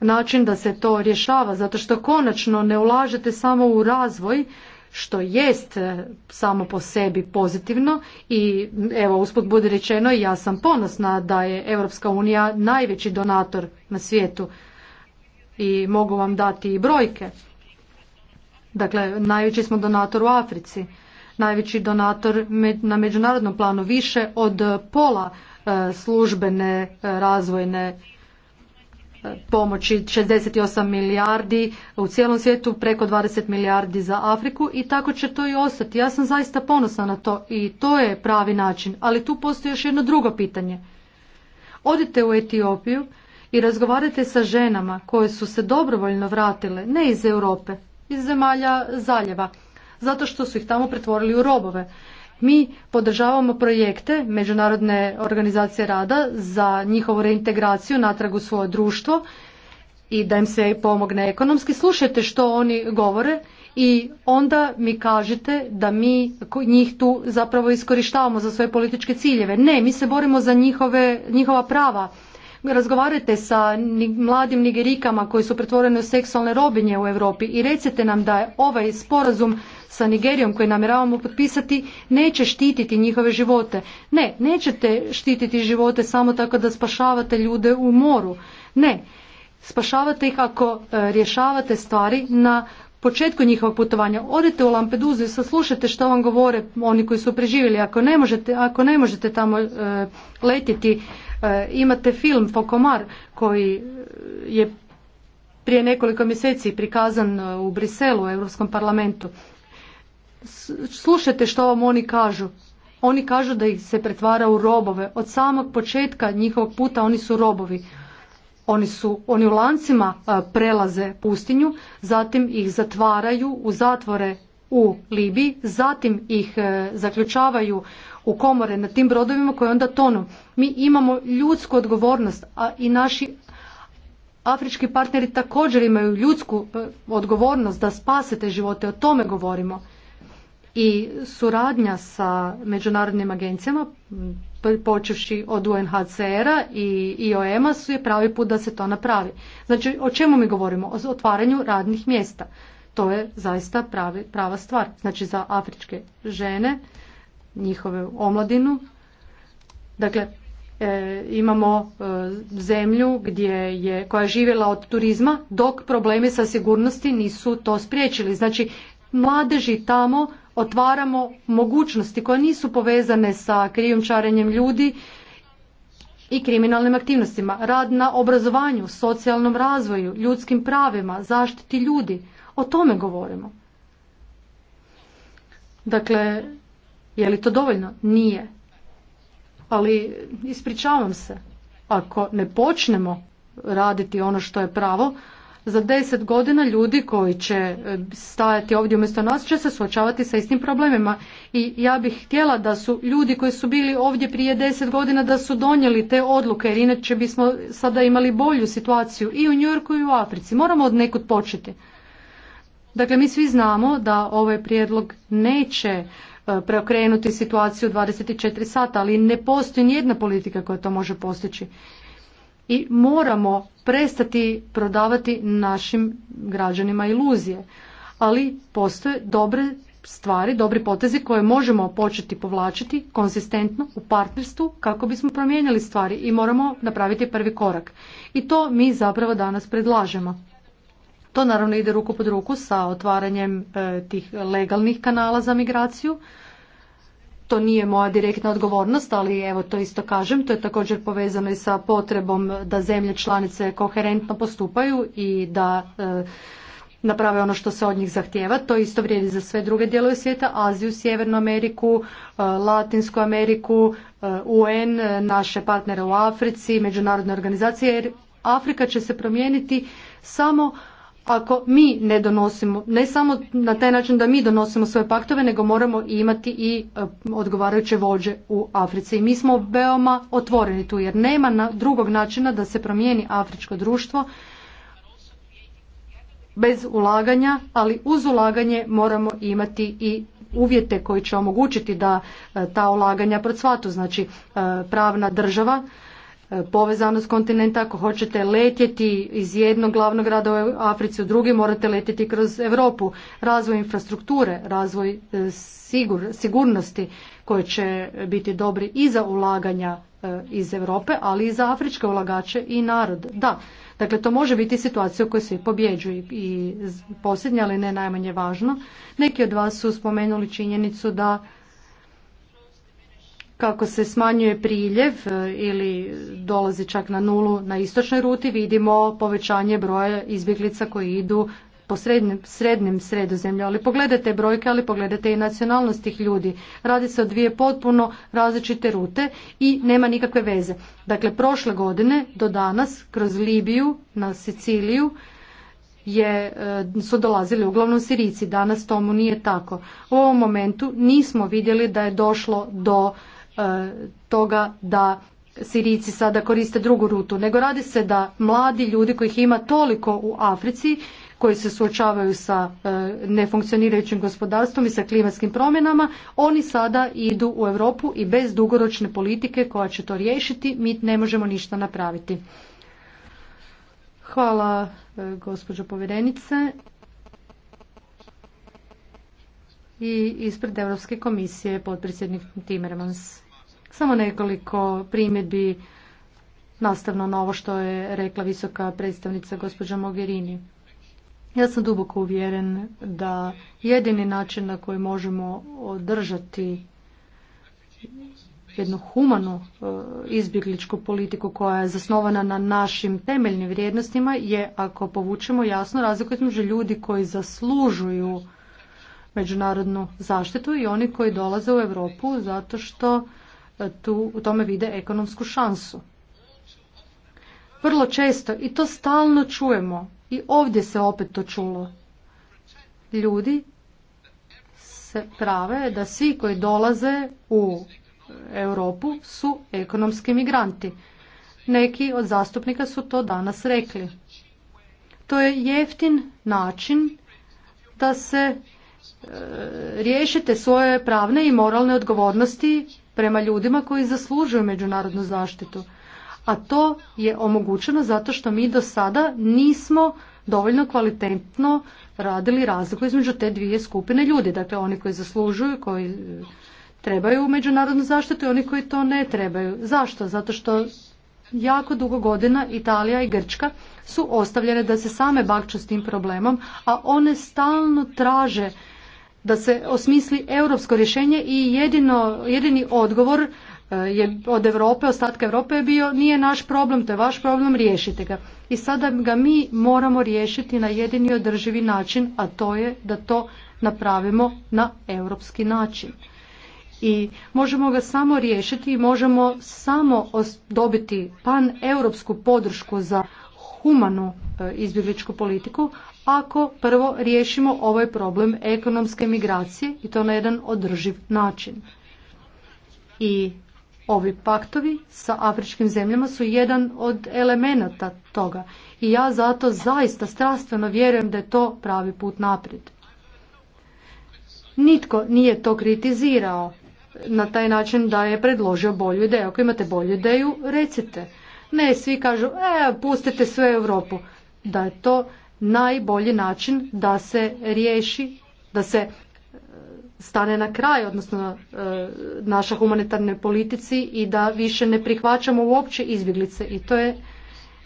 način da se to rješava, zato što konačno ne ulažete samo u razvoj, što jest e, samo po sebi pozitivno i evo usput bude rečeno ja sam ponosna da je Europska unija najveći donator na svijetu i mogu vam dati i brojke. Dakle, najveći smo donator u Africi, najveći donator na međunarodnom planu više od pola e, službene e, razvojne pomoći 68 milijardi u cijelom svijetu, preko 20 milijardi za Afriku i tako će to i ostati. Ja sam zaista ponosna na to i to je pravi način, ali tu postoji još jedno drugo pitanje. Odite u Etiopiju i razgovarajte sa ženama koje su se dobrovoljno vratile, ne iz Europe, iz zemalja zaljeva, zato što su ih tamo pretvorili u robove. Mi podržavamo projekte Međunarodne organizacije rada za njihovu reintegraciju natrag u svoje društvo i da im se pomogne ekonomski. Slušajte što oni govore i onda mi kažete da mi njih tu zapravo iskorištavamo za svoje političke ciljeve. Ne, mi se borimo za njihove, njihova prava Razgovarajte sa mladim Nigerikama koji su pretvorene u seksualne robinje u Europi i recite nam da je ovaj sporazum sa Nigerijom koji namjeravamo potpisati neće štititi njihove živote. Ne, nećete štititi živote samo tako da spašavate ljude u moru. Ne, spašavate ih ako e, rješavate stvari na početku njihovog putovanja. Odite u Lampeduzu i saslušajte što vam govore oni koji su preživjeli. Ako ne možete, ako ne možete tamo e, letjeti E, imate film Fokomar koji je prije nekoliko mjeseci prikazan e, u Briselu, u Europskom parlamentu. Slušajte što vam oni kažu. Oni kažu da ih se pretvara u robove. Od samog početka njihovog puta oni su robovi. Oni, su, oni u lancima e, prelaze pustinju, zatim ih zatvaraju u zatvore u Libiji, zatim ih zaključavaju u komore na tim brodovima koje onda tonu. Mi imamo ljudsku odgovornost, a i naši afrički partneri također imaju ljudsku e, odgovornost da spase te živote, o tome govorimo. I suradnja sa međunarodnim agencijama, počevši od UNHCR-a i IOM-a su je pravi put da se to napravi. Znači, o čemu mi govorimo? O otvaranju radnih mjesta. To je zaista prava stvar. Znači, za afričke žene njihovu omladinu. Dakle, e, imamo e, zemlju gdje je, koja je živjela od turizma dok problemi sa sigurnosti nisu to spriječili. Znači, mladeži tamo otvaramo mogućnosti koje nisu povezane sa krijumčarenjem ljudi i kriminalnim aktivnostima. Rad na obrazovanju, socijalnom razvoju, ljudskim pravima, zaštiti ljudi. O tome govorimo. Dakle, je li to dovoljno? Nije. Ali ispričavam se, ako ne počnemo raditi ono što je pravo, za deset godina ljudi koji će e, stajati ovdje umjesto nas će se suočavati sa istim problemima. I ja bih htjela da su ljudi koji su bili ovdje prije deset godina da su donijeli te odluke jer inače bismo sada imali bolju situaciju i u Njorku i u Africi. Moramo od nekud početi. Dakle, mi svi znamo da ovaj prijedlog neće E, preokrenuti situaciju 24 sata, ali ne postoji nijedna politika koja to može postići. I moramo prestati prodavati našim građanima iluzije. Ali postoje dobre stvari, dobri potezi koje možemo početi povlačiti konsistentno u partnerstvu kako bismo promijenili stvari i moramo napraviti prvi korak. I to mi zapravo danas predlažemo. To naravno ide ruku pod ruku sa otvaranjem e, tih legalnih kanala za migraciju. To nije moja direktna odgovornost, ali evo to isto kažem. To je također povezano i sa potrebom da zemlje članice koherentno postupaju i da e, naprave ono što se od njih zahtjeva. To isto vrijedi za sve druge dijelove svijeta, Aziju, Sjevernu Ameriku, e, Latinsku Ameriku, UN, naše partnere u Africi, međunarodne organizacije, jer Afrika će se promijeniti samo ako mi ne donosimo, ne samo na taj način da mi donosimo svoje paktove, nego moramo imati i e, odgovarajuće vođe u Africi. I mi smo veoma otvoreni tu, jer nema drugog načina da se promijeni afričko društvo bez ulaganja, ali uz ulaganje moramo imati i uvjete koji će omogućiti da e, ta ulaganja procvatu, znači e, pravna država, povezanost kontinenta. Ako hoćete letjeti iz jednog glavnog grada u Africi u drugi, morate letjeti kroz Europu. Razvoj infrastrukture, razvoj e, sigurnosti koji će biti dobri i za ulaganja e, iz Europe, ali i za afričke ulagače i narod. Da, dakle to može biti situacija u kojoj svi pobjeđuju i posljednja, ali ne najmanje važno. Neki od vas su spomenuli činjenicu da kako se smanjuje priljev e, ili dolazi čak na nulu na istočnoj ruti, vidimo povećanje broja izbjeglica koji idu po srednjem, srednjem sredozemlju. Ali pogledajte brojke, ali pogledajte i nacionalnost tih ljudi. Radi se o dvije potpuno različite rute i nema nikakve veze. Dakle, prošle godine do danas kroz Libiju na Siciliju je, e, su dolazili uglavnom Sirici. Danas tomu nije tako. U ovom momentu nismo vidjeli da je došlo do E, toga da Sirici sada koriste drugu rutu, nego radi se da mladi ljudi kojih ima toliko u Africi koji se suočavaju sa e, nefunkcionirajućim gospodarstvom i sa klimatskim promjenama, oni sada idu u Europu i bez dugoročne politike koja će to riješiti mi ne možemo ništa napraviti. Hvala e, gospođo povjerenice. I ispred Europske komisije potpredsjednik Timmermans. Samo nekoliko primjedbi nastavno na ovo što je rekla visoka predstavnica gospođa Mogherini. Ja sam duboko uvjeren da jedini način na koji možemo održati jednu humanu e, izbjegličku politiku koja je zasnovana na našim temeljnim vrijednostima je ako povučemo jasno razliku između ljudi koji zaslužuju međunarodnu zaštitu i oni koji dolaze u Europu zato što tu u tome vide ekonomsku šansu. Vrlo često i to stalno čujemo i ovdje se opet to čulo. Ljudi se prave da svi koji dolaze u Europu su ekonomski migranti. Neki od zastupnika su to danas rekli. To je jeftin način da se e, riješite svoje pravne i moralne odgovornosti prema ljudima koji zaslužuju međunarodnu zaštitu. A to je omogućeno zato što mi do sada nismo dovoljno kvalitetno radili razliku između te dvije skupine ljudi. Dakle, oni koji zaslužuju, koji e, trebaju međunarodnu zaštitu i oni koji to ne trebaju. Zašto? Zato što jako dugo godina Italija i Grčka su ostavljene da se same bakču s tim problemom, a one stalno traže da se osmisli europsko rješenje i jedino, jedini odgovor e, je od Europe, ostatka Europe je bio nije naš problem, to je vaš problem, riješite ga. I sada ga mi moramo riješiti na jedini održivi način, a to je da to napravimo na europski način. I možemo ga samo riješiti i možemo samo dobiti pan europsku podršku za humanu e, izbjegličku politiku ako prvo riješimo ovaj problem ekonomske migracije i to na jedan održiv način. I ovi paktovi sa afričkim zemljama su jedan od elemenata toga i ja zato zaista strastveno vjerujem da je to pravi put naprijed. Nitko nije to kritizirao na taj način da je predložio bolju ideju. Ako imate bolju ideju, recite. Ne, svi kažu, e, pustite sve Europu. Da je to najbolji način da se riješi, da se e, stane na kraj, odnosno e, naša humanitarne politici i da više ne prihvaćamo uopće izbjeglice. I to je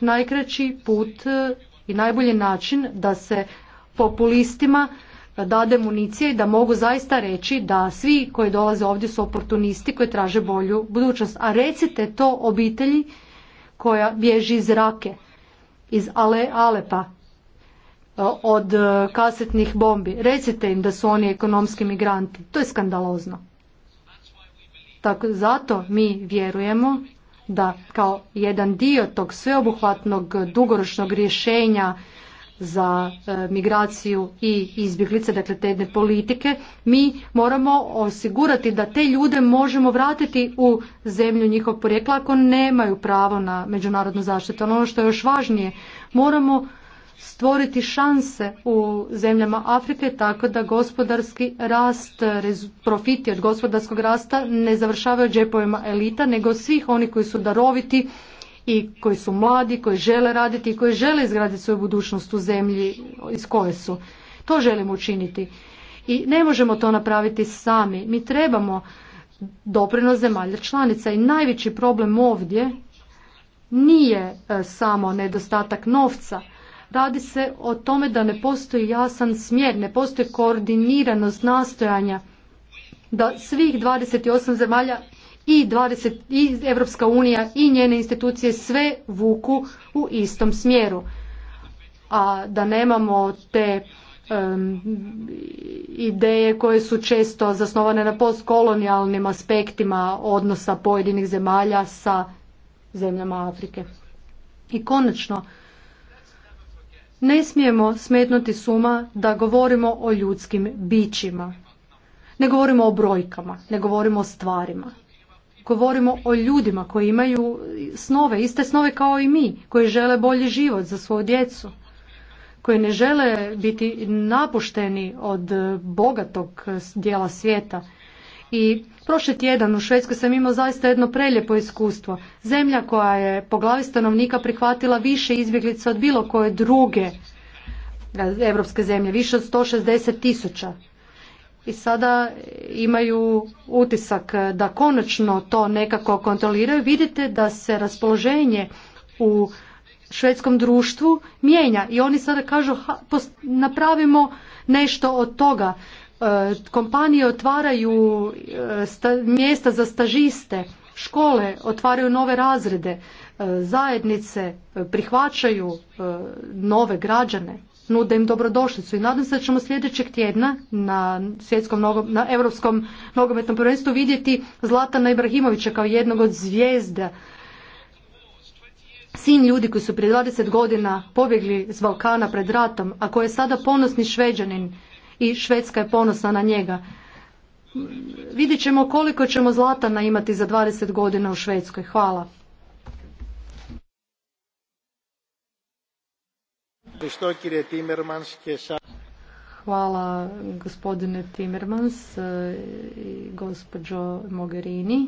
najkraći put e, i najbolji način da se populistima dade municije i da mogu zaista reći da svi koji dolaze ovdje su oportunisti koji traže bolju budućnost. A recite to obitelji koja bježi iz Rake, iz Ale Alepa, e, od e, kasetnih bombi. Recite im da su oni ekonomski migranti. To je skandalozno. Tako, zato mi vjerujemo da kao jedan dio tog sveobuhvatnog dugoročnog rješenja za e, migraciju i izbjeglice, dakle te politike, mi moramo osigurati da te ljude možemo vratiti u zemlju njihovog porijekla ako nemaju pravo na međunarodnu zaštitu. Ono što je još važnije, moramo stvoriti šanse u zemljama Afrike tako da gospodarski rast, profiti od gospodarskog rasta ne završavaju džepovima elita, nego svih oni koji su daroviti, i koji su mladi, koji žele raditi i koji žele izgraditi svoju budućnost u zemlji iz koje su. To želimo učiniti. I ne možemo to napraviti sami. Mi trebamo doprinos zemalja članica i najveći problem ovdje nije e, samo nedostatak novca. Radi se o tome da ne postoji jasan smjer, ne postoji koordiniranost nastojanja da svih 28 zemalja i, 20, i Evropska unija i njene institucije sve vuku u istom smjeru. A da nemamo te ideje koje su često zasnovane na postkolonijalnim aspektima odnosa pojedinih zemalja sa zemljama Afrike. I konačno, ne smijemo smetnuti suma da govorimo o ljudskim bićima. Ne govorimo o brojkama, ne govorimo o stvarima Govorimo o ljudima koji imaju snove, iste snove kao i mi, koji žele bolji život za svoju djecu, koji ne žele biti napušteni od bogatog dijela svijeta. I prošli tjedan u Švedskoj sam imao zaista jedno prelijepo iskustvo. Zemlja koja je po glavi stanovnika prihvatila više izbjeglica od bilo koje druge eh, evropske zemlje, više od 160 tisuća i sada imaju utisak da konačno to nekako kontroliraju. Vidite da se raspoloženje u švedskom društvu mijenja i oni sada kažu napravimo nešto od toga. E, kompanije otvaraju e, mjesta za stažiste, škole otvaraju nove razrede, e, zajednice prihvaćaju nove građane nude im dobrodošlicu i nadam se da ćemo sljedećeg tjedna na svjetskom na europskom nogometnom prvenstvu vidjeti Zlatana Ibrahimovića kao jednog od zvijezda sin ljudi koji su prije 20 godina pobjegli s Balkana pred ratom, a koji je sada ponosni šveđanin i Švedska je ponosna na njega. Vidjet ćemo koliko ćemo Zlatana imati za 20 godina u Švedskoj. Hvala. Hvala gospodine Timmermans e, i gospođo Mogherini.